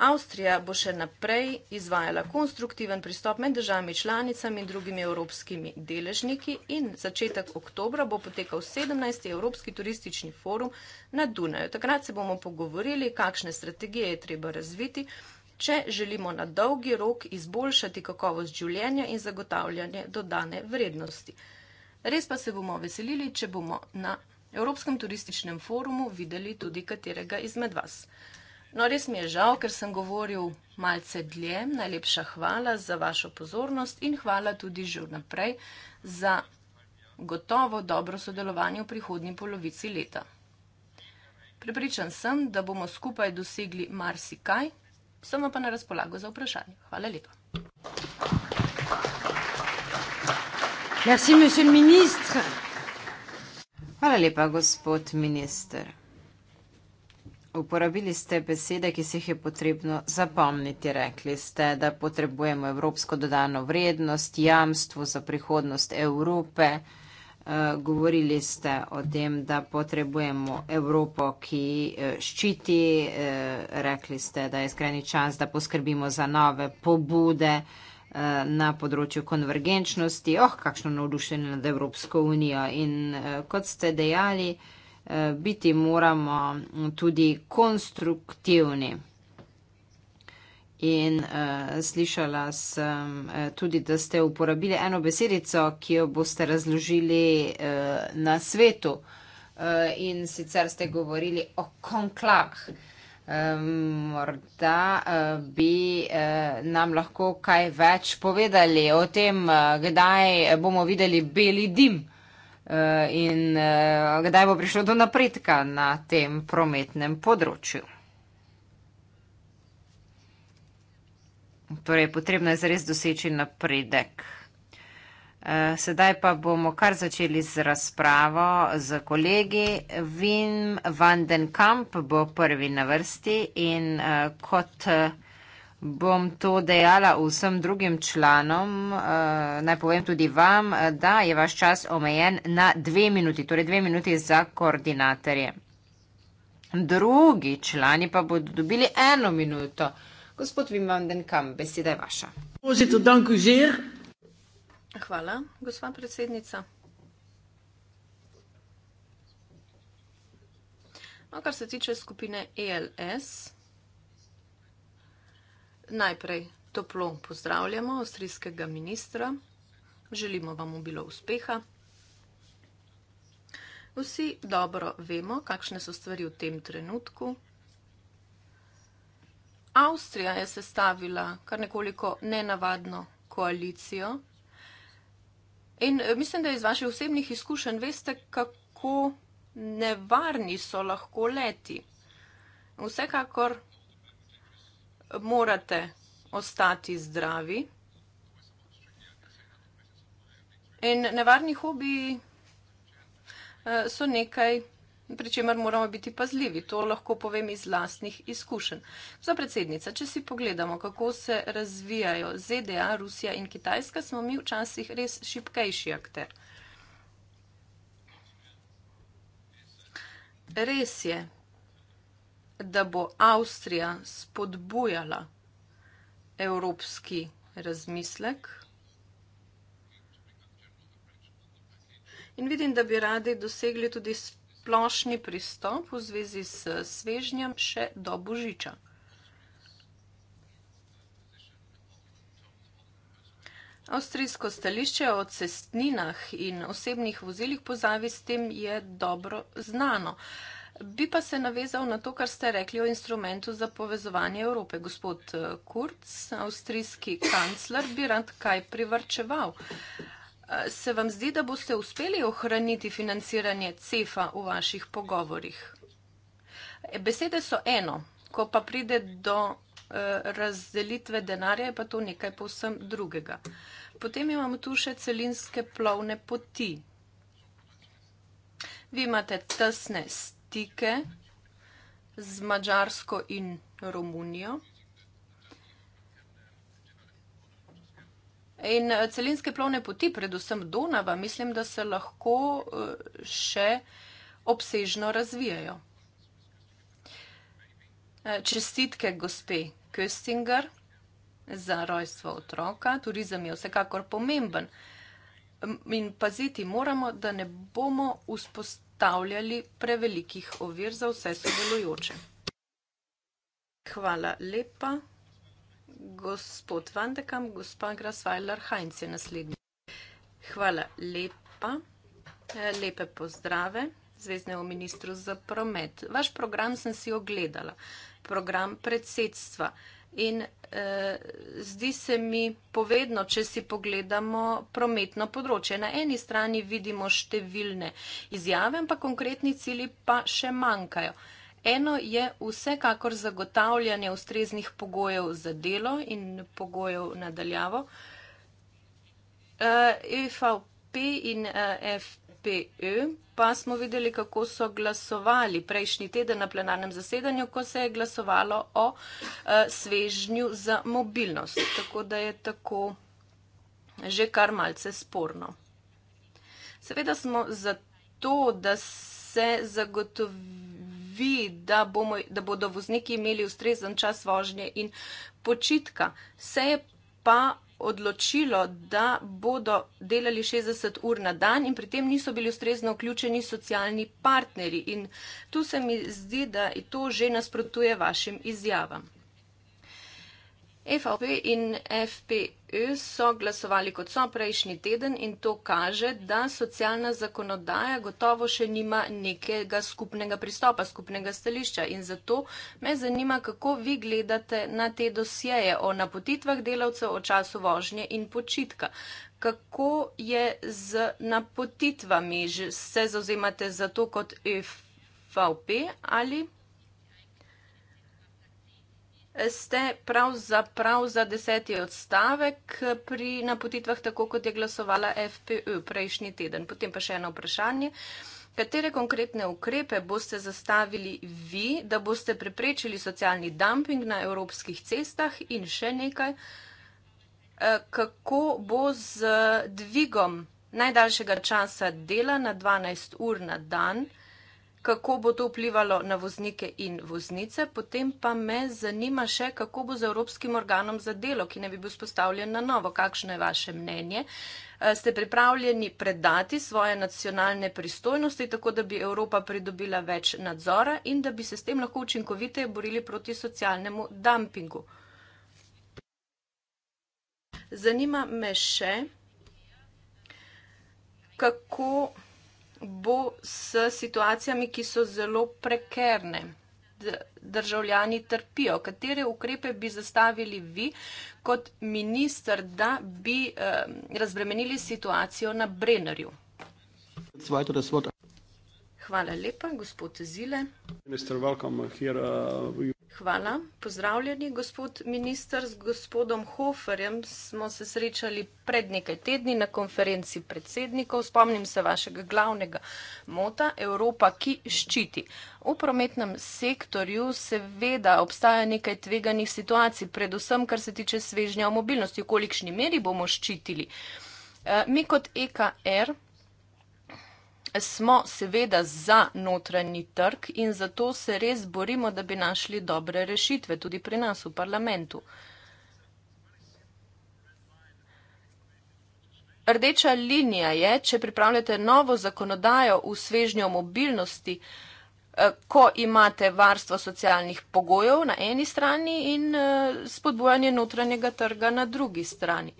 Avstrija bo še naprej izvajala konstruktiven pristop med državami članicami in drugimi evropskimi deležniki in začetek oktobra bo potekal 17. Evropski turistični forum na Dunaju. Takrat se bomo pogovorili, kakšne strategije je treba razviti, če želimo na dolgi rok izboljšati kakovost življenja in zagotavljanje dodane vrednosti. Res pa se bomo veselili, če bomo na Evropskem turističnem forumu videli tudi katerega izmed vas. No, res mi je žal, ker sem govoril malce dlje. Najlepša hvala za vašo pozornost in hvala tudi že vnaprej za gotovo dobro sodelovanje v prihodnji polovici leta. Prepričan sem, da bomo skupaj dosegli marsikaj, sem pa na razpolago za vprašanje. Hvala lepa. Merci, hvala lepa, gospod minister. Uporabili ste besede, ki si jih je potrebno zapomniti. Rekli ste, da potrebujemo evropsko dodano vrednost, jamstvo za prihodnost Evrope. Eh, govorili ste o tem, da potrebujemo Evropo, ki eh, ščiti. Eh, rekli ste, da je skrajni čas, da poskrbimo za nove pobude na področju konvergenčnosti. Oh, kakšno navdušenje nad Evropsko unijo. In kot ste dejali, Eh, biti moramo tudi konstruktivni. In uh, slišala sem uh, tudi, da ste uporabili eno besedico, ki jo boste razložili uh, na svetu. Uh, in sicer ste govorili o konklah. Uh, morda uh, bi uh, nam lahko kaj več povedali o tem, uh, kdaj bomo videli beli dim. Uh, Eh, in eh, kdaj bo prišlo do napredka na tem prometnem področju. Torej, potrebno je zares doseči napredek. Eh, sedaj pa bomo kar začeli z razpravo z kolegi. Vin van den Kamp bo prvi na vrsti in kot bom to dejala vsem drugim članom. Eh, naj povem tudi vam, da je vaš čas omejen na dve minuti, torej dve minuti za koordinatorje. Drugi člani pa bodo dobili eno minuto. Gospod Vimanden, kam beseda je vaša? Hvala, gospa predsednica. No, kar se tiče skupine ELS, najprej toplo pozdravljamo avstrijskega ministra, želimo vam obilo uspeha. Vsi dobro vemo, kakšne so stvari v tem trenutku. Avstrija je sestavila kar nekoliko nenavadno koalicijo in eh, mislim, da iz vaših osebnih izkušenj veste, kako nevarni so lahko leti. Vsekakor morate ostati zdravi. In nevarni hobi eh, so nekaj, pri čemer moramo biti pazljivi. To lahko povem iz lastnih izkušenj. Za predsednica, če si pogledamo, kako se razvijajo ZDA, Rusija in Kitajska, smo mi včasih res šipkejši akter. Res je da bo Avstrija spodbujala evropski razmislek. In vidim, da bi radi dosegli tudi splošni pristop v zvezi s svežnjem še do Božiča. Avstrijsko stališče o cestninah in osebnih vozilih pozavi s tem je dobro znano. Uh, bi pa se navezal na to, kar ste rekli o instrumentu za povezovanje Evrope. Gospod eh, Kurz, avstrijski kancler, bi rad kaj privrčeval. Eh, se vam zdi, da boste uspeli ohraniti financiranje CEFA v vaših pogovorih? E, besede so eno, ko pa pride do eh, razdelitve denarja, je pa to nekaj povsem drugega. Potem imamo tu še celinske plovne poti. Vi imate tesne stvari stike z Mačarsko in Romunijo. In eh, celinske plovne poti, predvsem Donava, mislim, da se lahko eh, še obsežno razvijajo. Eh, čestitke gospe Köstinger za rojstvo otroka. Turizem je vsekakor pomemben. In paziti moramo, da ne bomo vzpostavili postavljali prevelikih ovir za vse sodelujoče. Hvala lepa. Gospod Vandekam, gospa Grasvajlar Heinz je naslednji. Hvala lepa. E, lepe pozdrave zveznemu ministru za promet. Vaš program sem si ogledala. Program predsedstva in eh, zdi se mi povedno, če si pogledamo prometno področje. Na eni strani vidimo številne izjave, ampak konkretni cili pa še manjkajo. Eno je vsekakor zagotavljanje ustreznih pogojev za delo in pogojev nadaljavo. EVP eh, e in eh, FP PE, pa smo videli, kako so glasovali prejšnji teden na plenarnem zasedanju, ko se je glasovalo o uh, svežnju za mobilnost. Tako da je tako že kar malce sporno. Seveda smo za to, da se zagotovi, da, bomo, da bodo vozniki imeli ustrezen čas vožnje in počitka. Se je pa odločilo, da bodo delali 60 ur na dan in pri tem niso bili ustrezno vključeni socialni partnerji. In tu se mi zdi, da to že nasprotuje vašim izjavam. EVP in FPE so glasovali kot so prejšnji teden in to kaže, da socialna zakonodaja gotovo še nima nekega skupnega pristopa, skupnega stališča. In zato me zanima, kako vi gledate na te dosjeje o napotitvah delavcev, o času vožnje in počitka. Kako je z napotitvami? Se zauzemate za to kot EVP ali ste pravzaprav za deseti odstavek pri napotitvah, tako kot je glasovala FPÖ prejšnji teden. Potem pa še eno vprašanje. Katere konkretne ukrepe boste zastavili vi, da boste preprečili socialni dumping na evropskih cestah in še nekaj? Eh, kako bo z dvigom najdaljšega časa dela na 12 ur na dan? kako bo to vplivalo na voznike in voznice, potem pa me zanima še, kako bo z Evropskim organom za delo, ki ne bi bil spostavljen na novo. Kakšno je vaše mnenje? Eh, ste pripravljeni predati svoje nacionalne pristojnosti, tako da bi Evropa pridobila več nadzora in da bi se s tem lahko učinkoviteje borili proti socialnemu dumpingu? Zanima me še, kako bo s situacijami, ki so zelo prekerne. Državljani trpijo. Katere ukrepe bi zastavili vi kot minister, da bi eh, razbremenili situacijo na Brennerju? Hvala lepa, gospod Zile. Uh, Hvala. Pozdravljeni, gospod minister. Z gospodom Hoferjem smo se srečali pred nekaj tedni na konferenci predsednikov. Spomnim se vašega glavnega mota Evropa, ki ščiti. V prometnem sektorju seveda obstaja nekaj tveganih situacij, predvsem kar se tiče svežnja o mobilnosti, v kolikšni meri bomo ščitili. Eh, mi kot EKR smo seveda za notranji trg in zato se res borimo, da bi našli dobre rešitve tudi pri nas v parlamentu. Rdeča linija je, če pripravljate novo zakonodajo v svežnjo mobilnosti, eh, ko imate varstvo socialnih pogojev na eni strani in eh, spodbujanje notranjega trga na drugi strani.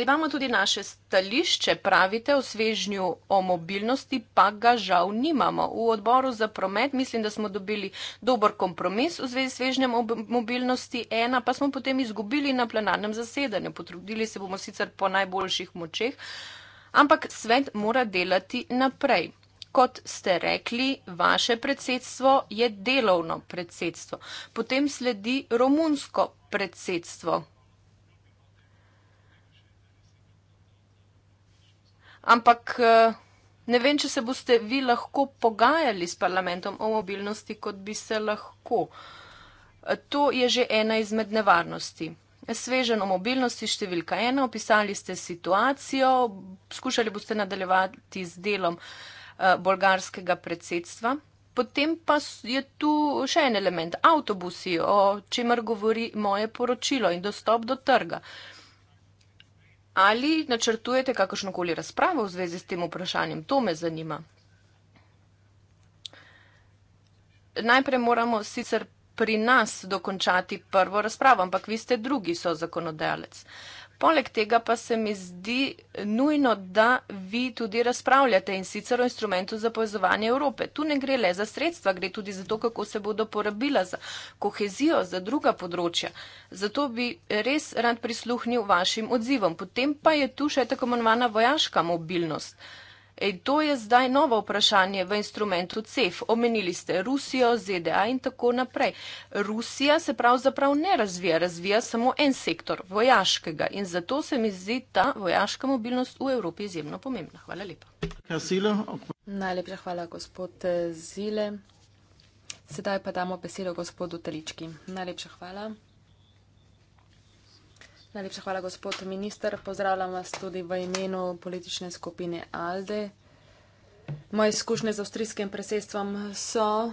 Imamo tudi naše stališče, pravite, o svežnju o mobilnosti, pa ga žal nimamo. V odboru za promet mislim, da smo dobili dober kompromis v zvezi s svežnjem o mobilnosti ena, pa smo potem izgubili na plenarnem zasedanju. Potrudili se bomo sicer po najboljših močeh, ampak svet mora delati naprej. Kot ste rekli, vaše predsedstvo je delovno predsedstvo. Potem sledi romunsko predsedstvo. Ampak eh, ne vem, če se boste vi lahko pogajali s parlamentom o mobilnosti, kot bi se lahko. Eh, to je že ena izmed nevarnosti. Svežen o mobilnosti številka ena, opisali ste situacijo, skušali boste nadaljevati z delom eh, bolgarskega predsedstva. Potem pa je tu še en element, avtobusi, o čemer govori moje poročilo in dostop do trga. Uh, Ali načrtujete kakršnokoli razpravo v zvezi s tem vprašanjem? To me zanima. Najprej moramo sicer pri nas dokončati prvo razpravo, ampak vi ste drugi so zakonodajalec. Uh, Poleg tega pa se mi zdi nujno, da vi tudi razpravljate in sicer o instrumentu za povezovanje Evrope. Tu ne gre le za sredstva, gre tudi za to, kako se bodo porabila za kohezijo, za druga področja. Zato bi res rad prisluhnil vašim odzivom. Potem pa je tu še tako imenovana vojaška mobilnost. Uh, Ej, to je zdaj novo vprašanje v instrumentu CEF. Omenili ste Rusijo, ZDA in tako naprej. Rusija se pravzaprav ne razvija, razvija samo en sektor, vojaškega. In zato se mi zdi ta vojaška mobilnost v Evropi izjemno pomembna. Hvala lepa. Najlepša hvala, gospod Zile. Eh, Sedaj pa damo besedo gospodu Telički. Najlepša hvala. Najlepša hvala, gospod minister. Pozdravljam vas tudi v imenu politične skupine ALDE. Moje izkušnje z avstrijskim presedstvom so,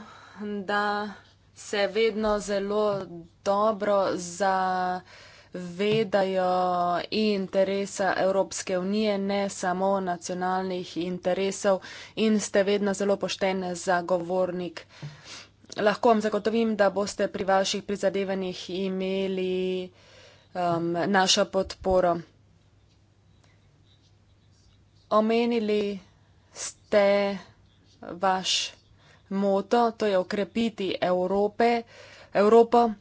da se vedno zelo dobro zavedajo interesa Evropske unije, ne samo nacionalnih interesov in ste vedno zelo pošten zagovornik. Lahko vam zagotovim, da boste pri vaših prizadevanjih imeli um, našo podporo. Omenili ste vaš moto, to je okrepiti Evrope, Evropo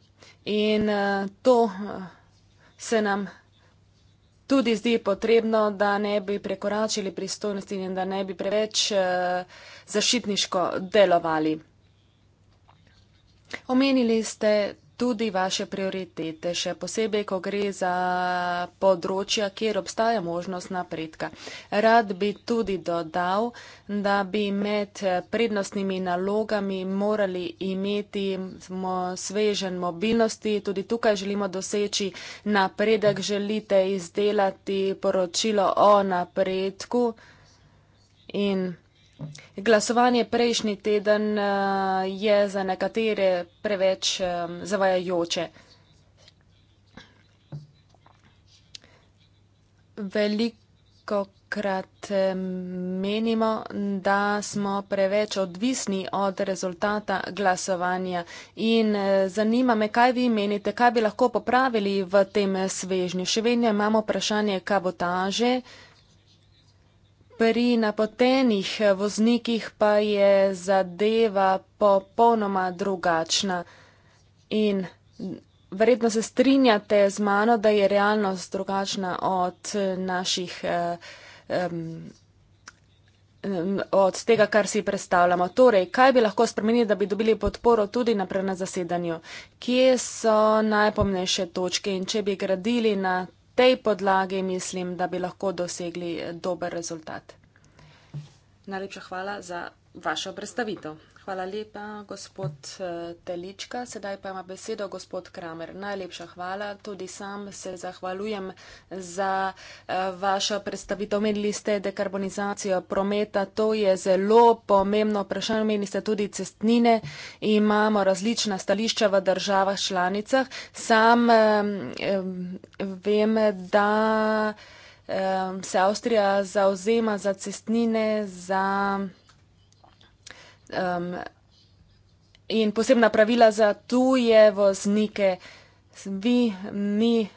in uh, to uh, se nam tudi zdi potrebno, da ne bi prekoračili pristojnosti in da ne bi preveč uh, zašitniško delovali. Omenili ste tudi vaše prioritete, še posebej, ko gre za področja, kjer obstaja možnost napredka. Rad bi tudi dodal, da bi med prednostnimi nalogami morali imeti svežen mobilnosti. Tudi tukaj želimo doseči napredek. Želite izdelati poročilo o napredku in. Glasovanje prejšnji teden eh, je za nekatere preveč eh, zavajajoče. Veliko krat eh, menimo, da smo preveč odvisni od rezultata glasovanja in zanima me, kaj vi menite, kaj bi lahko popravili v tem svežnju. Še vedno imamo vprašanje kabotaže pri napotenih eh, voznikih pa je zadeva popolnoma drugačna. In verjetno se strinjate z mano, da je realnost drugačna od eh, naših. Um, od tega, kar si predstavljamo. Torej, kaj bi lahko spremenili, da bi dobili podporo tudi naprej na zasedanju? Kje so najpomnejše točke in če bi gradili na tej podlagi mislim, da bi lahko dosegli dober rezultat. Najlepša hvala za vašo predstavitev. Hvala lepa, gospod eh, Telička. Sedaj pa ima besedo gospod Kramer. Najlepša hvala. Tudi sam se zahvaljujem za eh, vašo predstavitev. Omenili ste dekarbonizacijo prometa. To je zelo pomembno vprašanje. Omenili ste tudi cestnine. Imamo različna stališča v državah članicah. Sam eh, vem, da se Avstrija zauzema za cestnine, za um, in posebna pravila za tuje voznike. Vi, mi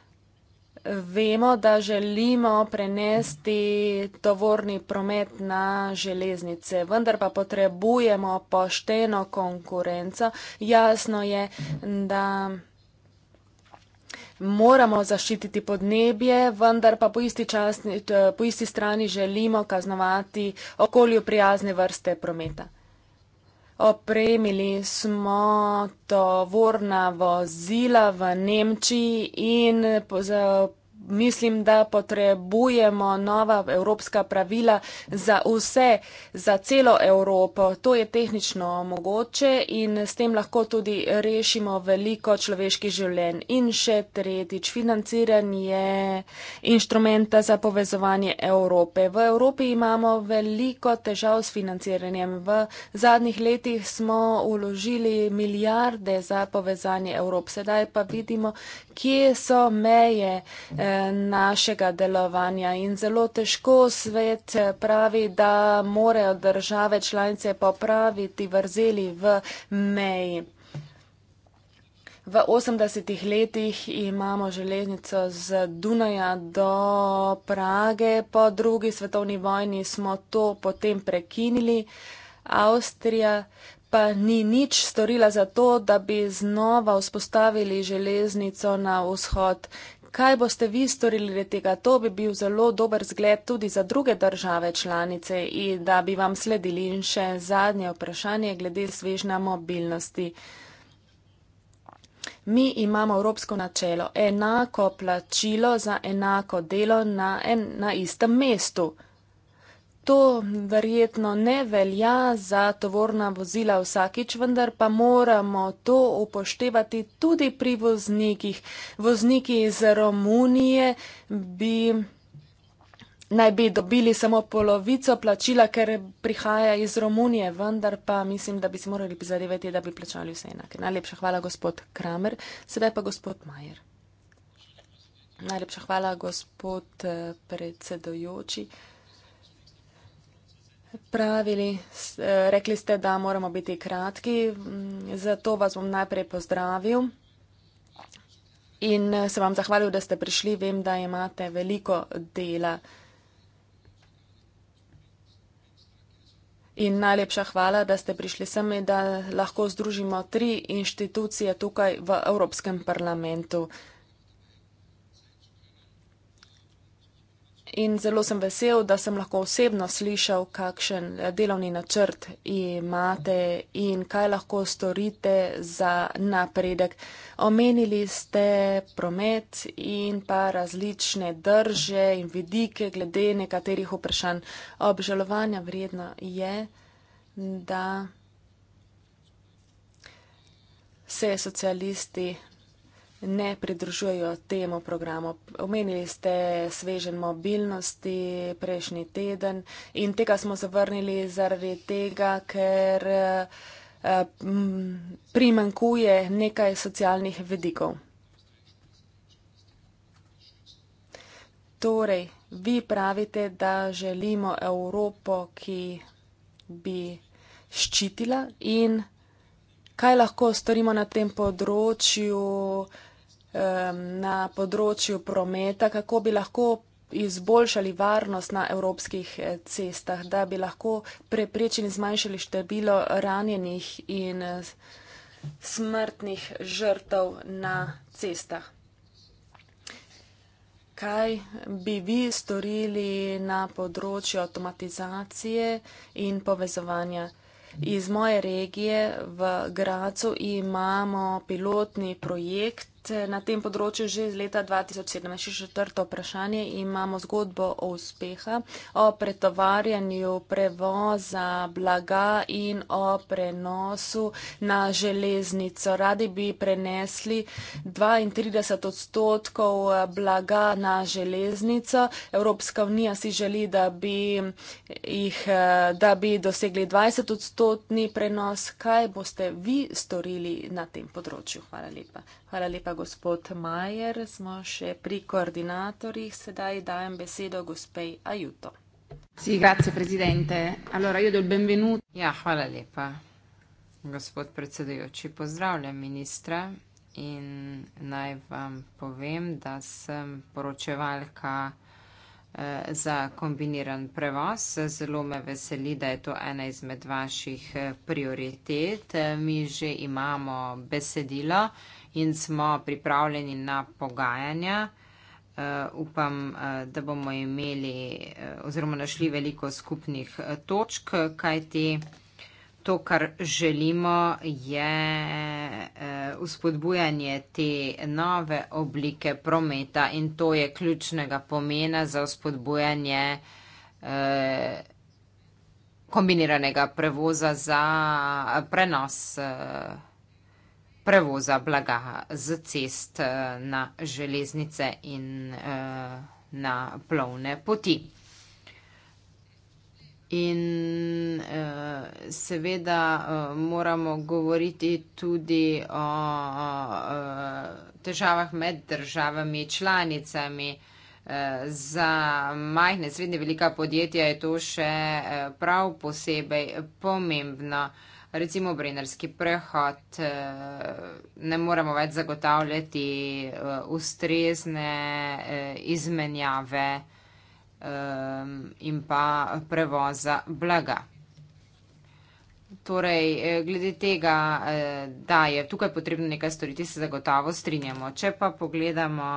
vemo, da želimo prenesti tovorni promet na železnice, vendar pa potrebujemo pošteno konkurenco. Jasno je, da. Moramo zaščititi podnebje, vendar pa po isti, čas, po isti strani želimo kaznovati okolju prijazne vrste prometa. Opremili smo tovorna vozila v Nemčiji in po, za, mislim, da potrebujemo nova evropska pravila za vse, za celo Evropo. To je tehnično mogoče in s tem lahko tudi rešimo veliko človeških življenj. In še tretjič, financiranje inštrumenta za povezovanje Evrope. V Evropi imamo veliko težav s financiranjem. V zadnjih letih smo uložili milijarde za povezanje Evrope. Sedaj pa vidimo, kje so meje. Eh, našega delovanja in zelo težko svet pravi, da morajo države članice popraviti vrzeli v meji. V 80-ih letih imamo železnico z Dunaja do Prage, po drugi svetovni vojni smo to potem prekinili. Avstrija pa ni nič storila za to, da bi znova vzpostavili železnico na vzhod kaj boste vi storili le tega, to bi bil zelo dober zgled tudi za druge države članice in da bi vam sledili in še zadnje vprašanje glede svežna mobilnosti. Mi imamo evropsko načelo enako plačilo za enako delo na, en, na istem mestu. To verjetno ne velja za tovorna vozila vsakič, vendar pa moramo to upoštevati tudi pri voznikih. Vozniki iz Romunije bi naj bi dobili samo polovico plačila, ker prihaja iz Romunije, vendar pa mislim, da bi si morali prizadevati, da bi plačali vse enake. Najlepša hvala, gospod Kramer. Sedaj pa gospod Majer. Najlepša hvala, gospod eh, predsedojoči pravili, eh, rekli ste, da moramo biti kratki, mm, zato vas bom najprej pozdravil in eh, se vam zahvalil, da ste prišli. Vem, da imate veliko dela. In najlepša hvala, da ste prišli sem in da lahko združimo tri inštitucije tukaj v Evropskem parlamentu. in zelo sem vesel, da sem lahko osebno slišal, kakšen eh, delovni načrt imate in kaj lahko storite za napredek. Omenili ste promet in pa različne drže in vidike glede nekaterih vprašanj. Obžalovanja vredno je, da se socialisti ne pridružujejo temu programu. Omenili ste svežen mobilnosti prejšnji teden in tega smo zavrnili zaradi tega, ker eh, primankuje nekaj socialnih vedikov. Torej, vi pravite, da želimo Evropo, ki bi ščitila in kaj lahko storimo na tem področju, na področju prometa, kako bi lahko izboljšali varnost na evropskih eh, cestah, da bi lahko preprečili in zmanjšali število ranjenih in eh, smrtnih žrtev na cestah. Kaj bi vi storili na področju avtomatizacije in povezovanja? Iz moje regije v Gracu imamo pilotni projekt ste na tem področju že iz leta 2017, še četrto vprašanje. Imamo zgodbo o uspeha, o pretovarjanju prevoza blaga in o prenosu na železnico. Radi bi prenesli 32 odstotkov eh, blaga na železnico. Evropska unija si želi, da bi, jih, eh, da bi dosegli 20 odstotni prenos. Kaj boste vi storili na tem področju? Hvala lepa. Hvala lepa, gospod Majer. Smo še pri koordinatorjih. Sedaj dajem besedo gospe Ajuto. Sì, grazie Presidente. Allora io do il benvenuto. Ja, hvala lepa, gospod predsedujoči. Pozdravljam ministra in naj vam povem, da sem poročevalka eh, za kombiniran prevoz. Zelo me veseli, da je to ena izmed vaših eh, prioritet. Mi že imamo besedilo in smo pripravljeni na pogajanja. Uh, upam, uh, da bomo imeli uh, oziroma našli veliko skupnih uh, točk, kajti to, kar želimo, je uh, uspodbujanje te nove oblike prometa in to je ključnega pomena za uspodbujanje uh, kombiniranega prevoza za prenos. Uh, prevoza blaga z cest eh, na železnice in eh, na plovne poti. In eh, seveda moramo govoriti tudi o težavah med državami članicami. Za majhne, srednje velika podjetja je to še prav posebej pomembno recimo brenerski prehod, eh, ne moremo več zagotavljati eh, ustrezne eh, izmenjave in pa prevoza blaga. Torej, glede tega, da je tukaj potrebno nekaj storiti, se zagotavo strinjamo. Če pa pogledamo,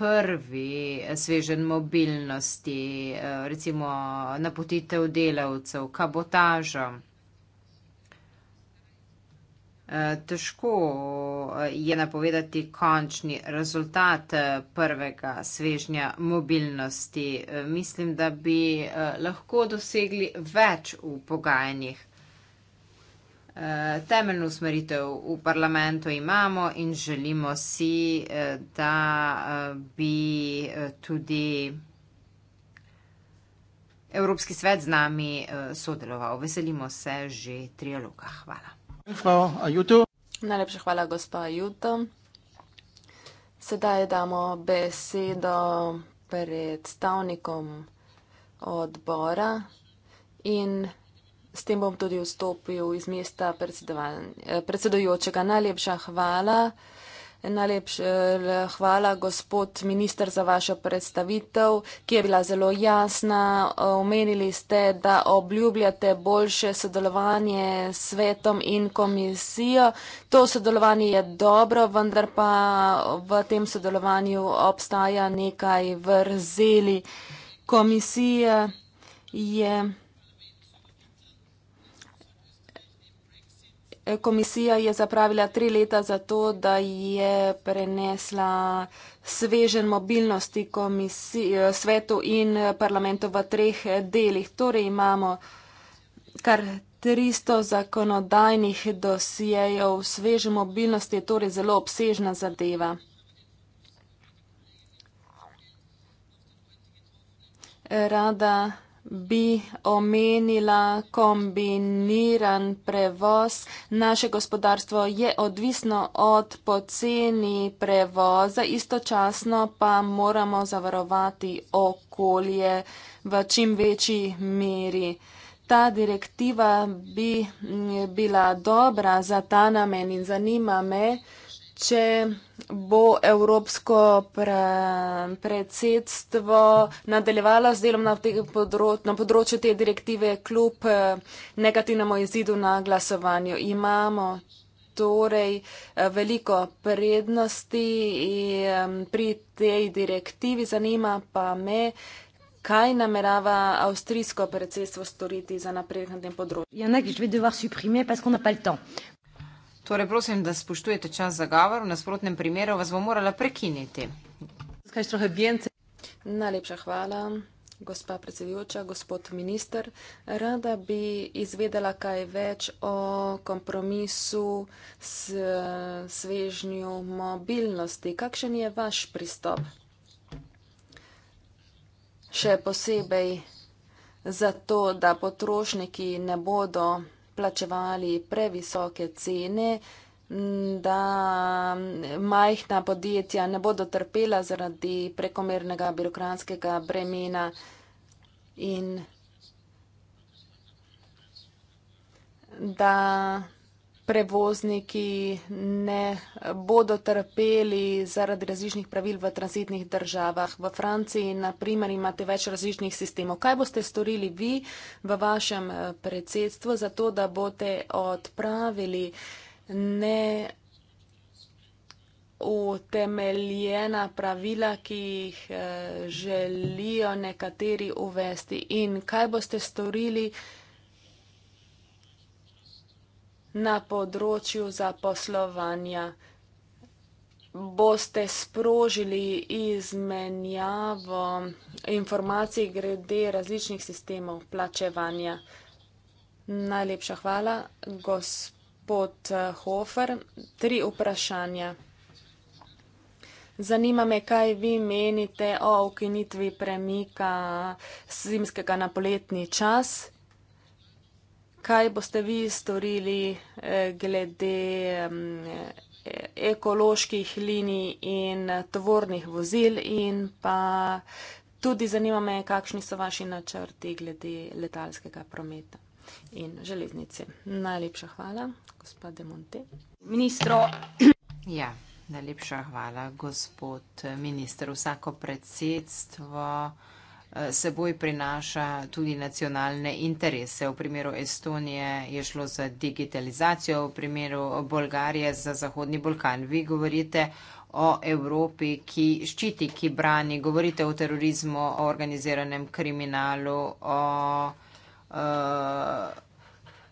prvi svežen mobilnosti, recimo napotitev delavcev, kabotažo. Težko je napovedati končni rezultat prvega svežnja mobilnosti. Mislim, da bi eh, lahko dosegli več v pogajanjih. Eh, temeljno usmeritev v parlamentu imamo in želimo si, eh, da eh, bi tudi Evropski svet z nami sodeloval. Veselimo se že trialoga. Hvala. Najlepša hvala, gospa Juto. Sedaj damo besedo predstavnikom odbora in S tem bom tudi vstopil iz mesta eh, predsedujočega. Najlepša hvala. Najlepša eh, hvala, gospod minister, za vašo predstavitev, ki je bila zelo jasna. Omenili ste, da obljubljate boljše sodelovanje s svetom in komisijo. To sodelovanje je dobro, vendar pa v tem sodelovanju obstaja nekaj vrzeli. Komisija je. komisija je zapravila tri leta za to, da je prenesla svežen mobilnosti eh, svetu in parlamentu v treh delih. Torej imamo kar 300 zakonodajnih dosijejev svežen mobilnosti, torej zelo obsežna zadeva. Rada bi omenila kombiniran prevoz. Naše gospodarstvo je odvisno od poceni prevoza, istočasno pa moramo zavarovati okolje v čim večji meri. Ta direktiva bi bila dobra za ta namen in zanima me, če bo Evropsko pre, predsedstvo nadaljevalo z delom na, področ, na področju te direktive kljub eh, negativnemu izidu na glasovanju. Imamo torej eh, veliko prednosti eh, pri tej direktivi, zanima pa me, kaj namerava avstrijsko predsedstvo storiti za napredek na tem področju. Torej, prosim, da spoštujete čas za govor, v nasprotnem primeru vas bom morala prekiniti. Najlepša hvala, gospa predsedujoča, gospod minister. Rada bi izvedela kaj več o kompromisu s svežnjo mobilnosti. Kakšen je vaš pristop? Še posebej zato, da potrošniki ne bodo plačevali previsoke cene, da majhna podjetja ne bodo trpela zaradi prekomernega birokranskega bremena in da prevozniki ne bodo trpeli zaradi različnih pravil v transitnih državah. V Franciji, na primer, imate več različnih sistemov. Kaj boste storili vi v vašem eh, predsedstvu za to, da boste odpravili ne utemeljena pravila, ki jih eh, želijo nekateri uvesti in kaj boste storili, na področju zaposlovanja. Boste sprožili izmenjavo informacij glede različnih sistemov plačevanja. Najlepša hvala, gospod Hofer. Tri vprašanja. Zanima me, kaj vi menite o ukinitvi premika zimskega na poletni čas kaj boste vi storili eh, glede e, ekoloških linij in tovornih vozil in pa tudi zanima me, kakšni so vaši načrti glede letalskega prometa in železnice. Najlepša hvala, gospod De Monte. Ministro. Ja, najlepša hvala, gospod minister. Vsako predsedstvo seboj prinaša tudi nacionalne interese. V primeru Estonije je šlo za digitalizacijo, v primeru Bolgarije za Zahodni Balkan. Vi govorite o Evropi, ki ščiti, ki brani, govorite o terorizmu, o organiziranem kriminalu, o uh,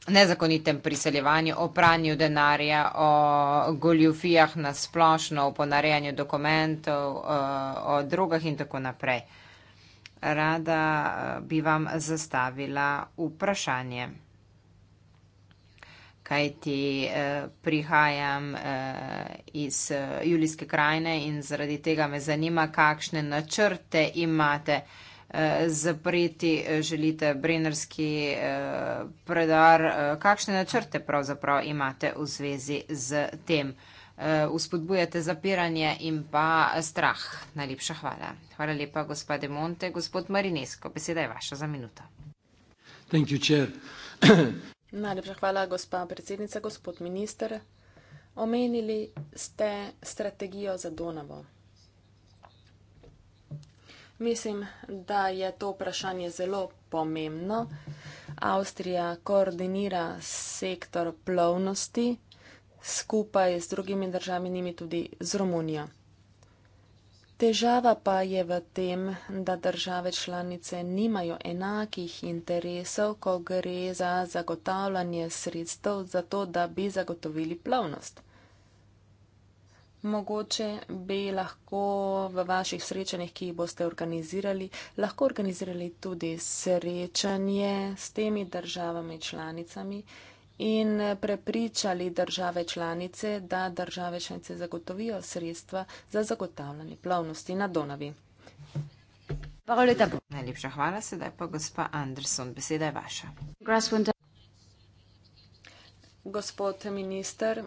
nezakonitem priseljevanju, o pranju denarja, o goljufijah na splošno, o ponarejanju dokumentov, uh, o drogah in tako naprej. Uh, rada eh, bi vam zastavila vprašanje. Kaj ti eh, prihajam eh, iz Julijske krajine in zaradi tega me zanima, kakšne načrte imate zapreti, želite brenerski predar, kakšne načrte pravzaprav imate v zvezi z tem. Eh, vzpodbujate zapiranje in pa strah. Najlepša hvala. Hvala lepa, gospod De Monte. Gospod Marinesko, beseda je vaša za minuto. You, *clears throat* Najlepša hvala, gospa predsednica, gospod minister. Omenili ste strategijo za Donavo. Mislim, da je to vprašanje zelo pomembno. Avstrija koordinira sektor plovnosti skupaj z drugimi državami, njimi tudi z Romunijo. Težava pa je v tem, da države članice nimajo enakih interesov, ko gre za zagotavljanje sredstev za to, da bi zagotovili plavnost. Mogoče bi lahko v vaših srečanjih, ki jih boste organizirali, lahko organizirali tudi srečanje s temi državami članicami, in prepričali države članice, da države članice zagotovijo sredstva za zagotavljanje plovnosti na Donavi. Najlepša hvala, sedaj pa gospa Anderson, beseda je vaša. Gospod minister,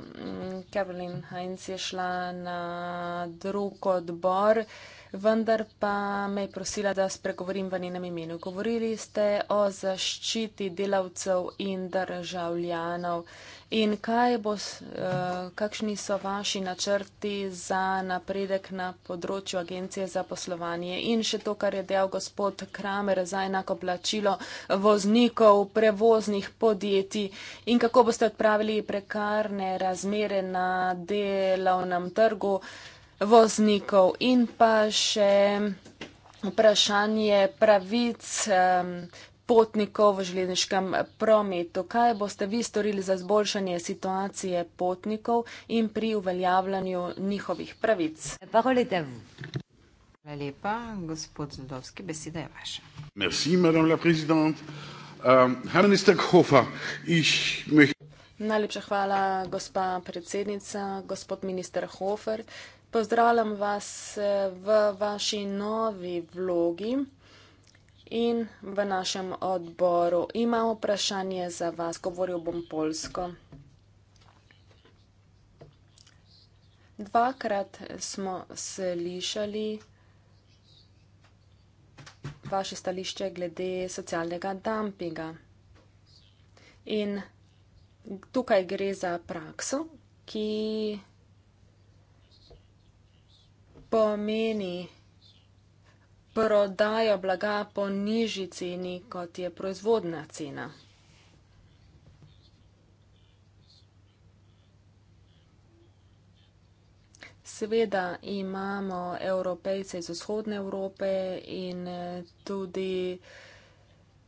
Kevlin mm, Heinz je šla na drug odbor vendar pa me je prosila, da spregovorim v njenem imenu. Govorili ste o zaščiti delavcev in državljanov. In kaj bo, eh, kakšni so vaši načrti za napredek na področju agencije za poslovanje? In še to, kar je dejal gospod Kramer za enako plačilo voznikov prevoznih podjetij. In kako boste odpravili prekarne razmere na delovnem trgu? voznikov in pa še vprašanje pravic um, potnikov v železniškem prometu. Kaj boste vi storili za zboljšanje situacije potnikov in pri uveljavljanju njihovih pravic? Hvala lepa, gospod Zdovski, beseda je vaša. Merci, madam la prezident. Euh, Herr minister Kofa, ich möchte. Najlepša hvala, gospa predsednica, gospod minister Hofer. Pozdravljam vas eh, v vaši novi vlogi in v našem odboru. Imam vprašanje za vas, govoril bom polsko. Dvakrat smo slišali vaše stališče glede socialnega dumpinga. In tukaj gre za prakso, ki pomeni prodajo blaga po nižji ceni, kot je proizvodna cena. Seveda imamo Evropejce iz vzhodne Evrope in eh, tudi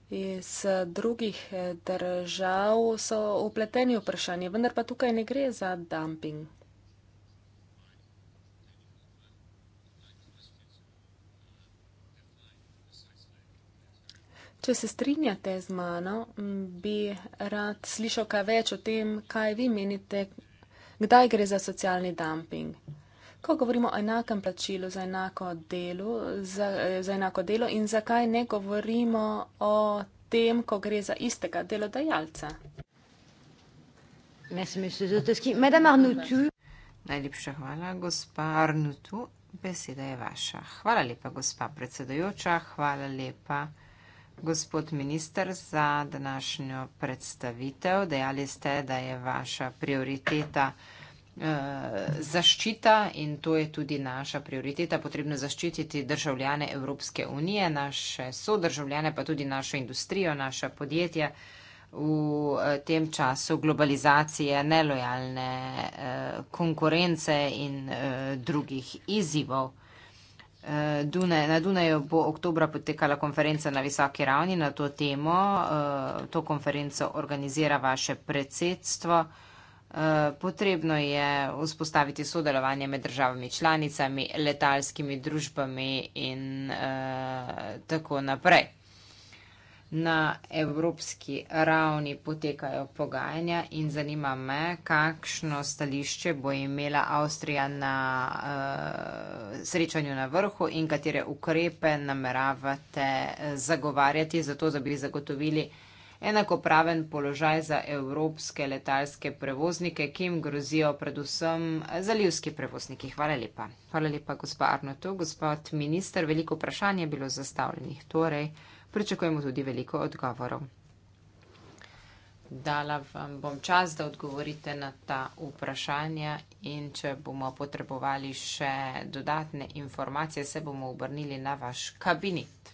iz eh, drugih eh, držav so upleteni vprašanje, vendar pa tukaj ne gre za dumping. Če se strinjate z mano, bi rad slišal kaj več o tem, kaj vi menite, kdaj gre za socialni dumping. Ko govorimo o enakem plačilu za enako delo, za, za enako delo in zakaj ne govorimo o tem, ko gre za istega delodajalca. Najlepša hvala, gospa Arnutu. Beseda je vaša. Hvala lepa, gospa predsedojoča. Hvala lepa gospod minister, za današnjo predstavitev. Dejali ste, da je vaša prioriteta eh, zaščita in to je tudi naša prioriteta. Potrebno je zaščititi državljane Evropske unije, naše sodržavljane, pa tudi našo industrijo, naša podjetja v eh, tem času globalizacije, nelojalne eh, konkurence in drugih izzivov. Eh, Dunaj, na Dunaju bo oktobra potekala konferenca na visoki ravni na to temo. Eh, to konferenco organizira vaše predsedstvo. Eh, potrebno je vzpostaviti sodelovanje med državami članicami, letalskimi družbami in tako naprej na evropski ravni potekajo pogajanja in zanima me, kakšno stališče bo imela Avstrija na uh, srečanju na vrhu in katere ukrepe nameravate eh, zagovarjati, zato da bi zagotovili enakopraven položaj za evropske letalske prevoznike, ki jim grozijo predvsem zalivski prevozniki. Hvala lepa. Hvala lepa, gospod Arnoto. Gospod minister, veliko vprašanje je bilo zastavljenih. Torej, pričakujemo tudi veliko odgovorov. Dala vam bom čas, da odgovorite na ta vprašanja in če bomo potrebovali še dodatne informacije, se bomo obrnili na vaš kabinet.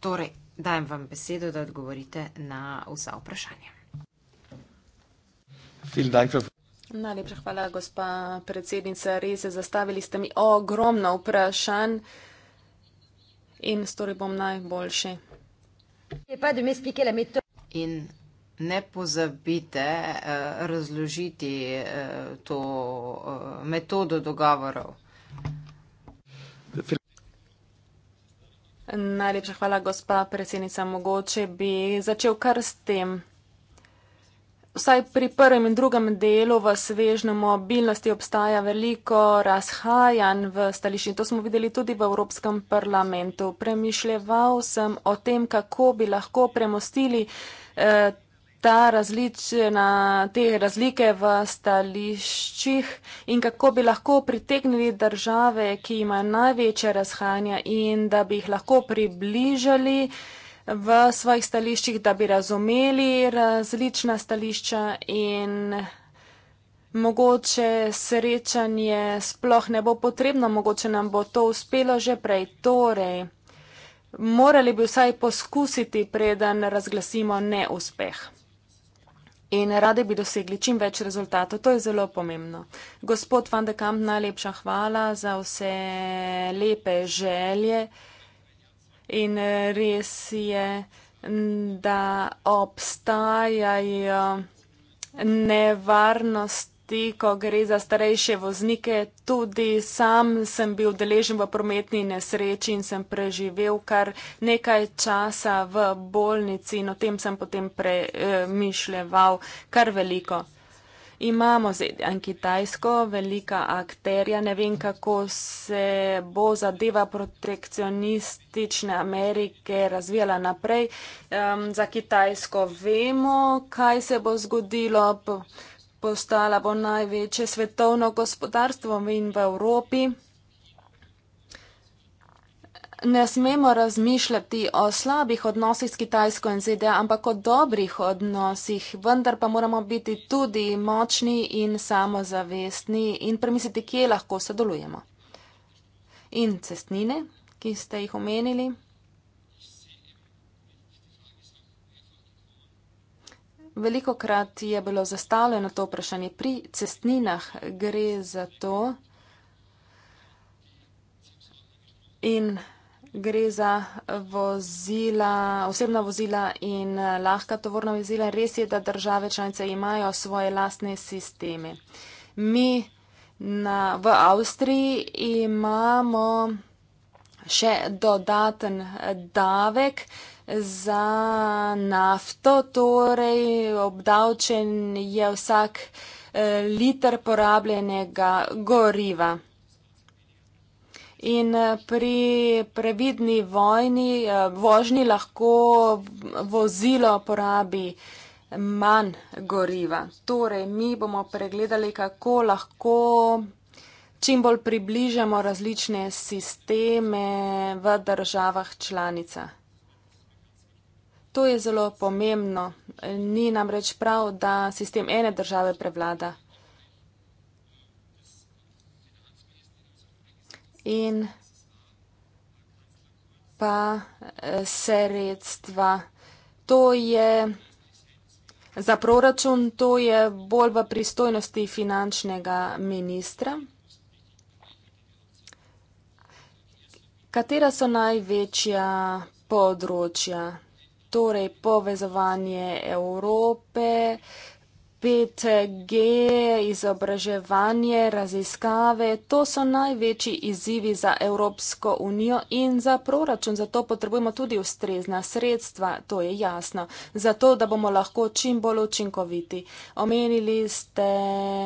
Torej, dajem vam besedo, da odgovorite na vsa vprašanja. Najlepša hvala, gospa predsednica. Res je, zastavili ste mi ogromno vprašanj in storil bom najboljše. In ne pozabite eh, razložiti eh, to eh, metodo dogovorov. Najlepša hvala, gospa predsednica. Mogoče bi začel kar s tem vsaj pri prvem in drugem delu v svežnju mobilnosti obstaja veliko razhajanj v stališči. To smo videli tudi v Evropskem parlamentu. Premišljeval sem o tem, kako bi lahko premostili eh, ta različna, te razlike v stališčih in kako bi lahko pritegnili države, ki imajo največje razhajanja in da bi jih lahko približali v svojih stališčih, da bi razumeli različna stališča in mogoče srečanje sploh ne bo potrebno, mogoče nam bo to uspelo že prej. Torej, morali bi vsaj poskusiti, preden razglasimo neuspeh. In radi bi dosegli čim več rezultatov. To je zelo pomembno. Gospod Van de Kamp, najlepša hvala za vse lepe želje in eh, res je, da obstajajo eh, nevarnosti, ko gre za starejše voznike. Tudi sam sem bil deležen v prometni nesreči in sem preživel kar nekaj časa v bolnici in o tem sem potem premišljeval eh, kar veliko. Imamo zdaj en kitajsko, velika akterja, ne vem, kako se bo zadeva protekcionistične Amerike razvijala naprej. Um, za kitajsko vemo, kaj se bo zgodilo. Postala bo največje svetovno gospodarstvo in v Evropi ne smemo razmišljati o slabih odnosih s Kitajsko in ZDA, ampak o dobrih odnosih, vendar pa moramo biti tudi močni in samozavestni in premisliti, kje lahko sodelujemo. In cestnine, ki ste jih omenili. Veliko krat je bilo zastavljeno to vprašanje. Pri cestninah gre za to. In gre za vozila, osebna vozila in eh, lahka tovorna vozila. Res je, da države članice imajo svoje lastne sisteme. Mi na, v Avstriji imamo še dodaten eh, davek za nafto, torej obdavčen je vsak eh, liter porabljenega goriva in eh, pri previdni vojni, eh, vožnji lahko vozilo porabi manj goriva. Torej, mi bomo pregledali, kako lahko čim bolj približamo različne sisteme v državah članica. To je zelo pomembno. Ni namreč prav, da sistem ene države prevlada. in pa eh, sredstva. To je za proračun, to je bolj v pristojnosti finančnega ministra. Katera so največja področja? Torej povezovanje Evrope, spet geje, izobraževanje, raziskave, to so največji izzivi za Evropsko unijo in za proračun. Zato potrebujemo tudi ustrezna sredstva, to je jasno, zato da bomo lahko čim bolj učinkoviti. Omenili ste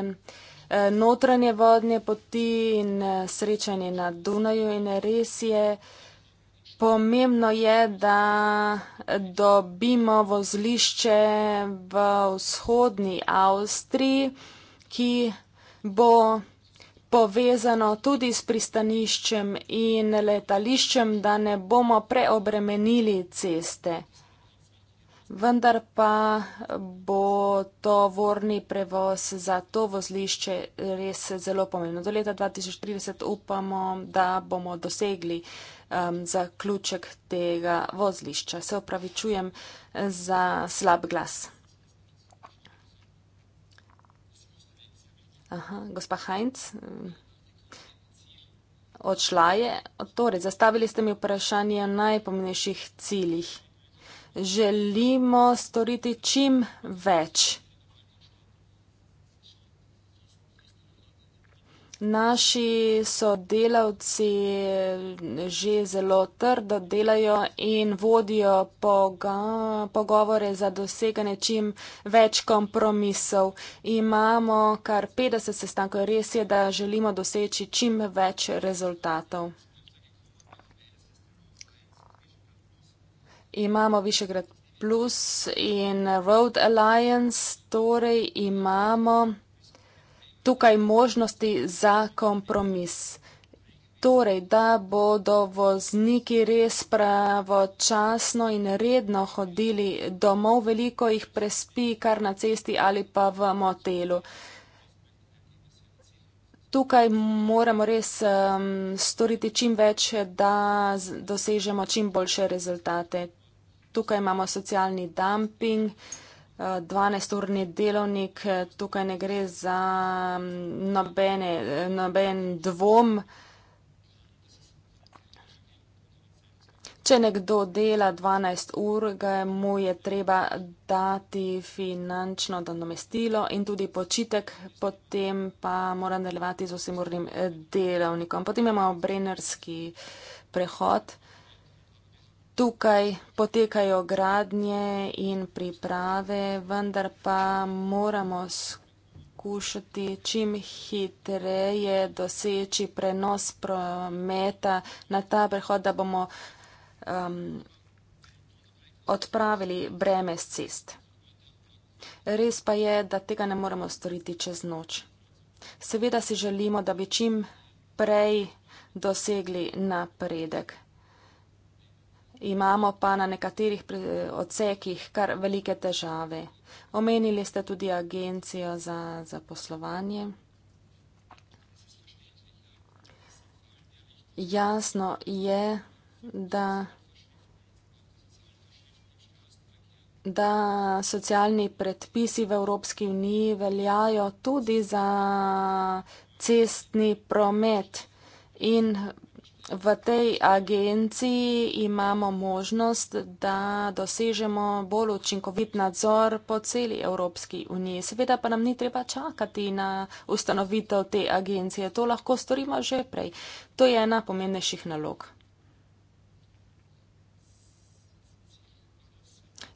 eh, notranje vodne poti in eh, srečanje na Dunaju in res je pomembno je, da dobimo vozlišče v vzhodni Avstriji, ki bo povezano tudi s pristaniščem in letališčem, da ne bomo preobremenili ceste. Vendar pa bo to vorni prevoz za to vozlišče res zelo pomembno. Do leta 2030 upamo, da bomo dosegli uh, um, zaključek tega vozlišča. Se opravičujem za slab glas. Aha, gospa Heinz, um, odšla je. Torej, zastavili ste mi vprašanje o najpomnejših ciljih. Želimo storiti čim več. Naši sodelavci že zelo trdo delajo in vodijo poga, pogovore za doseganje čim več kompromisov. Imamo kar 50 sestankov. Res je, da želimo doseči čim več rezultatov. Imamo Višegrad Plus in Road Alliance, torej imamo tukaj možnosti za kompromis. Torej, da bodo vozniki res pravočasno in redno hodili domov, veliko jih prespi kar na cesti ali pa v motelu. Tukaj moramo res um, storiti čim več, da dosežemo čim boljše rezultate. Tukaj imamo socialni dumping. Uh, 12-urni delovnik, tukaj ne gre za mm, nobene, noben dvom. Če nekdo dela 12 ur, mu je treba dati finančno nadomestilo in tudi počitek, potem pa mora nadaljevati z 8-urnim delovnikom. Potem imamo brenerski prehod tukaj potekajo gradnje in priprave, vendar pa moramo skušati čim hitreje doseči prenos prometa na ta prehod, da bomo um, odpravili breme z cest. Res pa je, da tega ne moremo storiti čez noč. Seveda si želimo, da bi čim prej dosegli napredek imamo pa na nekaterih odsekih kar velike težave. Omenili ste tudi agencijo za zaposlovanje. Jasno je, da, da socialni predpisi v Evropski uniji veljajo tudi za cestni promet in v tej agenciji imamo možnost, da dosežemo bolj učinkovit nadzor po celi Evropski uniji. Seveda pa nam ni treba čakati na ustanovitev te agencije. To lahko storimo že prej. To je ena pomembnejših nalog.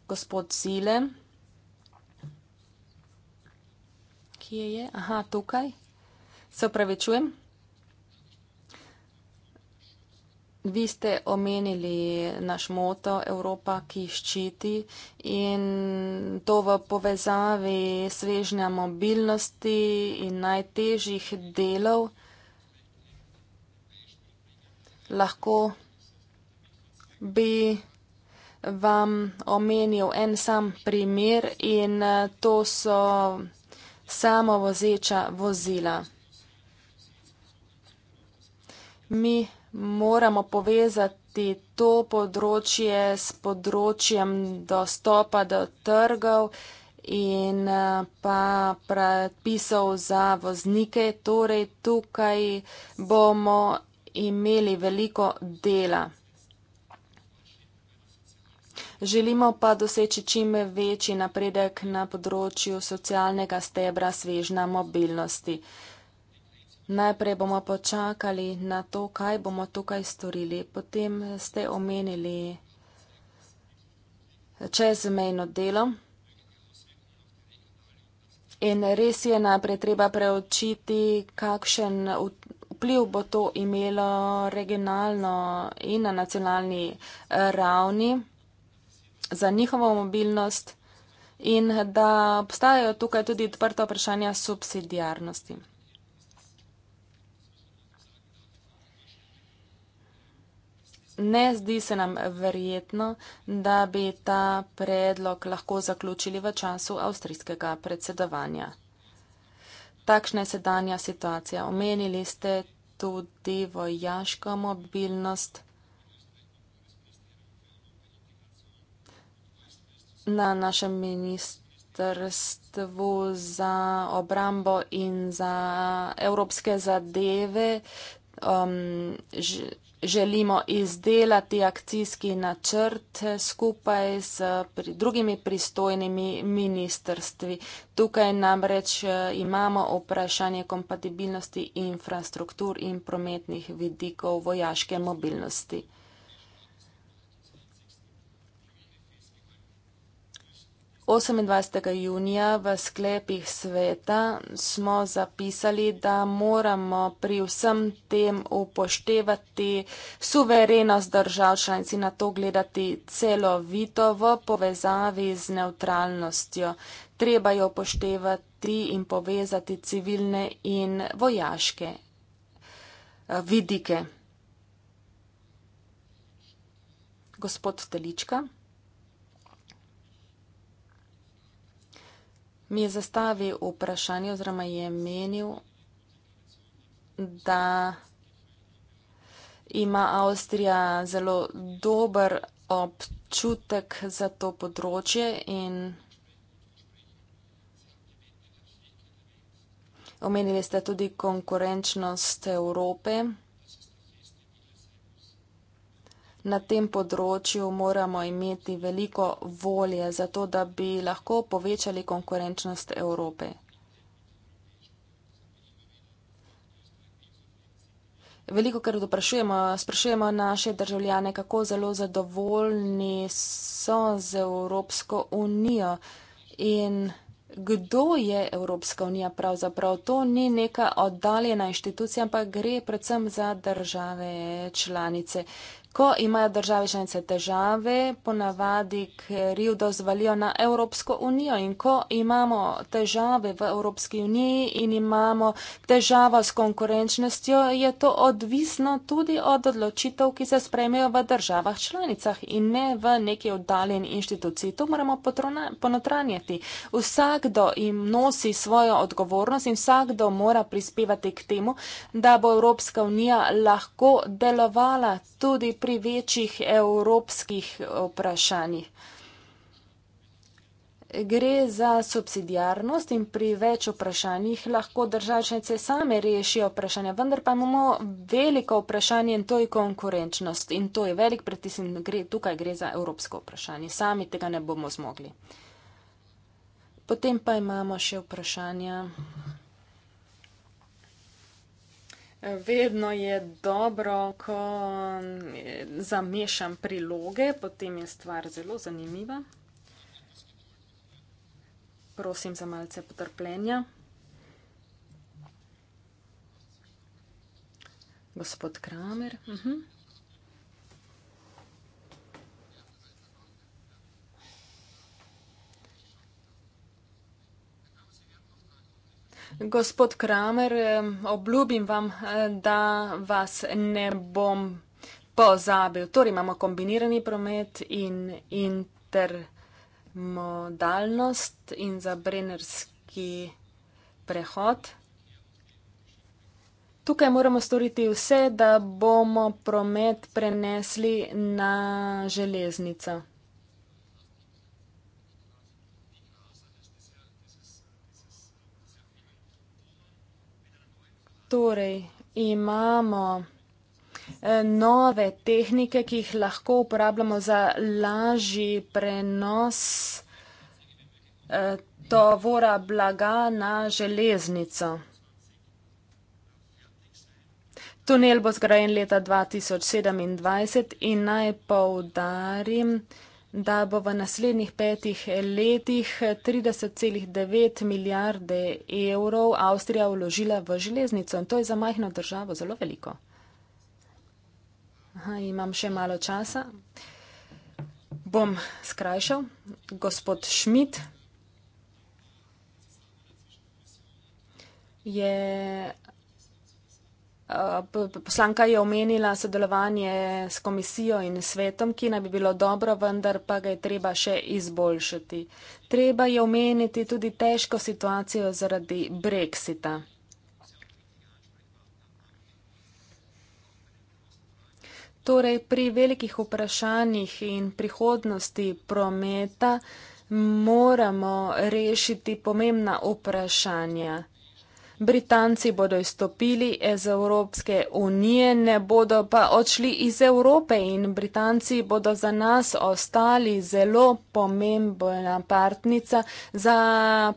Gospod Zile, kje je? Aha, tukaj. Se upravičujem. Vi ste omenili naš moto Evropa, ki ščiti in to v povezavi svežnja mobilnosti in najtežjih delov. Lahko bi vam omenil en sam primer in eh, to so samovozeča vozila. Mi moramo povezati to področje s področjem dostopa do trgov in eh, pa predpisov za voznike. Torej, tukaj bomo imeli veliko dela. Želimo pa doseči čim večji napredek na področju socialnega stebra svežna mobilnosti. Najprej bomo počakali na to, kaj bomo tukaj storili. Potem ste omenili čezmejno delo. In res je najprej treba preučiti, kakšen vpliv bo to imelo regionalno in na nacionalni ravni za njihovo mobilnost in da obstajajo tukaj tudi odprta vprašanja subsidijarnosti. ne zdi se nam verjetno, da bi ta predlog lahko zaključili v času avstrijskega predsedovanja. Takšna je sedanja situacija. Omenili ste tudi vojaško mobilnost. Na našem ministrstvu za obrambo in za evropske zadeve um, želimo izdelati akcijski načrt skupaj s pri drugimi pristojnimi ministrstvi. Tukaj namreč eh, imamo vprašanje kompatibilnosti infrastruktur in prometnih vidikov vojaške mobilnosti. 28. junija v sklepih sveta smo zapisali, da moramo pri vsem tem upoštevati suverenost držav članic in na to gledati celovito v povezavi z neutralnostjo. Treba jo upoštevati in povezati civilne in vojaške eh, vidike. Gospod Telička. mi je zastavil vprašanje oziroma je menil, da ima Avstrija zelo dober občutek za to področje in omenili ste tudi konkurenčnost Evrope na tem področju moramo imeti veliko volje, zato da bi lahko povečali konkurenčnost Evrope. Veliko krat vprašujemo, sprašujemo naše državljane, kako zelo zadovoljni so z Evropsko unijo in kdo je Evropska unija pravzaprav. To ni neka oddaljena inštitucija, ampak gre predvsem za države članice. Ko imajo države članice težave, ponavadi krivdo zvalijo na Evropsko unijo in ko imamo težave v Evropski uniji in imamo težavo s konkurenčnostjo, je to odvisno tudi od odločitev, ki se spremejo v državah članicah in ne v neki oddaljen inštituciji. To moramo ponotranjati. Vsakdo jim nosi svojo odgovornost in vsakdo mora prispevati k temu, da bo Evropska unija lahko delovala tudi pri večjih evropskih vprašanjih. Gre za subsidijarnost in pri več vprašanjih lahko državčnice same rešijo vprašanja, vendar pa imamo veliko vprašanje in to je konkurenčnost in to je velik pretis in gre, tukaj gre za evropsko vprašanje. Sami tega ne bomo zmogli. Potem pa imamo še vprašanja. Vedno je dobro, ko eh, zamešam priloge, potem je stvar zelo zanimiva. Prosim za malce potrpljenja. Gospod Kramer. Uh mhm. -huh. Gospod Kramer, obljubim vam, eh, da vas ne bom pozabil. Torej imamo kombinirani promet in intermodalnost in za brenerski prehod. Tukaj moramo storiti vse, da bomo promet prenesli na železnico. torej imamo eh, nove tehnike, ki jih lahko uporabljamo za lažji prenos eh, tovora blaga na železnico. Tunel bo zgrajen leta 2027 in naj poudarim, da je da bo v naslednjih petih letih 30,9 milijarde evrov Avstrija vložila v železnico. In to je za majhno državo zelo veliko. Aha, imam še malo časa. Bom skrajšal. Gospod Šmit. Je Poslanka je omenila sodelovanje s komisijo in svetom, ki naj bi bilo dobro, vendar pa ga je treba še izboljšati. Treba je omeniti tudi težko situacijo zaradi brexita. Torej, pri velikih vprašanjih in prihodnosti prometa moramo rešiti pomembna vprašanja. Britanci bodo izstopili iz Evropske unije, ne bodo pa odšli iz Evrope in Britanci bodo za nas ostali zelo pomembna partnica za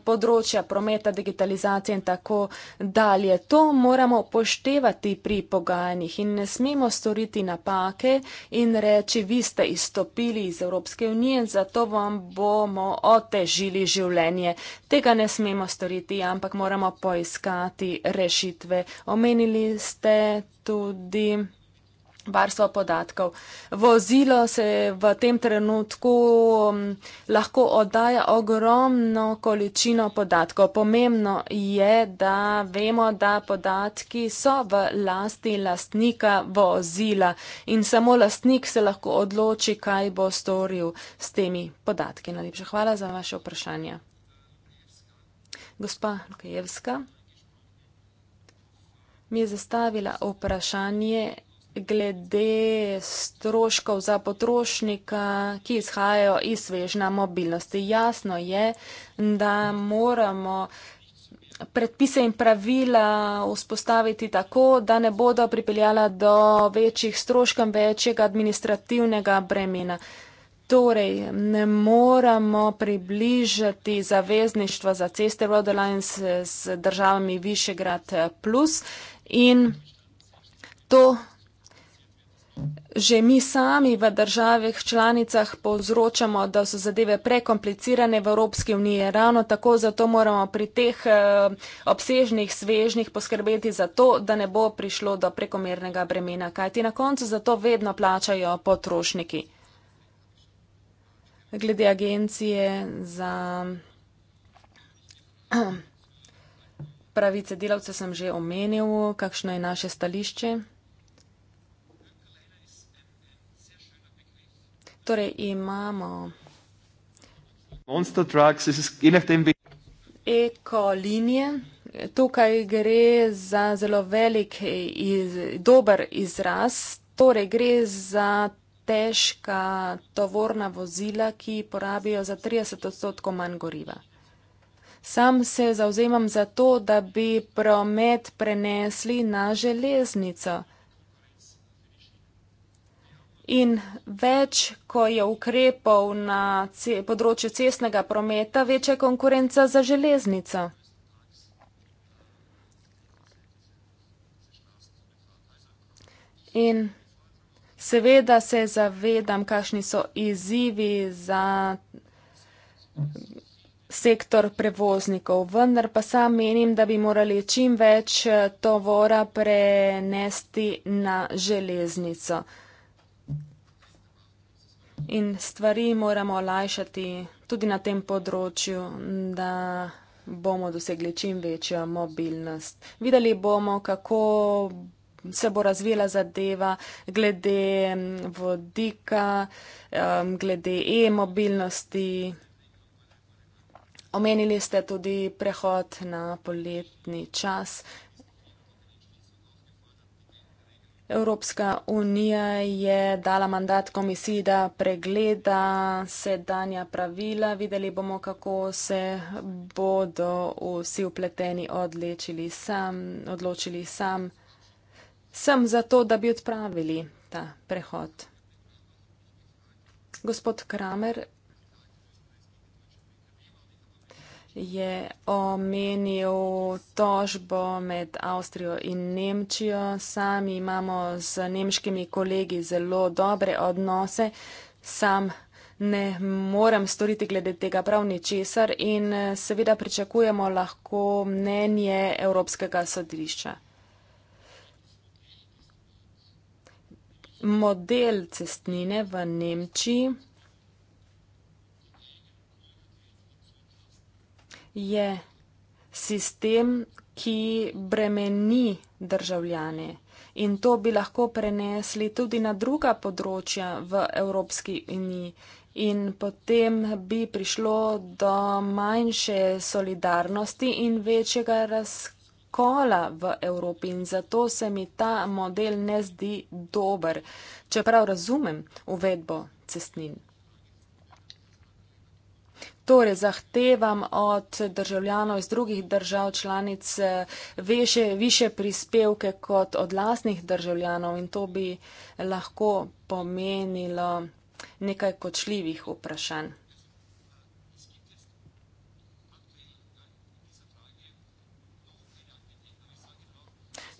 področja prometa, digitalizacije in tako dalje. To moramo poštevati pri pogajanjih in ne smemo storiti napake in reči, vi ste izstopili iz Evropske unije, zato vam bomo otežili življenje. Tega ne smemo storiti, ampak moramo poiskati iskati rešitve. Omenili ste tudi varstvo podatkov. Vozilo se v tem trenutku um, lahko oddaja ogromno količino podatkov. Pomembno je, da vemo, da podatki so v lasti lastnika vozila in samo lastnik se lahko odloči, kaj bo storil s temi podatki. Najlepša hvala za vaše vprašanje. Gospa Lukajevska. Okay, mi je zastavila vprašanje glede stroškov za potrošnika, ki izhajajo iz svežna mobilnosti. Jasno je, da moramo predpise in pravila vzpostaviti tako, da ne bodo pripeljala do večjih stroškov, večjega administrativnega bremena. Torej, ne moramo približati zavezništva za ceste Rodelines z državami Višegrad plus. In to že mi sami v državah članicah povzročamo, da so zadeve prekomplicirane v Evropski uniji. Ravno tako zato moramo pri teh eh, obsežnih svežnih poskrbeti za to, da ne bo prišlo do prekomernega bremena, kajti na koncu za to vedno plačajo potrošniki. Glede agencije za. *clears throat* pravice delavcev sem že omenil, kakšno je naše stališče. Torej imamo. Monster trucks, Eko linije. Tukaj gre za zelo velik iz, dober izraz. Torej gre za težka tovorna vozila, ki porabijo za 30 odstotkov manj goriva. Sam se zauzemam za to, da bi promet prenesli na železnico. In več, ko je ukrepov na področju cestnega prometa, večja konkurenca za železnico. In seveda se zavedam, kakšni so izzivi za sektor prevoznikov, vendar pa sam menim, da bi morali čim več eh, tovora prenesti na železnico. In stvari moramo olajšati tudi na tem področju, da bomo dosegli čim večjo mobilnost. Videli bomo, kako se bo razvila zadeva glede mm, vodika, eh, glede e-mobilnosti. Omenili ste tudi prehod na poletni čas. Evropska unija je dala mandat komisiji, da pregleda sedanja pravila. Videli bomo, kako se bodo vsi upleteni sam, odločili sam. Sem za to, da bi odpravili ta prehod. Gospod Kramer, je omenil tožbo med Avstrijo in Nemčijo. Sami imamo z nemškimi kolegi zelo dobre odnose. Sam ne morem storiti glede tega prav ničesar in seveda pričakujemo lahko mnenje Evropskega sodišča. Model cestnine v Nemčiji je sistem, ki bremeni državljane. In to bi lahko prenesli tudi na druga področja v Evropski uniji. In potem bi prišlo do manjše solidarnosti in večjega razkola v Evropi. In zato se mi ta model ne zdi dober, čeprav razumem uvedbo cestnin. Torej, zahtevam od državljanov iz drugih držav članic eh, veše, više prispevke kot od lastnih državljanov in to bi lahko pomenilo nekaj kočljivih vprašanj.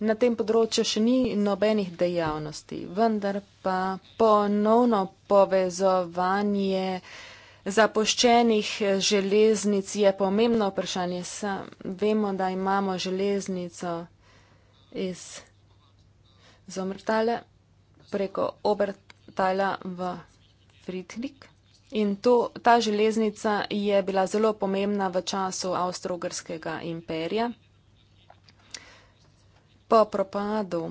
Na tem področju še ni nobenih dejavnosti, vendar pa ponovno povezovanje eh, zapoščenih eh, železnic je pomembno vprašanje. Sam, vemo, da imamo železnico iz Zomrtale preko Obertala v Fritlik. In to, ta železnica je bila zelo pomembna v času Avstro-Ugrskega imperija. Po propadu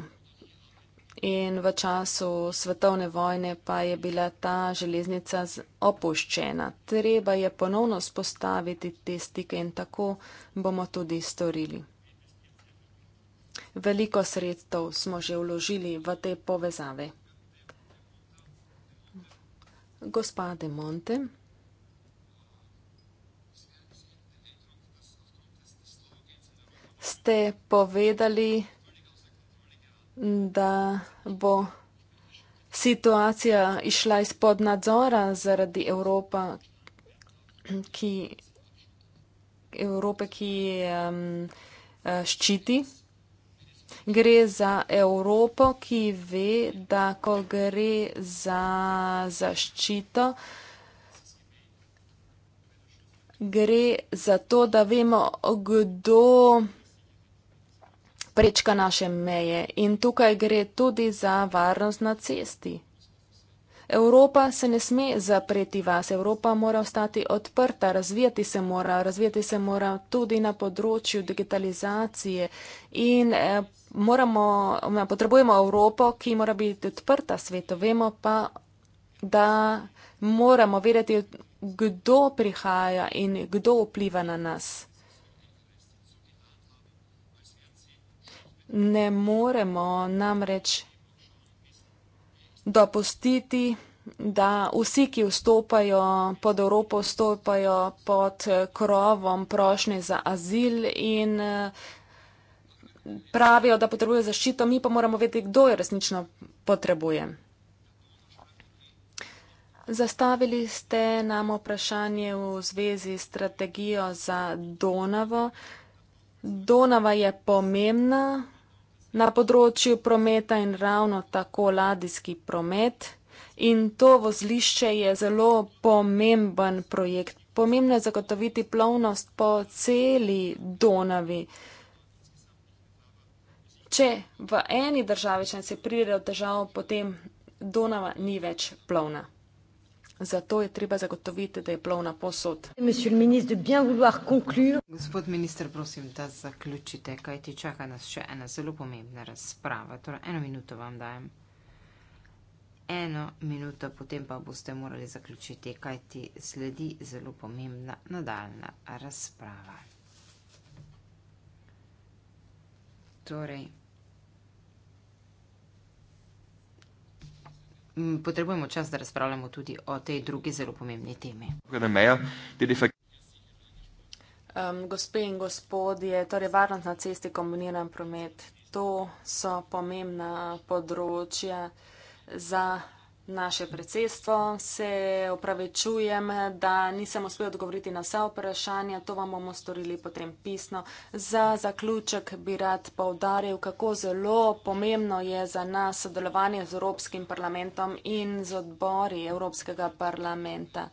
in v času svetovne vojne pa je bila ta železnica opuščena. Treba je ponovno spostaviti te stike in tako bomo tudi storili. Veliko sredstev smo že vložili v te povezave. Gospode Monte. Ste povedali, da bo situacija išla izpod nadzora zaradi Evropa, ki, Evrope, ki um, ščiti. Gre za Evropo, ki ve, da ko gre za zaščito, gre za to, da vemo, kdo prečka naše meje in tukaj gre tudi za varnost na cesti. Evropa se ne sme zapreti vas, Evropa mora ostati odprta, razvijati se mora, razvijati se mora tudi na področju digitalizacije in eh, moramo, ja, potrebujemo Evropo, ki mora biti odprta svetu. Vemo pa, da moramo vedeti, kdo prihaja in kdo vpliva na nas. ne moremo namreč dopustiti, da vsi, ki vstopajo pod Evropo, vstopajo pod krovom prošnje za azil in pravijo, da potrebuje zaščito, mi pa moramo vedeti, kdo jo resnično potrebuje. Zastavili ste nam vprašanje v zvezi s strategijo za Donavo. Donava je pomembna, na področju prometa in ravno tako ladijski promet. In to vozlišče je zelo pomemben projekt. Pomembno je zagotoviti plovnost po celi Donavi. Če v eni državi, če se pride od težav, potem Donava ni več plovna. Zato je treba zagotoviti, da je plovna posod. Gospod minister, prosim, da zaključite, kaj ti čaka nas še ena zelo pomembna razprava. Torej, eno minuto vam dajem. Eno minuto, potem pa boste morali zaključiti, kaj ti sledi zelo pomembna nadaljna razprava. Torej, Mm, potrebujemo čas, da razpravljamo tudi o tej drugi zelo pomembni temi. Um, gospe in gospodje, torej varnost na cesti, kombiniran promet, to so pomembna področja za naše predsedstvo, se opravičujem, da nisem uspel odgovoriti na vsa vprašanja, to vam bomo storili potem pisno. Za zaključek bi rad povdaril, kako zelo pomembno je za nas sodelovanje z Evropskim parlamentom in z odbori Evropskega parlamenta.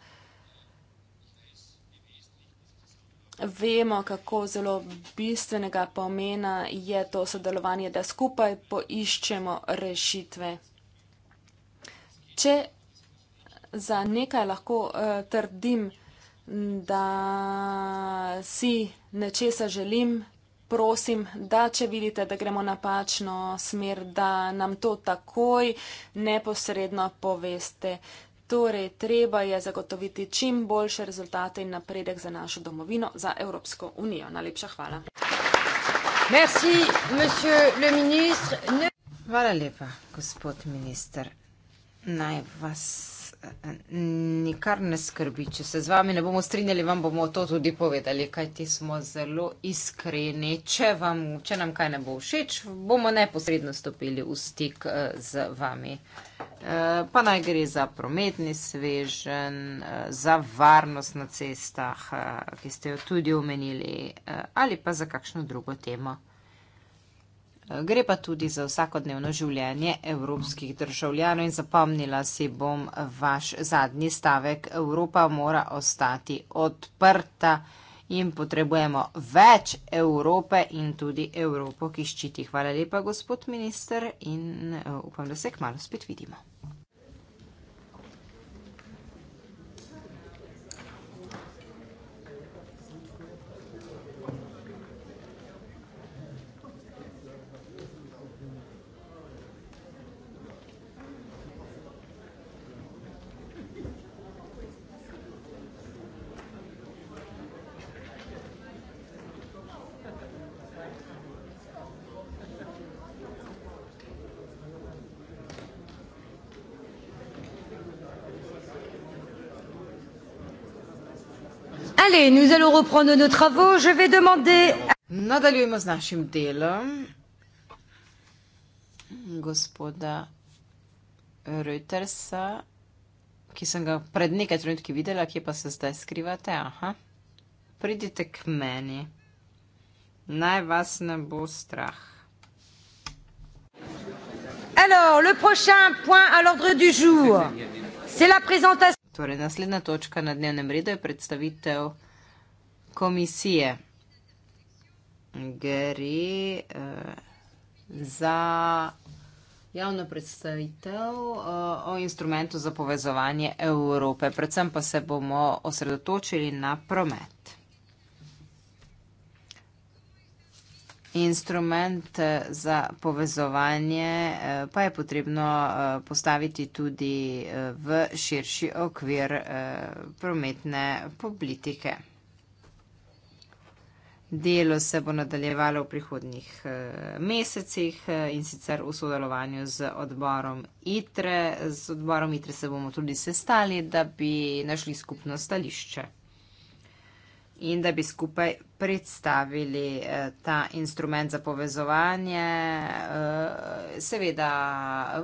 Vemo, kako zelo bistvenega pomena je to sodelovanje, da skupaj poiščemo rešitve če za nekaj lahko uh, trdim, da si nečesa želim, prosim, da če vidite, da gremo napačno smer, da nam to takoj neposredno poveste. Torej, treba je zagotoviti čim boljše rezultate in napredek za našo domovino, za Evropsko unijo. Najlepša hvala. Merci, monsieur le ministre. Ne... Hvala lepa, gospod minister. Naj vas eh, nikar ne skrbi, če se z vami ne bomo strinjali, vam bomo to tudi povedali, kajti smo zelo iskreni. Če, vam, če nam kaj ne bo všeč, bomo neposredno stopili v stik eh, z vami. Eh, pa naj gre za prometni svežen, za varnost na cestah, ki ste jo tudi omenili, ali pa za kakšno drugo temo gre pa tudi za vsakodnevno življenje evropskih državljanov in zapomnila si bom vaš zadnji stavek. Evropa mora ostati odprta in potrebujemo več Evrope in tudi Evropo, ki ščiti. Hvala lepa, gospod minister, in eh, upam, da se k malu spet vidimo. Allez, nous allons reprendre nos travaux. Je vais demander... Nadaljujemo z našim delom. Gospoda Reutersa, ki sem ga pred nekaj trenutki videla, ki pa se zdaj skrivate. Aha, pridite k meni. Naj vas ne bo strah. Alors, le prochain point à l'ordre du jour, c'est la présentation. Torej, naslednja točka na dnevnem redu je predstavitev komisije. Gre eh, za javno predstavitev eh, o instrumentu za povezovanje Evrope. Predvsem pa se bomo osredotočili na promet. Instrument eh, za povezovanje pa je potrebno postaviti tudi v širši okvir prometne politike. Delo se bo nadaljevalo v prihodnjih uh, mesecih uh, in sicer v sodelovanju z odborom ITRE. Z odborom ITRE se bomo tudi sestali, da bi našli skupno stališče in da bi skupaj predstavili uh, ta instrument za povezovanje, uh, seveda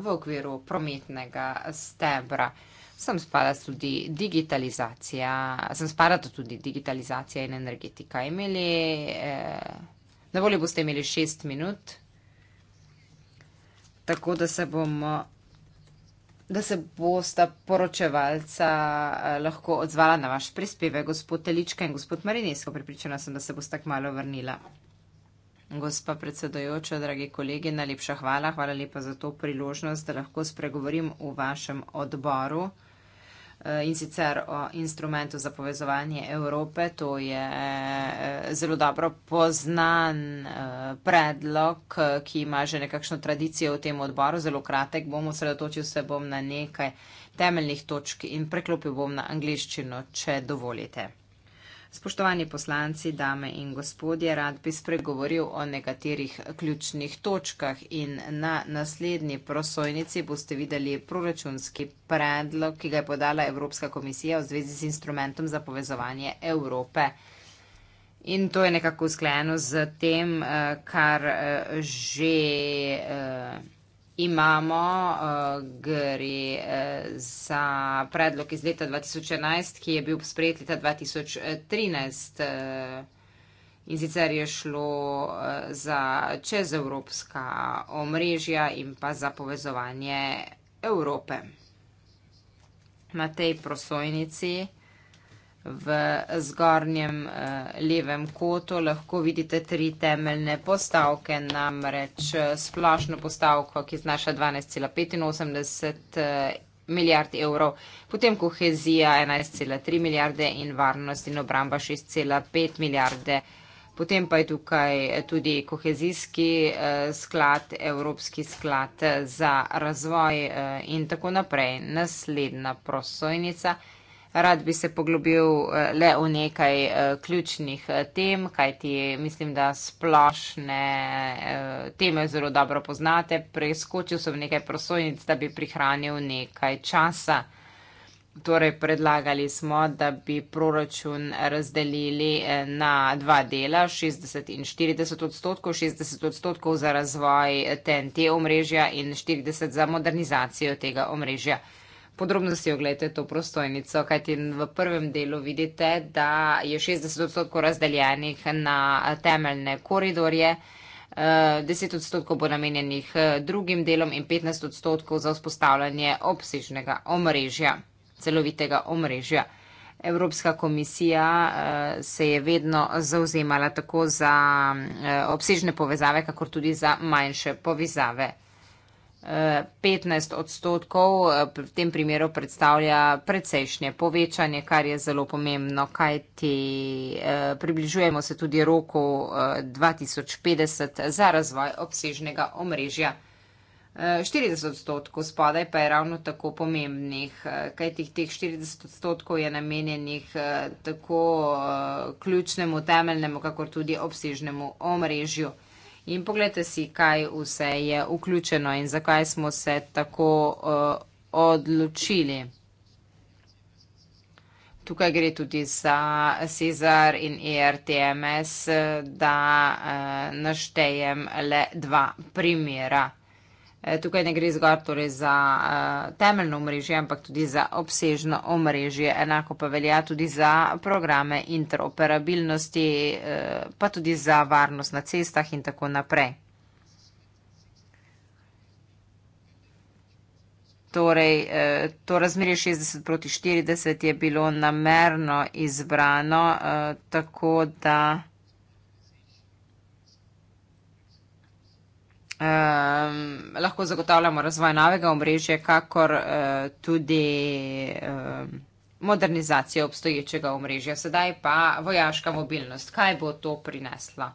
v okviru prometnega stebra. Uh, sem spada tudi digitalizacija, sem spada tudi digitalizacija in energetika. Imeli, eh, na voljo boste imeli šest minut, tako da se bomo, da se bosta poročevalca eh, lahko odzvala na vaš prispevek, gospod Telička in gospod Marinesko. Pripričana sem, da se boste kmalo vrnila. Gospa predsedojoča, dragi kolegi, najlepša hvala. Hvala lepa za to priložnost, da lahko spregovorim v vašem odboru. Eh, in sicer o instrumentu za povezovanje Evrope. To je eh, zelo dobro poznan eh, predlog, ki ima že nekakšno tradicijo v tem odboru. Zelo kratek bom osredotočil se bom na nekaj temeljnih točk in preklopil bom na angliščino, če dovolite. Spoštovani poslanci, dame in gospodje, rad bi spregovoril o nekaterih ključnih točkah in na naslednji prosojnici boste videli proračunski predlog, ki ga je podala Evropska komisija v zvezi z instrumentom za povezovanje Evrope. In to je nekako usklajeno z tem, eh, kar eh, že eh, imamo, eh, gre eh, za predlog iz leta 2011, ki je bil sprejet leta 2013. Eh, in sicer je šlo za čezevropska omrežja in pa za povezovanje Evrope. Na tej prosojnici v zgornjem eh, levem kotu lahko vidite tri temeljne postavke, namreč eh, splošno postavko, ki znaša 12,85 eh, milijard evrov, potem kohezija 11,3 milijarde in varnost in obramba 6,5 milijarde. Potem pa je tukaj eh, tudi kohezijski eh, sklad, Evropski sklad za razvoj eh, in tako naprej. Naslednja prosojnica. Rad bi se poglobil eh, le v nekaj eh, ključnih eh, tem, kajti mislim, da splošne teme zelo dobro poznate. Preskočil sem nekaj prosojnic, da bi prihranil nekaj časa. Torej, predlagali smo, da bi proračun razdelili na dva dela, 60 in 40 odstotkov, 60 odstotkov za razvoj TNT omrežja in 40 za modernizacijo tega omrežja podrobno si ogledate to prostojnico, kajti v prvem delu vidite, da je 60 odstotkov razdeljenih na temeljne koridorje, 10 eh, odstotkov bo namenjenih eh, drugim delom in 15 odstotkov za vzpostavljanje obsežnega omrežja, celovitega omrežja. Evropska komisija eh, se je vedno zauzemala tako za obsežne povezave, kakor tudi za manjše povezave. 15 odstotkov, eh, v tem primeru predstavlja precejšnje povečanje, kar je zelo pomembno, kaj ti eh, približujemo se tudi roku 2050 eh, za razvoj obsežnega omrežja. 40 odstotkov spodaj pa je ravno tako pomembnih, kajti teh 40 odstotkov je namenjenih tako ključnemu temeljnemu, kakor tudi obsežnemu omrežju. In pogledajte si, kaj vse je vključeno in zakaj smo se tako uh, odločili. Tukaj gre tudi za Cezar in ERTMS, da uh, naštejem le dva primera. Eh, tukaj ne gre zgolj torej za uh, temeljno omrežje, ampak tudi za obsežno omrežje. Enako pa velja tudi za programe interoperabilnosti, uh, pa tudi za varnost na cestah in tako naprej. Torej, uh, to razmerje 60 proti 40 je bilo namerno izbrano, uh, tako da. um, lahko zagotavljamo razvoj novega omrežja, kakor uh, tudi um, modernizacijo obstoječega omrežja. Sedaj pa vojaška mobilnost. Kaj bo to prineslo?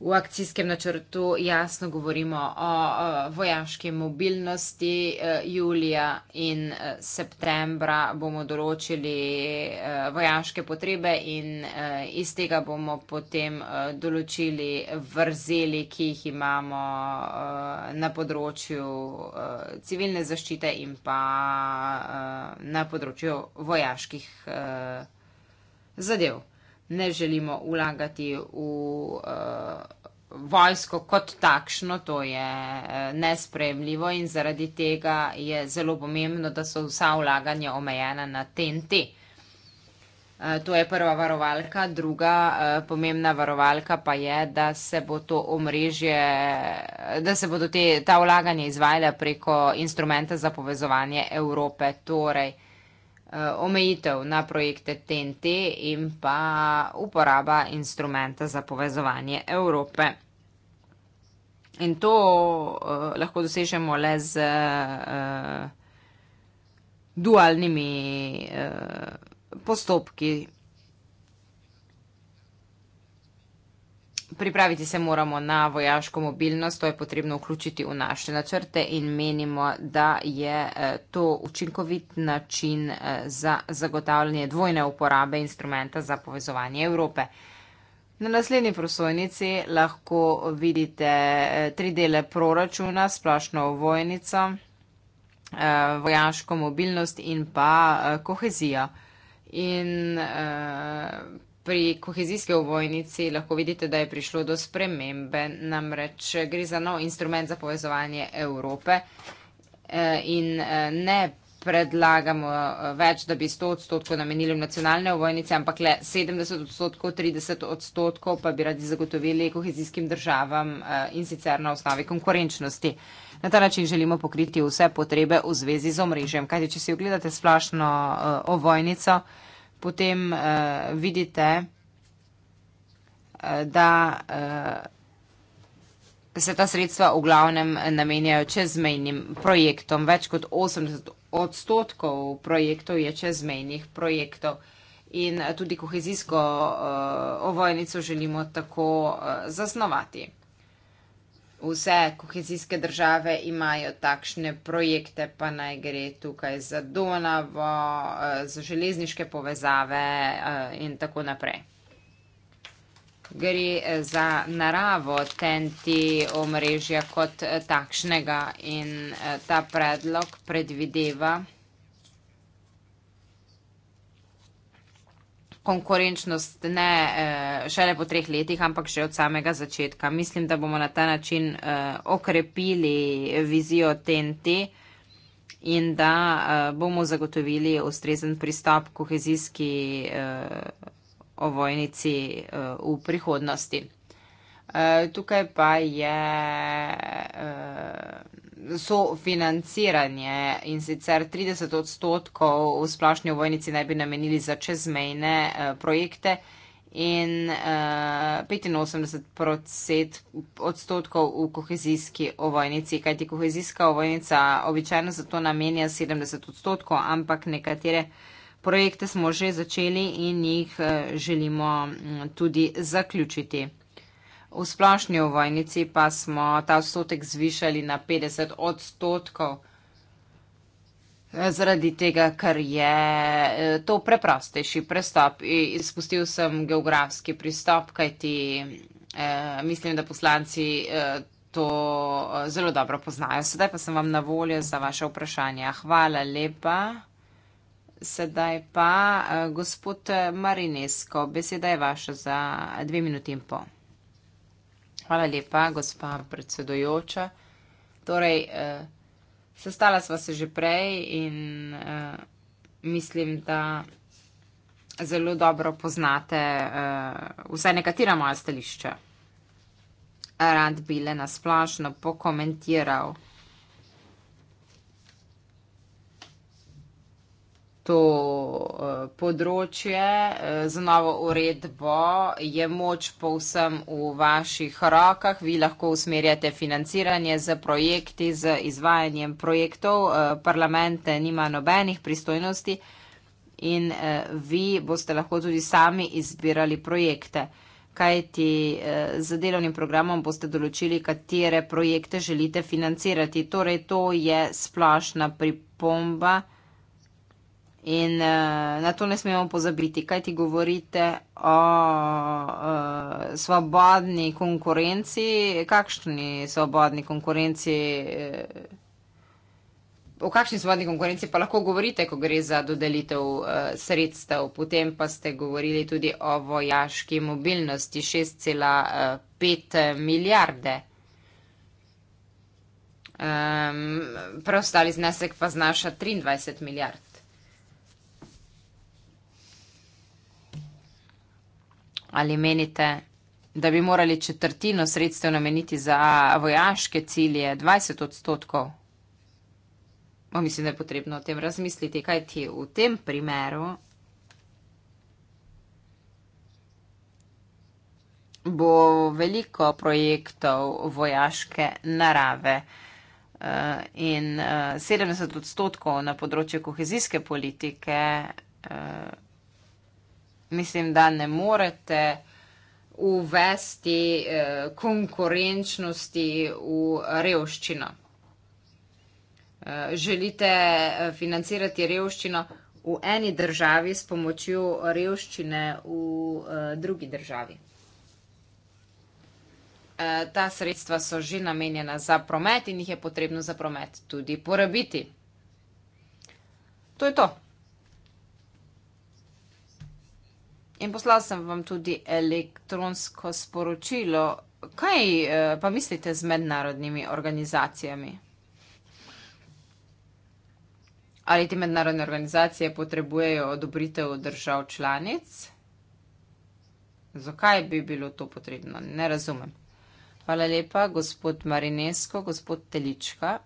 V akcijskem načrtu jasno govorimo o, o vojaški mobilnosti. E, julija in e, septembra bomo določili e, vojaške potrebe in iz tega bomo potem določili vrzeli, ki jih imamo na področju civilne zaščite in pa na področju vojaških zadev ne želimo ulagati v uh, vojsko kot takšno, to je uh, nespremljivo in zaradi tega je zelo pomembno, da so vsa ulaganja omejena na TNT. Eh, to je prva varovalka, druga eh, pomembna varovalka pa je, da se bo to omrežje, da se bodo te, ta vlaganje izvajala preko instrumenta za povezovanje Evrope, torej Eh, omejitev na projekte TNT in pa uporaba instrumenta za povezovanje Evrope. In to uh, lahko dosežemo le z uh, dualnimi uh, postopki. pripraviti se moramo na vojaško mobilnost, to je potrebno vključiti v naše načrte in menimo, da je eh, to učinkovit način eh, za zagotavljanje dvojne uporabe instrumenta za povezovanje Evrope. Na naslednji prosojnici lahko vidite eh, tri dele proračuna, splošno vojnico, vojaško mobilnost in pa kohezijo. In eh, Pri kohezijski ovojnici lahko vidite, da je prišlo do spremembe, namreč gre za nov instrument za povezovanje Evrope eh, in eh, ne predlagamo eh, več, da bi 100 odstotkov namenili v nacionalne ovojnice, ampak le 70 odstotkov, 30 odstotkov pa bi radi zagotovili kohezijskim državam in sicer na osnovi konkurenčnosti. Na ta način želimo pokriti vse potrebe v zvezi z omrežjem, kajti če si ogledate splašno ovojnico, potem uh, vidite, uh, da uh, se ta sredstva v glavnem namenjajo čezmejnim projektom. Več kot 80 odstotkov projektov je čezmejnih projektov. In tudi kohezijsko uh, ovojnico želimo tako uh, zasnovati vse kohezijske države imajo takšne projekte, pa naj gre tukaj za Donavo, eh, za železniške povezave eh, in tako naprej. Gre eh, za naravo tenti omrežja kot takšnega in ta predlog predvideva, da konkurenčnost ne eh, šele po treh letih, ampak že od samega začetka. Mislim, da bomo na ta način eh, okrepili vizijo TNT in da eh, bomo zagotovili ustrezen pristop kohezijski ovojnici v prihodnosti. Tukaj pa je sofinanciranje in sicer 30 odstotkov v splošni vojnici naj bi namenili za čezmejne eh, projekte in 85 eh, odstotkov v kohezijski ovojnici, kajti kohezijska ovojnica običajno za to namenja 70 odstotkov, ampak nekatere projekte smo že začeli in jih eh, želimo mm, tudi zaključiti. V splošni ovojnici pa smo ta odstotek zvišali na 50 odstotkov. Eh, zaradi tega, ker je eh, to preprostejši pristop. Izpustil sem geografski pristop, kajti eh, mislim, da poslanci eh, to eh, zelo dobro poznajo. Sedaj pa sem vam na voljo za vaše vprašanje. Hvala lepa. Sedaj pa eh, gospod Marinesko, beseda je vaša za dve minuti in pol. Hvala lepa, gospa predsedujoča. Torej, eh, sestala sva se že prej in eh, mislim, da zelo dobro poznate eh, vse nekatera moja stališča. Rad bi le nasplošno pokomentiral. to uh, področje. Eh, z novo uredbo je moč povsem v vaših rokah. Vi lahko usmerjate financiranje z projekti, z izvajanjem projektov. Uh, parlamente nima nobenih pristojnosti in uh, vi boste lahko tudi sami izbirali projekte. Kaj ti eh, z delovnim programom boste določili, katere projekte želite financirati? Torej, to je splošna pripomba. In uh, na to ne smemo pozabiti, kaj ti govorite o uh, svobodni konkurenci. Kakšni svobodni konkurenci? Uh, o kakšni svobodni konkurenci pa lahko govorite, ko gre za dodelitev uh, sredstev? Potem pa ste govorili tudi o vojaški mobilnosti 6,5 milijarde. Um, Preostali znesek pa znaša 23 milijard. ali menite, da bi morali četrtino sredstev nameniti za vojaške cilje, 20 odstotkov? O, mislim, da je potrebno o tem razmisliti, kaj ti v tem primeru bo veliko projektov vojaške narave. Eh, in 70 eh, odstotkov na področju kohezijske politike eh, Mislim, da ne morete uvesti eh, konkurenčnosti v revščino. Eh, želite eh, financirati revščino v eni državi s pomočjo revščine v eh, drugi državi. Eh, ta sredstva so že namenjena za promet in jih je potrebno za promet tudi porabiti. To je to. in poslal sem vam tudi elektronsko sporočilo. Kaj eh, pa mislite z mednarodnimi organizacijami? Ali te mednarodne organizacije potrebujejo odobritev držav članic? Zakaj bi bilo to potrebno? Ne razumem. Hvala lepa, gospod Marinesko, gospod Telička.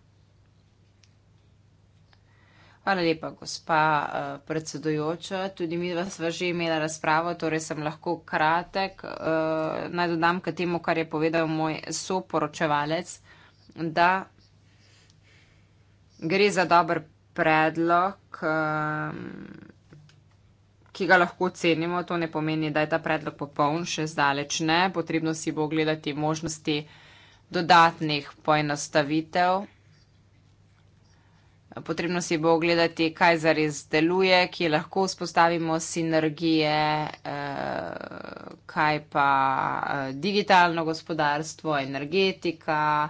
Hvala lepa, gospa eh, predsedujoča. Tudi mi vas v že imela razpravo, torej sem lahko kratek. Eh, naj dodam k temu, kar je povedal moj soporočevalec, da gre za dober predlog, eh, ki ga lahko cenimo. To ne pomeni, da je ta predlog popoln, še zdaleč ne. Potrebno si bo gledati možnosti dodatnih poenostavitev. Potrebno si bo ogledati, kaj zares deluje, kje lahko vzpostavimo sinergije, eh, kaj pa eh, digitalno gospodarstvo, energetika.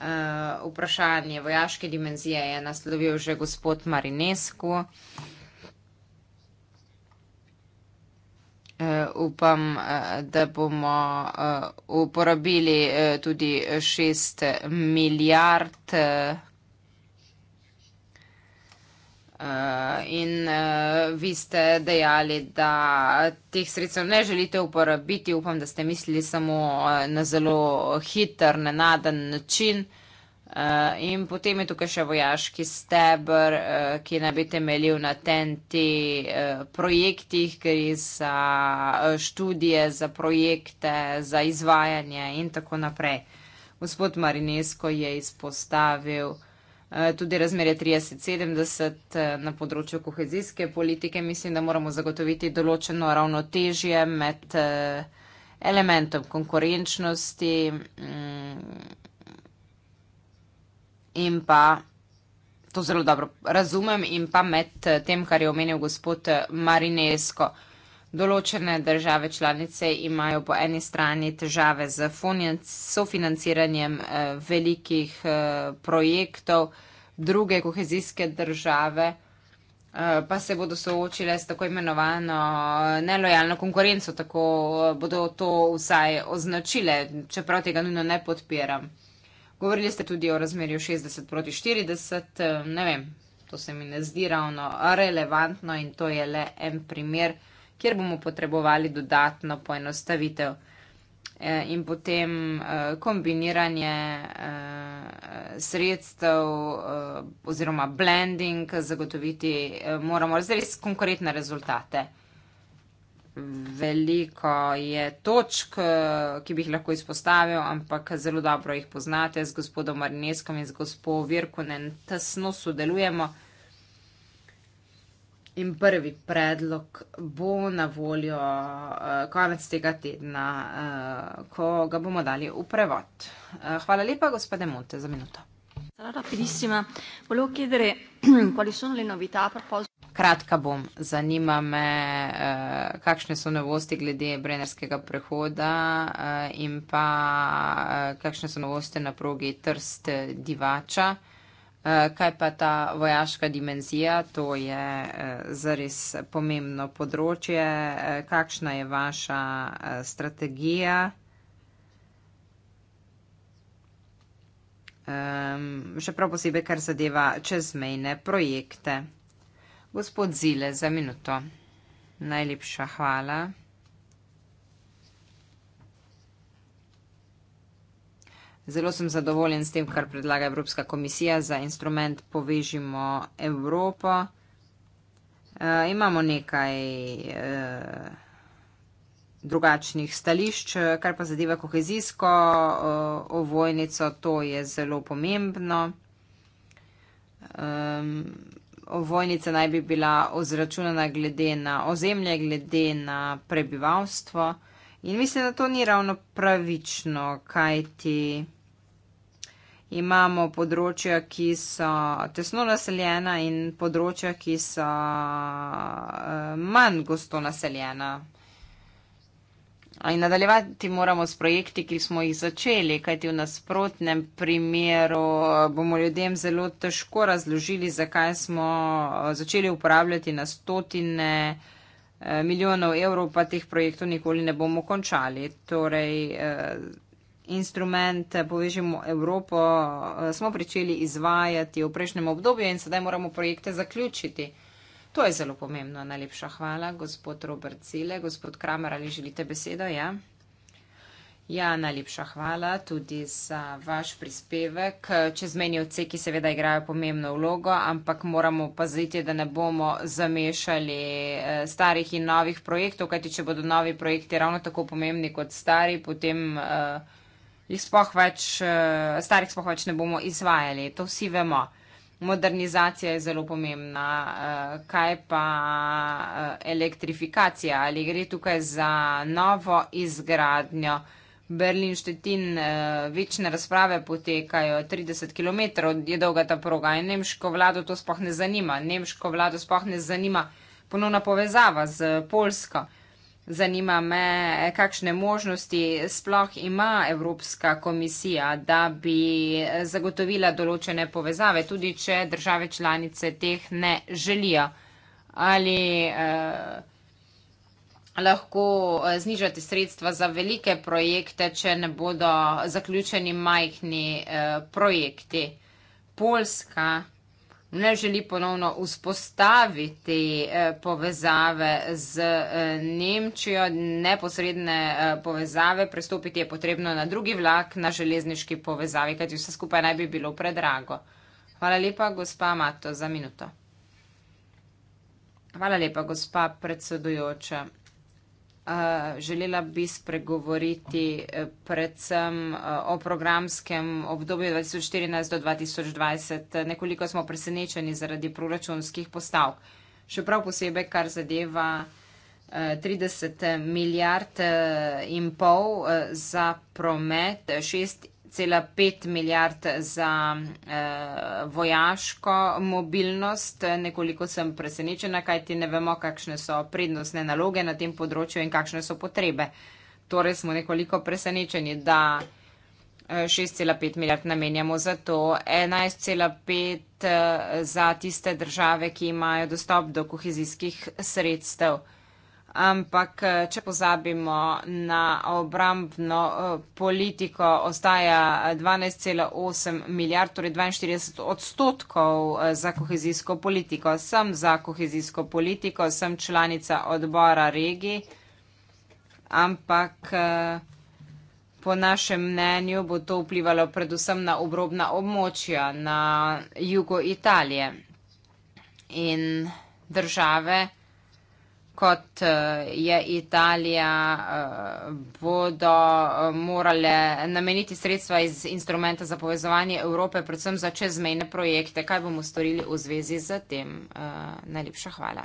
Eh, vprašanje vojaške dimenzije je naslovil že gospod Marinesku. Upam, da bomo uporabili tudi 6 milijard Eh, in uh, vi ste dejali, da teh sredstev ne želite uporabiti. Upam, da ste mislili samo uh, na zelo hiter, nenaden način. Uh, in potem je tukaj še vojaški stebr, uh, ki naj bi temeljil na TNT uh, projektih, ker je za študije, za projekte, za izvajanje in tako naprej. Gospod Marinesko je izpostavil. Eh, tudi razmerje 30-70 eh, na področju kohezijske politike. Mislim, da moramo zagotoviti določeno ravnotežje med eh, elementom konkurenčnosti mm, in pa, to zelo dobro razumem, in pa med tem, kar je omenil gospod Marinesko. Določene države članice imajo po eni strani težave z sofinanciranjem eh, velikih eh, projektov, druge kohezijske države eh, pa se bodo soočile s tako imenovano nelojalno konkurenco, tako bodo to vsaj označile, čeprav tega nujno ne podpiram. Govorili ste tudi o razmerju 60 proti 40, ne vem, to se mi ne zdi ravno relevantno in to je le en primer kjer bomo potrebovali dodatno poenostavitev e, in potem e, kombiniranje e, sredstev oziroma blending zagotoviti moramo res konkretne rezultate. Veliko je točk, ki bi jih lahko izpostavil, ampak zelo dobro jih poznate. Z gospodom Marineskom in z gospodom Virkunen tesno sodelujemo. In prvi predlog bo na voljo uh, konec tega tedna, uh, ko ga bomo dali v prevod. Uh, hvala lepa, gospode Monte, za minuto. *clears throat* Kratka bom, zanima me, uh, kakšne so novosti glede Brennerskega prehoda uh, in pa uh, kakšne so novosti na progi Trst Divača. Eh, kaj pa ta vojaška dimenzija, to je eh, zares pomembno področje. Eh, kakšna je vaša strategija? Um, še prav posebej, kar zadeva čezmejne projekte. Gospod Zile, za minuto. Najlepša hvala. Zelo sem zadovoljen s tem, kar predlaga Evropska komisija za instrument Povežimo Evropo. E, imamo nekaj e, drugačnih stališč, kar pa zadeva kohezijsko e, ovojnico, to je zelo pomembno. E, ovojnica naj bi bila ozračunana glede na ozemlje, glede na prebivalstvo. In mislim, da to ni ravno pravično, kajti imamo področja, ki so tesno naseljena in področja, ki so eh, manj gosto naseljena. In nadaljevati moramo s projekti, ki smo jih začeli, kajti v nasprotnem primeru eh, bomo ljudem zelo težko razložili, zakaj smo eh, začeli uporabljati na stotine milijonov evrov, pa teh projektov nikoli ne bomo končali. Torej, instrument Povežimo Evropo eh, smo pričeli izvajati v prejšnjem obdobju in sedaj moramo projekte zaključiti. To je zelo pomembno. Najlepša hvala, gospod Robert Cile. Gospod Kramer, ali želite besedo? Ja? ja, najlepša hvala tudi za vaš prispevek. Čezmeni odseki seveda igrajo pomembno vlogo, ampak moramo paziti, da ne bomo zamešali eh, starih in novih projektov, kajti če bodo novi projekti ravno tako pomembni kot stari, potem. Uh, jih spoh več, eh, starih spoh več ne bomo izvajali, to vsi vemo. Modernizacija je zelo pomembna, eh, kaj pa eh, elektrifikacija, ali gre tukaj za novo izgradnjo. Berlin, Štetin, večne razprave potekajo, 30 km je dolga ta proga in nemško vlado to spoh ne zanima. Nemško vlado spoh ne zanima ponovna povezava z Polsko. Zanima me, kakšne možnosti sploh ima Evropska komisija, da bi zagotovila določene povezave, tudi če države članice teh ne želijo. Ali eh, lahko eh, znižati sredstva za velike projekte, če ne bodo zaključeni majhni eh, projekti. Poljska ne želi ponovno vzpostaviti eh, povezave z eh, Nemčijo, neposredne eh, povezave, prestopiti je potrebno na drugi vlak, na železniški povezavi, kajti vse skupaj naj bi bilo predrago. Hvala lepa, gospa Mato, za minuto. Hvala lepa, gospa predsedujoča. Eh, želela bi spregovoriti eh, predvsem eh, o programskem obdobju 2014 do 2020. Nekoliko smo presenečeni zaradi proračunskih postavk. Še prav posebej, kar zadeva 30 milijard in pol za promet, 6 milijard cela pet milijard za uh, vojaško mobilnost. Nekoliko sem presenečena, kaj ti ne vemo, kakšne so prednostne naloge na tem področju in kakšne so potrebe. Torej smo nekoliko presenečeni, da 6,5 eh, milijard namenjamo za to, 11,5 eh, za tiste države, ki imajo dostop do kohezijskih sredstev ampak eh, če pozabimo na obrambno eh, politiko, ostaja 12,8 eh, milijard, torej 42 odstotkov za kohezijsko politiko. Sem za kohezijsko politiko, sem članica odbora regij, ampak. Po našem mnenju bo to vplivalo predvsem na obrobna območja na jugu Italije in države kot eh, je Italija, eh, bodo eh, morale nameniti sredstva iz instrumenta za povezovanje Evrope, predvsem za čezmejne projekte. Kaj bomo storili v zvezi z tem? Najlepša hvala.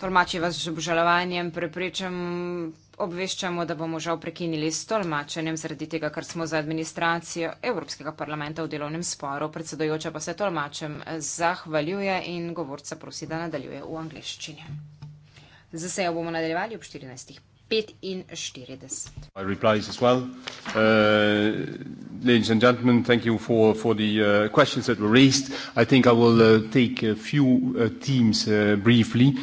Tolmači vas z obžalovanjem, prepričam obveščamo, da bomo žal prekinili s tolmačenjem zaradi tega, kar smo za administracijo Evropskega parlamenta v delovnem sporu. Predsedojoča pa se tolmačem zahvaljuje in govorca prosi, da nadaljuje v angliščini. Za sejo bomo nadaljevali ob 14.45. Well. Uh, thank you for, for the uh, questions that were raised. I think I will uh, take a few uh, teams uh, briefly. Uh,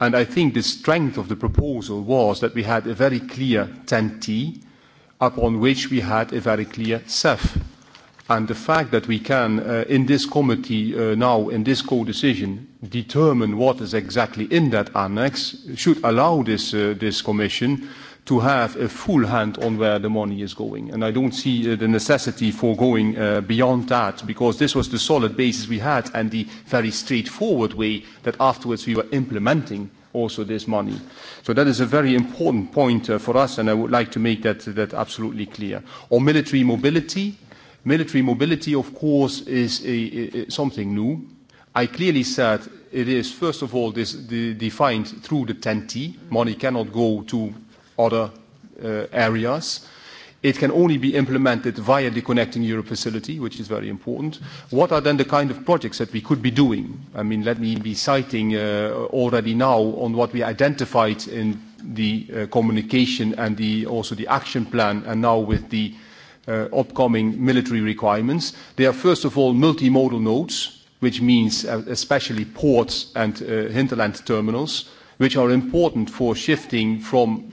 And I think the strength of the proposal was that we had a very clear 10T upon which we had a very clear SEF. And the fact that we can, uh, in this committee uh, now, in this co-decision, determine what is exactly in that annex should allow this, uh, this commission to have a full hand on where the money is going. And I don't see uh, the necessity for going uh, beyond that because this was the solid basis we had and the very straightforward way that afterwards we were implementing also this money. So that is a very important point uh, for us and I would like to make that, that absolutely clear. On military mobility, military mobility of course is a, a, something new. I clearly said it is first of all this, the, defined through the 10T. Money cannot go to other uh, areas. It can only be implemented via the Connecting Europe facility, which is very important. What are then the kind of projects that we could be doing? I mean, let me be citing uh, already now on what we identified in the uh, communication and the, also the action plan, and now with the uh, upcoming military requirements. They are, first of all, multimodal nodes, which means uh, especially ports and uh, hinterland terminals, which are important for shifting from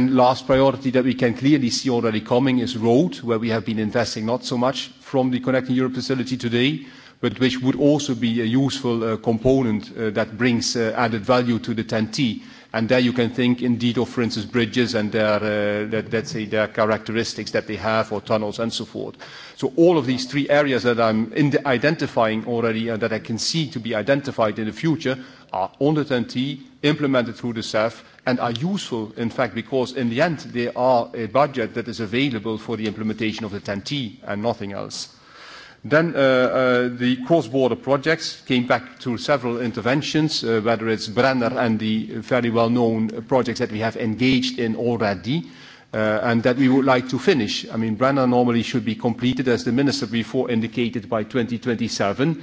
Last priority that we can clearly see already coming is road, where we have been investing not so much from the Connecting Europe facility today, but which would also be a useful uh, component uh, that brings uh, added value to the TEN-T. There you can think indeed of, for instance, bridges and their, let's say, their characteristics that they have or tunnels and so forth. All of these three areas that I'm identifying already, that I can see to be identified in the future are honored in T, implemented through the CEF, and are useful, in fact, because in the end they are a budget that is available for the implementation of the 10T and nothing else. Then uh, uh, the cross-border projects came back to several interventions, uh, whether it's Brenner and the very well-known projects that we have engaged in already, uh, and that we would like to finish. I mean, Brenner normally should be completed, as the Minister before indicated, by 2027.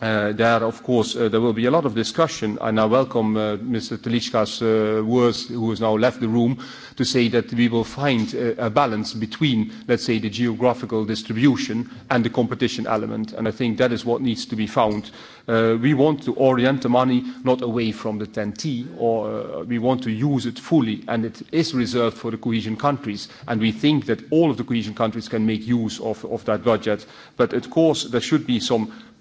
uh, there, of course, uh, there will be a lot of discussion, and I welcome uh, Mr. Telichka's uh, words, who has now left the room, to say that we will find uh, a balance between, let's say, the geographical distribution and the competition element, and I think that is what needs to be found. Uh, we want to orient the money not away from the 10T, or uh, we want to use it fully, and it is reserved for the cohesion countries, and we think that all of the cohesion countries can make use of, of that budget, but of course, there should be some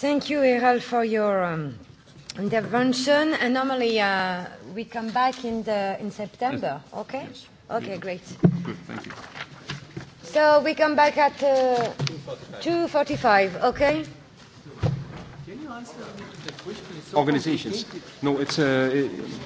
Thank you, Errol, for your um, intervention. And normally uh, we come back in, the, in September, yes. okay? Yes. Okay, yes. great. Good, thank you. So we come back at uh, 2.45, okay? Can you answer the question? So Organizations. No, it's... Uh, it,